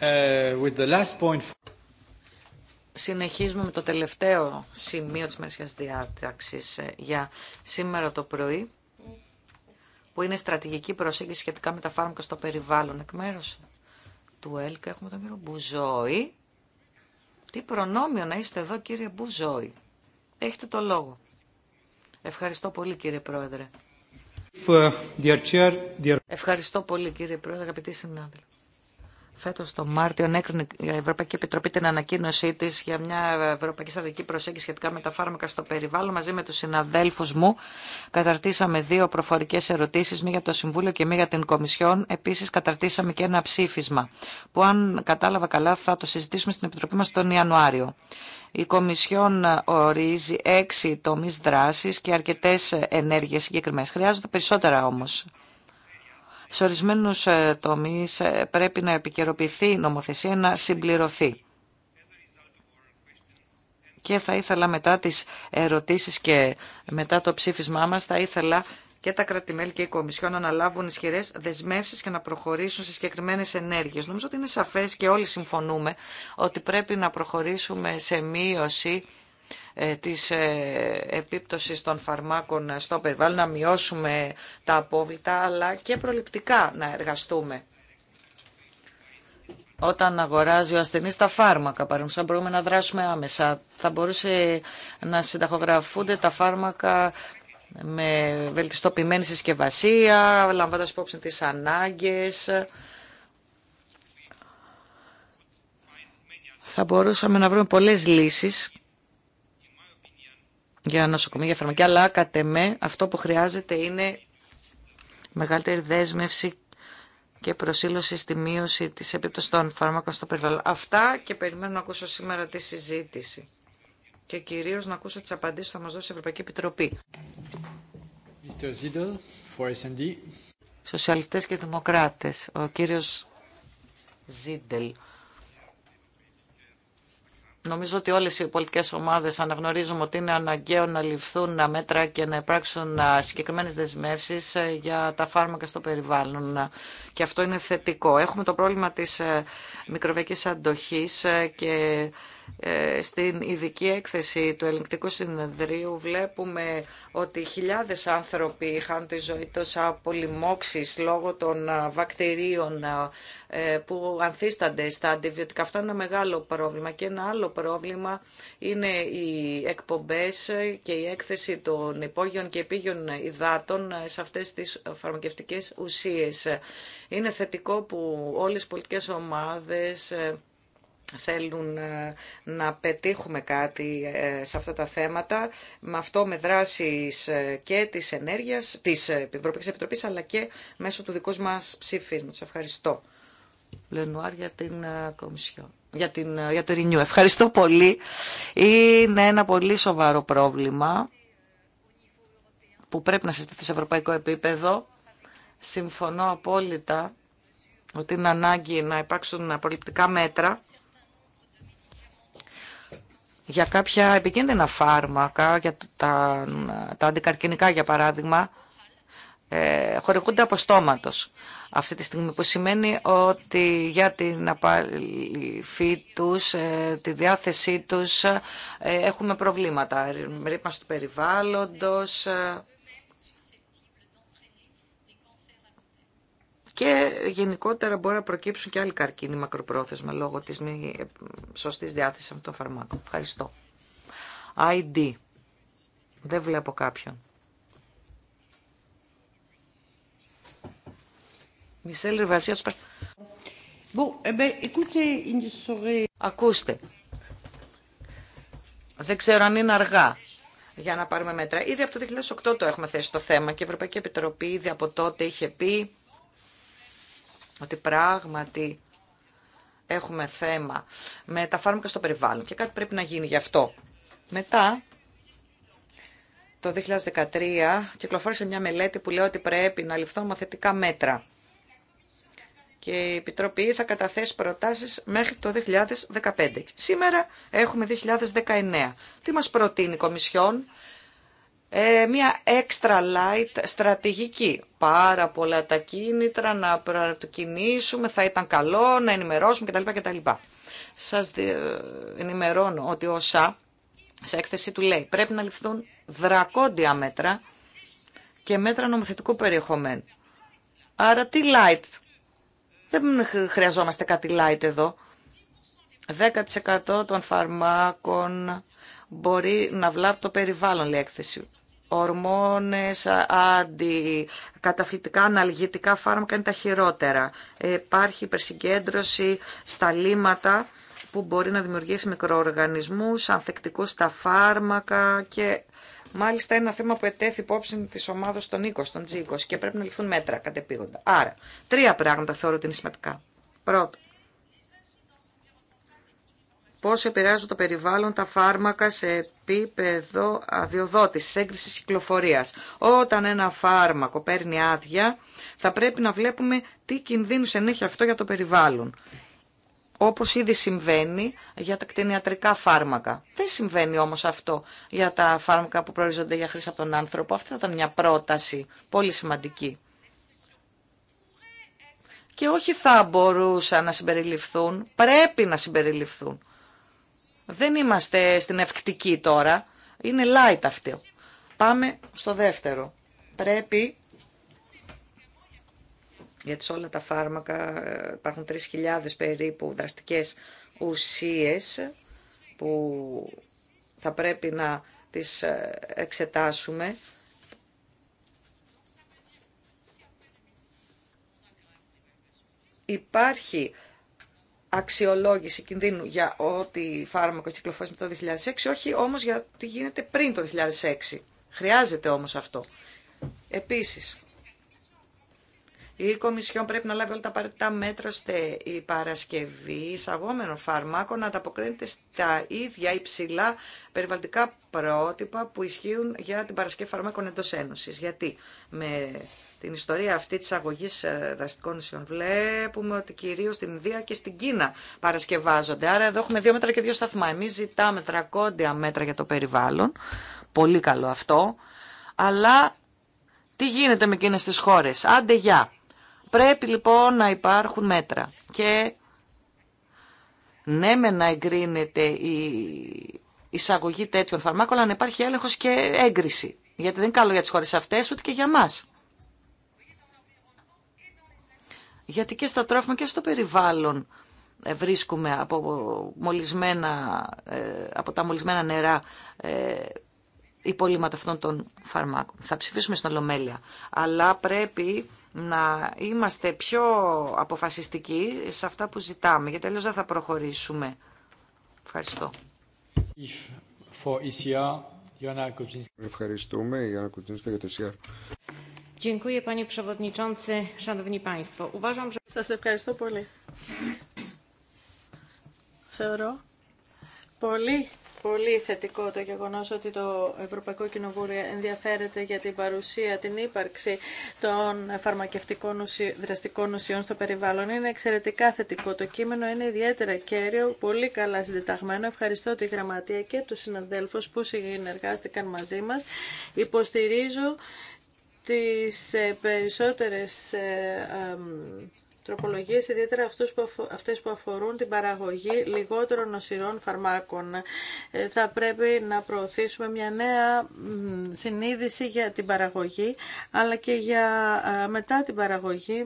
Speaker 3: uh, Συνεχίζουμε με το τελευταίο σημείο της μερσιάς διάταξης ε, για σήμερα το πρωί, που είναι στρατηγική προσέγγιση σχετικά με τα φάρμακα στο περιβάλλον. Εκ μέρους του ΕΛΚΑ έχουμε τον κύριο Μπουζόη. Τι προνόμιο να είστε εδώ κύριε Μπουζόη. Έχετε το λόγο. Ευχαριστώ πολύ κύριε Πρόεδρε. Uh, Ευχαριστώ πολύ κύριε Πρόεδρε, αγαπητοί συνάδελφοι. Φέτο το Μάρτιο έκρινε η Ευρωπαϊκή Επιτροπή την ανακοίνωσή τη για μια ευρωπαϊκή στρατηγική προσέγγιση σχετικά με τα φάρμακα στο περιβάλλον. Μαζί με του συναδέλφου μου καταρτήσαμε δύο προφορικέ ερωτήσει μία για το Συμβούλιο και μία για την Κομισιόν. Επίση, καταρτήσαμε και ένα ψήφισμα που αν κατάλαβα καλά θα το συζητήσουμε στην Επιτροπή μα τον Ιανουάριο. Η Κομισιόν ορίζει έξι τομεί δράση και αρκετέ ενέργειε συγκεκριμένε. Χρειάζονται περισσότερα όμω σε ορισμένου ε, τομεί ε, πρέπει να επικαιροποιηθεί η νομοθεσία να συμπληρωθεί. Και θα ήθελα μετά τις ερωτήσεις και μετά το ψήφισμά μας θα ήθελα και τα κρατημέλη και η Κομισιόν να αναλάβουν ισχυρέ δεσμεύσει και να προχωρήσουν σε συγκεκριμένε ενέργειε. Νομίζω ότι είναι σαφέ και όλοι συμφωνούμε ότι πρέπει να προχωρήσουμε σε μείωση ε, της ε, επίπτωσης των φαρμάκων στο περιβάλλον, να μειώσουμε τα απόβλητα, αλλά και προληπτικά να εργαστούμε. Όταν αγοράζει ο ασθενή τα φάρμακα, θα μπορούμε να δράσουμε άμεσα. Θα μπορούσε να συνταχογραφούνται τα φάρμακα με βελτιστοποιημένη συσκευασία, λαμβάνοντα υπόψη τις ανάγκες. Θα μπορούσαμε να βρούμε πολλές λύσεις για νοσοκομεία, για φαρμακεία, αλλά κατ' εμέ αυτό που χρειάζεται είναι μεγαλύτερη δέσμευση και προσήλωση στη μείωση της επίπτωσης των φάρμακων στο περιβάλλον. Αυτά και περιμένω να ακούσω σήμερα τη συζήτηση και κυρίως να ακούσω τις απαντήσεις που θα μας δώσει η Ευρωπαϊκή Επιτροπή. Σοσιαλιστές και Δημοκράτες, ο κύριος Ζίντελ. Νομίζω ότι όλες οι πολιτικές ομάδες αναγνωρίζουν ότι είναι αναγκαίο να ληφθούν μέτρα και να υπάρξουν συγκεκριμένες δεσμεύσεις ε, για τα φάρμακα στο περιβάλλον. Και αυτό είναι θετικό. Έχουμε το πρόβλημα της ε, μικροβιακής αντοχής ε, και ε, στην ειδική έκθεση του Ελεγκτικού Συνεδρίου βλέπουμε ότι χιλιάδες άνθρωποι είχαν τη ζωή τους από λοιμώξεις λόγω των ε, βακτηρίων ε, που ανθίστανται στα αντιβιωτικά. Αυτό είναι ένα μεγάλο πρόβλημα και ένα άλλο πρόβλημα είναι οι εκπομπές και η έκθεση των υπόγειων και επίγειων υδάτων σε αυτές τις φαρμακευτικές ουσίες. Είναι θετικό που όλες οι πολιτικές ομάδες θέλουν ε, να πετύχουμε κάτι ε, σε αυτά τα θέματα, με αυτό με δράσεις ε, και της ενέργειας, της Ευρωπαϊκής Επιτροπής, αλλά και μέσω του δικού μας ψηφίσματος. Ευχαριστώ. Λενουάρ για την Κομισιό. Για, την, για το Ρινιού. Ευχαριστώ πολύ. Είναι ένα πολύ σοβαρό πρόβλημα που πρέπει να συζητηθεί σε ευρωπαϊκό επίπεδο. Συμφωνώ απόλυτα ότι είναι ανάγκη να υπάρξουν προληπτικά μέτρα για κάποια επικίνδυνα φάρμακα, για τα, τα αντικαρκυνικά για παράδειγμα, ε, χορηγούνται από στόματος αυτή τη στιγμή, που σημαίνει ότι για την απαλήφη τους, ε, τη διάθεσή τους, ε, έχουμε προβλήματα. Ρήπανση του περιβάλλοντος, ε, και γενικότερα μπορεί να προκύψουν και άλλοι καρκίνοι μακροπρόθεσμα λόγω της μη σωστής διάθεσης αυτών το φαρμάκο. Ευχαριστώ. ID. Δεν βλέπω κάποιον. Μισελ Ριβασία, eh Ακούστε. Δεν ξέρω αν είναι αργά για να πάρουμε μέτρα. Ήδη από το 2008 το έχουμε θέσει το θέμα και η Ευρωπαϊκή Επιτροπή ήδη από τότε είχε πει ότι πράγματι έχουμε θέμα με τα φάρμακα στο περιβάλλον και κάτι πρέπει να γίνει γι' αυτό. Μετά, το 2013, κυκλοφόρησε μια μελέτη που λέει ότι πρέπει να ληφθούν μαθητικά μέτρα και η Επιτροπή θα καταθέσει προτάσεις μέχρι το 2015. Σήμερα έχουμε 2019. Τι μας προτείνει η Κομισιόν ε, μια extra light στρατηγική. Πάρα πολλά τα κίνητρα να κινήσουμε, θα ήταν καλό να ενημερώσουμε κτλ. κτλ. Σας ενημερώνω ότι ο ΣΑ σε έκθεση του λέει πρέπει να ληφθούν δρακόντια μέτρα και μέτρα νομοθετικού περιεχομένου. Άρα τι light. Δεν χρειαζόμαστε κάτι light εδώ. 10% των φαρμάκων μπορεί να βλάπτει το περιβάλλον, λέει έκθεση ορμόνες, αντικαταθλιπτικά, αναλγητικά φάρμακα είναι τα χειρότερα. Υπάρχει υπερσυγκέντρωση στα λίματα που μπορεί να δημιουργήσει μικροοργανισμούς, ανθεκτικούς στα φάρμακα και μάλιστα είναι ένα θέμα που ετέθη υπόψη της ομάδος των 20, των G20 και πρέπει να ληφθούν μέτρα κατεπήγοντα. Άρα, τρία πράγματα θεωρώ ότι είναι σημαντικά. Πρώτο πώς επηρεάζουν το περιβάλλον τα φάρμακα σε επίπεδο αδειοδότησης, έγκριση κυκλοφορίας. Όταν ένα φάρμακο παίρνει άδεια, θα πρέπει να βλέπουμε τι κινδύνους ενέχει αυτό για το περιβάλλον. Όπω ήδη συμβαίνει για τα κτηνιατρικά φάρμακα. Δεν συμβαίνει όμω αυτό για τα φάρμακα που προορίζονται για χρήση από τον άνθρωπο. Αυτή θα ήταν μια πρόταση πολύ σημαντική και όχι θα μπορούσαν να συμπεριληφθούν, πρέπει να συμπεριληφθούν. Δεν είμαστε στην ευκτική τώρα. Είναι light αυτό. Πάμε στο δεύτερο. Πρέπει, γιατί σε όλα τα φάρμακα ε, υπάρχουν 3.000 περίπου δραστικές ουσίες που θα πρέπει να τις ε, εξετάσουμε. Υπάρχει αξιολόγηση κινδύνου για ό,τι φάρμακο κυκλοφόρησε μετά το 2006, όχι όμως για τι γίνεται πριν το 2006. Χρειάζεται όμως αυτό. Επίσης, η Κομισιόν πρέπει να λάβει όλα τα απαραίτητα μέτρα ώστε η παρασκευή εισαγόμενων φαρμάκων να ανταποκρίνεται στα ίδια υψηλά περιβαλλοντικά πρότυπα που ισχύουν για την παρασκευή φαρμάκων εντός Ένωσης. Γιατί με την ιστορία αυτή της αγωγής ε, δραστικών νησιών βλέπουμε ότι κυρίως στην Ινδία και στην Κίνα παρασκευάζονται. Άρα εδώ έχουμε δύο μέτρα και δύο σταθμά. Εμείς ζητάμε τρακόντια μέτρα για το περιβάλλον, πολύ καλό αυτό, αλλά τι γίνεται με εκείνες τις χώρες, άντε γεια. Πρέπει λοιπόν να υπάρχουν μέτρα και ναι με να εγκρίνεται η εισαγωγή τέτοιων φαρμάκων, αλλά να υπάρχει έλεγχος και έγκριση. Γιατί δεν είναι καλό για τις χώρες αυτές, ούτε και για μας. γιατί και στα τρόφιμα και στο περιβάλλον ε, βρίσκουμε από, μολυσμένα, ε, από τα μολυσμένα νερά ε, υπολείμματα αυτών των φαρμάκων. Θα ψηφίσουμε στην Ολομέλεια. Αλλά πρέπει να είμαστε πιο αποφασιστικοί σε αυτά που ζητάμε, γιατί αλλιώς δεν θα προχωρήσουμε.
Speaker 4: Ευχαριστώ. Ευχαριστούμε, Ιωάννα Κουτσίνσκα, για το ΣΥΑΡ.
Speaker 2: Σας ευχαριστώ πολύ. Θεωρώ πολύ πολύ θετικό το γεγονός ότι το Ευρωπαϊκό Κοινοβούλιο ενδιαφέρεται για την παρουσία, την ύπαρξη των φαρμακευτικών δραστικών ουσιών στο περιβάλλον. Είναι εξαιρετικά θετικό. Το κείμενο είναι ιδιαίτερα κέριο, πολύ καλά συντεταγμένο. Ευχαριστώ τη Γραμματεία και τους συναδέλφους που συνεργάστηκαν μαζί μας. Υποστηρίζω τις ε, περισσότερες ε, τροπολογίες, ιδιαίτερα αυτούς που αυτές που αφορούν την παραγωγή λιγότερων νοσηρών φαρμάκων. Ε, θα πρέπει να προωθήσουμε μια νέα συνείδηση για την παραγωγή, αλλά και για μετά την παραγωγή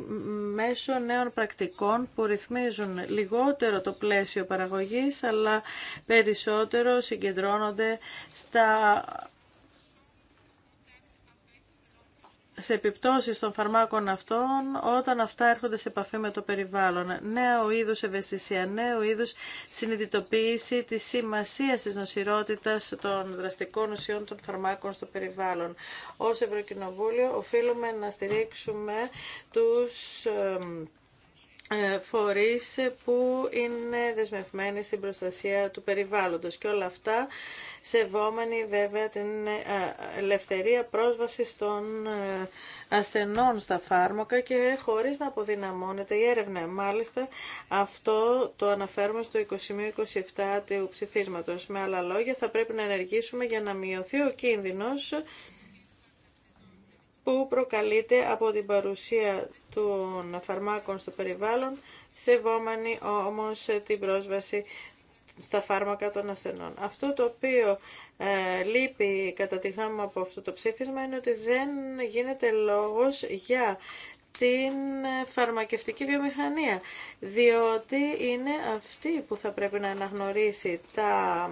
Speaker 2: μέσω νέων πρακτικών που ρυθμίζουν λιγότερο το πλαίσιο παραγωγής, αλλά περισσότερο συγκεντρώνονται στα σε επιπτώσει των φαρμάκων αυτών όταν αυτά έρχονται σε επαφή με το περιβάλλον. Νέο είδου ευαισθησία, νέο είδου συνειδητοποίηση της σημασία της νοσηρότητα των δραστικών ουσιών των φαρμάκων στο περιβάλλον. Ω Ευρωκοινοβούλιο οφείλουμε να στηρίξουμε τους ε, φορείς που είναι δεσμευμένοι στην προστασία του περιβάλλοντος και όλα αυτά σεβόμενοι βέβαια την ε, ελευθερία πρόσβασης των ε, ασθενών στα φάρμακα και χωρίς να αποδυναμώνεται η έρευνα. Μάλιστα αυτό το αναφέρουμε στο 21-27 του ψηφίσματος. Με άλλα λόγια θα πρέπει να ενεργήσουμε για να μειωθεί ο κίνδυνος που προκαλείται από την παρουσία των φαρμάκων στο περιβάλλον, σεβόμενη όμως την πρόσβαση στα φάρμακα των ασθενών. Αυτό το οποίο ε, λείπει κατά τη γνώμη μου από αυτό το ψήφισμα είναι ότι δεν γίνεται λόγος για την φαρμακευτική βιομηχανία, διότι είναι αυτή που θα πρέπει να αναγνωρίσει τα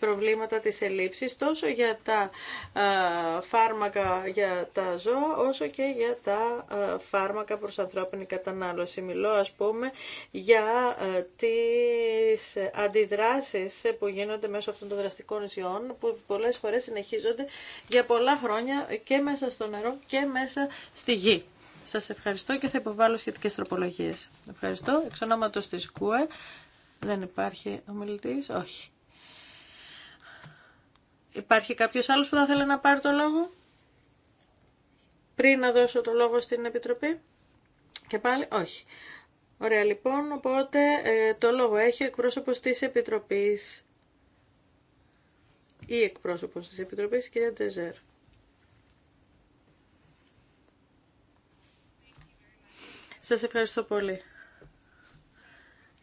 Speaker 2: προβλήματα της ελλείψης τόσο για τα ε, φάρμακα για τα ζώα όσο και για τα ε, φάρμακα προς ανθρώπινη κατανάλωση. Μιλώ ας πούμε για ε, τις αντιδράσεις που γίνονται μέσω αυτών των δραστικών ζώων που πολλές φορές συνεχίζονται για πολλά χρόνια και μέσα στο νερό και μέσα στη γη. Σας ευχαριστώ και θα υποβάλω σχετικές τροπολογίε. Ευχαριστώ. Εξ ονόματο της ΚΟΕ δεν υπάρχει ομιλητής. Όχι. Υπάρχει κάποιο άλλος που θα θέλει να πάρει το λόγο πριν να δώσω το λόγο στην Επιτροπή. Και πάλι όχι. Ωραία λοιπόν, οπότε ε, το λόγο έχει ο εκπρόσωπος της Επιτροπής ή εκπρόσωπος της Επιτροπής, κυρία Ντεζέρ. Σας ευχαριστώ πολύ.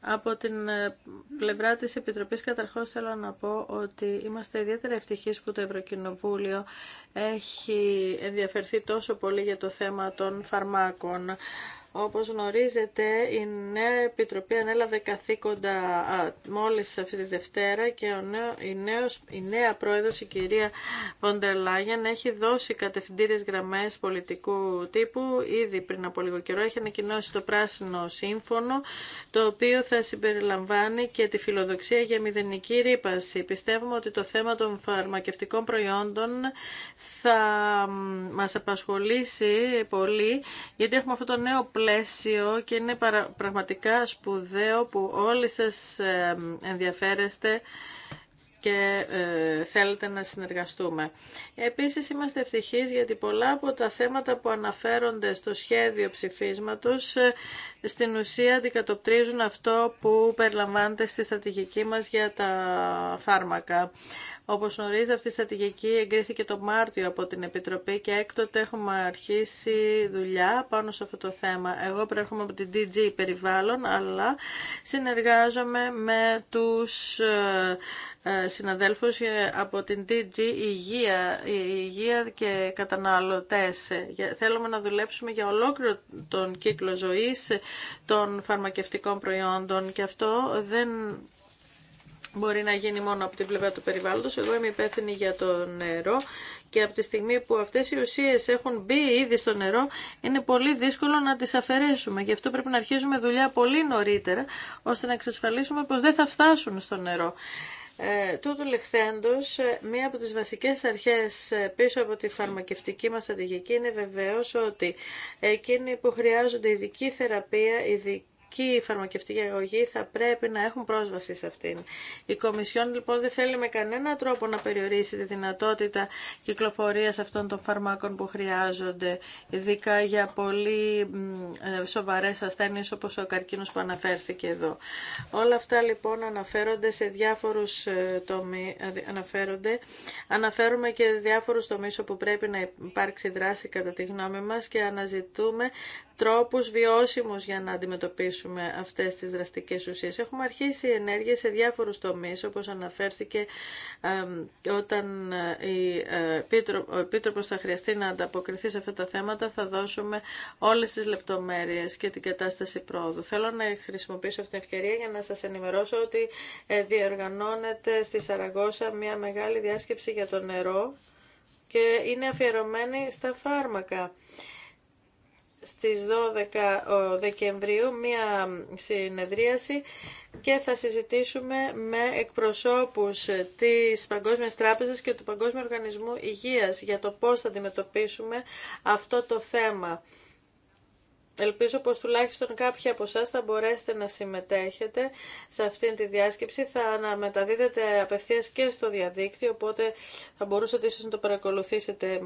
Speaker 2: Από την ε, πλευρά της Επιτροπής καταρχώς θέλω να πω ότι είμαστε ιδιαίτερα ευτυχείς που το Ευρωκοινοβούλιο έχει ενδιαφερθεί τόσο πολύ για το θέμα των φαρμάκων. Όπως γνωρίζετε, η νέα Επιτροπή ανέλαβε καθήκοντα μόλις αυτή τη Δευτέρα και ο η, νέος, η νέα πρόεδρος, η κυρία Βοντερ Λάγεν, έχει δώσει κατευθυντήριες γραμμές πολιτικού τύπου. Ήδη πριν από λίγο καιρό έχει ανακοινώσει το πράσινο σύμφωνο, το οποίο θα συμπεριλαμβάνει και τη φιλοδοξία για μηδενική ρήπαση. Πιστεύουμε ότι το θέμα των φαρμακευτικών προϊόντων θα μας απασχολήσει πολύ, γιατί έχουμε αυτό το νέο πλαίσιο και είναι πραγματικά σπουδαίο που όλοι σας ενδιαφέρεστε και ε, θέλετε να συνεργαστούμε. Επίσης είμαστε ευτυχείς γιατί πολλά από τα θέματα που αναφέρονται στο σχέδιο ψηφίσματος ε, στην ουσία αντικατοπτρίζουν αυτό που περιλαμβάνεται στη στρατηγική μας για τα φάρμακα. Όπως γνωρίζετε αυτή η στρατηγική εγκρίθηκε το Μάρτιο από την Επιτροπή και έκτοτε έχουμε αρχίσει δουλειά πάνω σε αυτό το θέμα. Εγώ προέρχομαι από την DG Περιβάλλον αλλά συνεργάζομαι με τους ε, ε, συναδέλφους από την DG Υγεία, Υγεία και Καταναλωτές. Θέλουμε να δουλέψουμε για ολόκληρο τον κύκλο ζωής των φαρμακευτικών προϊόντων και αυτό δεν μπορεί να γίνει μόνο από την πλευρά του περιβάλλοντος. Εγώ είμαι υπεύθυνη για το νερό και από τη στιγμή που αυτές οι ουσίες έχουν μπει ήδη στο νερό είναι πολύ δύσκολο να τις αφαιρέσουμε. Γι' αυτό πρέπει να αρχίζουμε δουλειά πολύ νωρίτερα ώστε να εξασφαλίσουμε πως δεν θα φτάσουν στο νερό. Ε, τούτου λεχθέντος, ε, μία από τις βασικές αρχές ε, πίσω από τη φαρμακευτική μας στρατηγική είναι βεβαίως ότι εκείνοι που χρειάζονται ειδική θεραπεία, ειδική και οι φαρμακευτικοί θα πρέπει να έχουν πρόσβαση σε αυτήν. Η Κομισιόν λοιπόν δεν θέλει με κανένα τρόπο να περιορίσει τη δυνατότητα κυκλοφορίας αυτών των φαρμάκων που χρειάζονται, ειδικά για πολύ ε, σοβαρές ασθένειες όπως ο καρκίνος που αναφέρθηκε εδώ. Όλα αυτά λοιπόν αναφέρονται σε διάφορους ε, τομείς, ε, Αναφέρουμε και διάφορους τομείς όπου πρέπει να υπάρξει δράση κατά τη γνώμη μας και αναζητούμε τρόπους βιώσιμους για να αντιμετωπίσουμε αυτές τις δραστικές ουσίες. Έχουμε αρχίσει ενέργειες σε διάφορους τομείς, όπως αναφέρθηκε όταν ε, ε, ο Επίτροπος θα χρειαστεί να ανταποκριθεί σε αυτά τα θέματα, θα δώσουμε όλες τις λεπτομέρειες και την κατάσταση πρόοδου. Θέλω να χρησιμοποιήσω αυτή την ευκαιρία για να σας ενημερώσω ότι ε, διοργανώνεται στη Σαραγώσα μια μεγάλη διάσκεψη για το νερό και είναι αφιερωμένη στα φάρμακα στις 12 Δεκεμβρίου μία συνεδρίαση και θα συζητήσουμε με εκπροσώπους της Παγκόσμιας Τράπεζας και του Παγκόσμιου Οργανισμού Υγείας για το πώς θα αντιμετωπίσουμε αυτό το θέμα. Ελπίζω πως τουλάχιστον κάποιοι από εσά θα μπορέσετε να συμμετέχετε σε αυτή τη διάσκεψη. Θα μεταδίδετε τη διασκεψη θα αναμεταδιδετε απευθειας και στο διαδίκτυο, οπότε θα μπορούσατε ίσως να το παρακολουθήσετε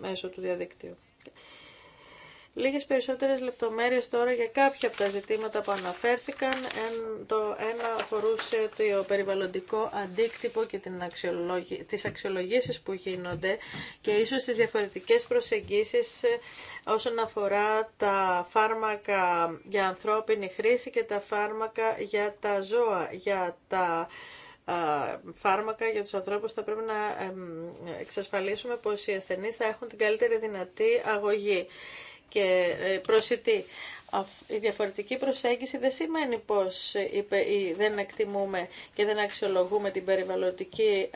Speaker 2: μέσω του διαδικτύου. Λίγες περισσότερες λεπτομέρειες τώρα για κάποια από τα ζητήματα που αναφέρθηκαν. το ένα αφορούσε το περιβαλλοντικό αντίκτυπο και την αξιολογή, τις αξιολογήσεις που γίνονται και ίσως τις διαφορετικές προσεγγίσεις ε, όσον αφορά τα φάρμακα για ανθρώπινη χρήση και τα φάρμακα για τα ζώα, για τα φάρμακα για τους ανθρώπους θα πρέπει να εξασφαλίσουμε πως οι ασθενείς θα έχουν την καλύτερη δυνατή αγωγή και ε, προσιτή. Η διαφορετική προσέγγιση δεν σημαίνει πως δεν εκτιμούμε και δεν αξιολογούμε την περιβαλλοντική,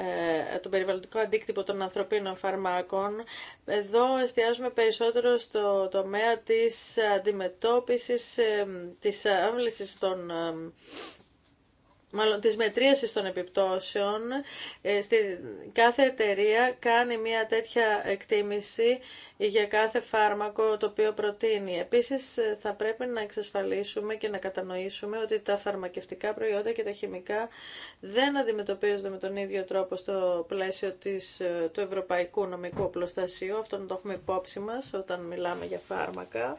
Speaker 2: ε, τον περιβαλλοντικό αντίκτυπο των ανθρωπίνων φαρμάκων. Εδώ εστιάζουμε περισσότερο στο τομέα της αντιμετώπισης, ε, της άβλησης των μάλλον της μετρίασης των επιπτώσεων. Ε, στη, κάθε εταιρεία κάνει μια τέτοια εκτίμηση για κάθε φάρμακο το οποίο προτείνει. Επίσης ε, θα πρέπει να εξασφαλίσουμε και να κατανοήσουμε ότι τα φαρμακευτικά προϊόντα και τα χημικά δεν αντιμετωπίζονται με τον ίδιο τρόπο στο πλαίσιο της, ε, του ευρωπαϊκού νομικού οπλοστασίου. Αυτό να το έχουμε υπόψη μας όταν μιλάμε για φάρμακα.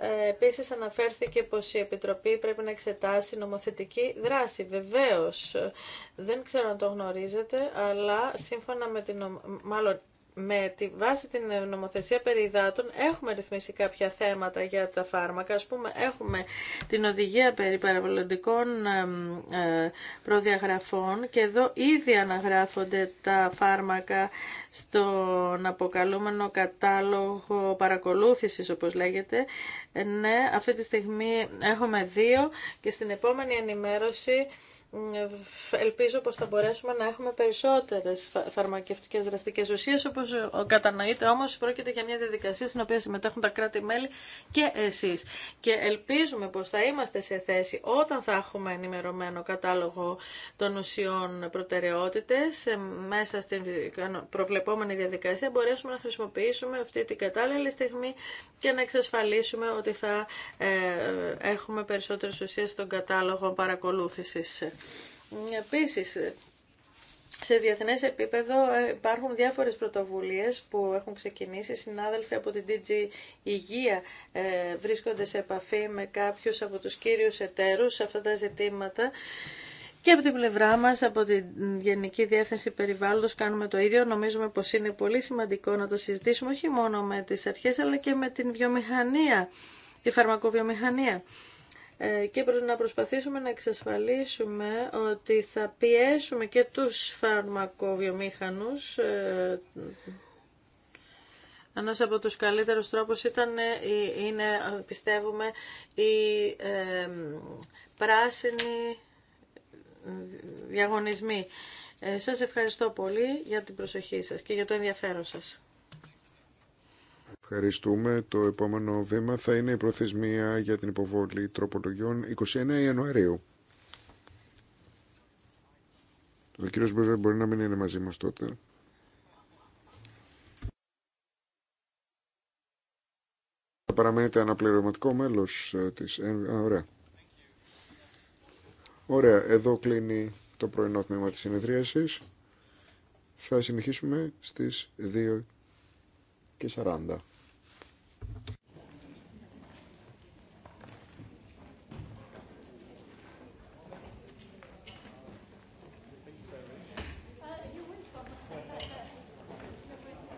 Speaker 2: Ε, Επίση, αναφέρθηκε πως η Επιτροπή πρέπει να εξετάσει νομοθετική δράση. βεβαίω. δεν ξέρω αν το γνωρίζετε, αλλά σύμφωνα με την, μάλλον με τη βάση την νομοθεσία περί υδάτων έχουμε ρυθμίσει κάποια θέματα για τα φάρμακα. Ας πούμε έχουμε την οδηγία περί παραβολοντικών ε, προδιαγραφών και εδώ ήδη αναγράφονται τα φάρμακα στον αποκαλούμενο κατάλογο παρακολούθησης όπως λέγεται. Ε, ναι, αυτή τη στιγμή έχουμε δύο και στην επόμενη ενημέρωση ελπίζω πως θα μπορέσουμε να έχουμε περισσότερες φαρμακευτικές δραστικές ουσίες όπως κατανοείτε όμως πρόκειται για μια διαδικασία στην οποία συμμετέχουν τα κράτη-μέλη και εσείς και ελπίζουμε πως θα είμαστε σε θέση όταν θα έχουμε ενημερωμένο κατάλογο των ουσιών προτεραιότητες μέσα στην προβλεπόμενη διαδικασία μπορέσουμε να χρησιμοποιήσουμε αυτή την κατάλληλη στιγμή και να εξασφαλίσουμε ότι θα ε, έχουμε περισσότερες ουσίες στον κατάλογο παρακολούθησης. Επίσης, σε διεθνές επίπεδο υπάρχουν διάφορες πρωτοβουλίες που έχουν ξεκινήσει. Συνάδελφοι από την DG Υγεία ε, βρίσκονται σε επαφή με κάποιους από τους κύριους εταίρους σε αυτά τα ζητήματα. Και από την πλευρά μας, από την Γενική Διεύθυνση Περιβάλλοντος κάνουμε το ίδιο. Νομίζουμε πως είναι πολύ σημαντικό να το συζητήσουμε όχι μόνο με τις αρχές αλλά και με την βιομηχανία, τη φαρμακοβιομηχανία. Ε, και να προσπαθήσουμε να εξασφαλίσουμε ότι θα πιέσουμε και τους φαρμακοβιομήχανους ε, ένα από τους καλύτερους τρόπους ήταν, ε, είναι, πιστεύουμε, η ε, πράσινη διαγωνισμοί. σας ευχαριστώ πολύ για την προσοχή σας και για το ενδιαφέρον σας.
Speaker 4: Ευχαριστούμε. Το επόμενο βήμα θα είναι η προθεσμία για την υποβολή τροπολογιών 29 Ιανουαρίου. Ο κύριος Μπέζερ μπορεί να μην είναι μαζί μας τότε. Θα παραμένετε αναπληρωματικό μέλος ε, της... Α, ωραία. Ωραία, εδώ κλείνει το πρωινό τμήμα της συνεδρίασης. Θα συνεχίσουμε στις 2 και 40.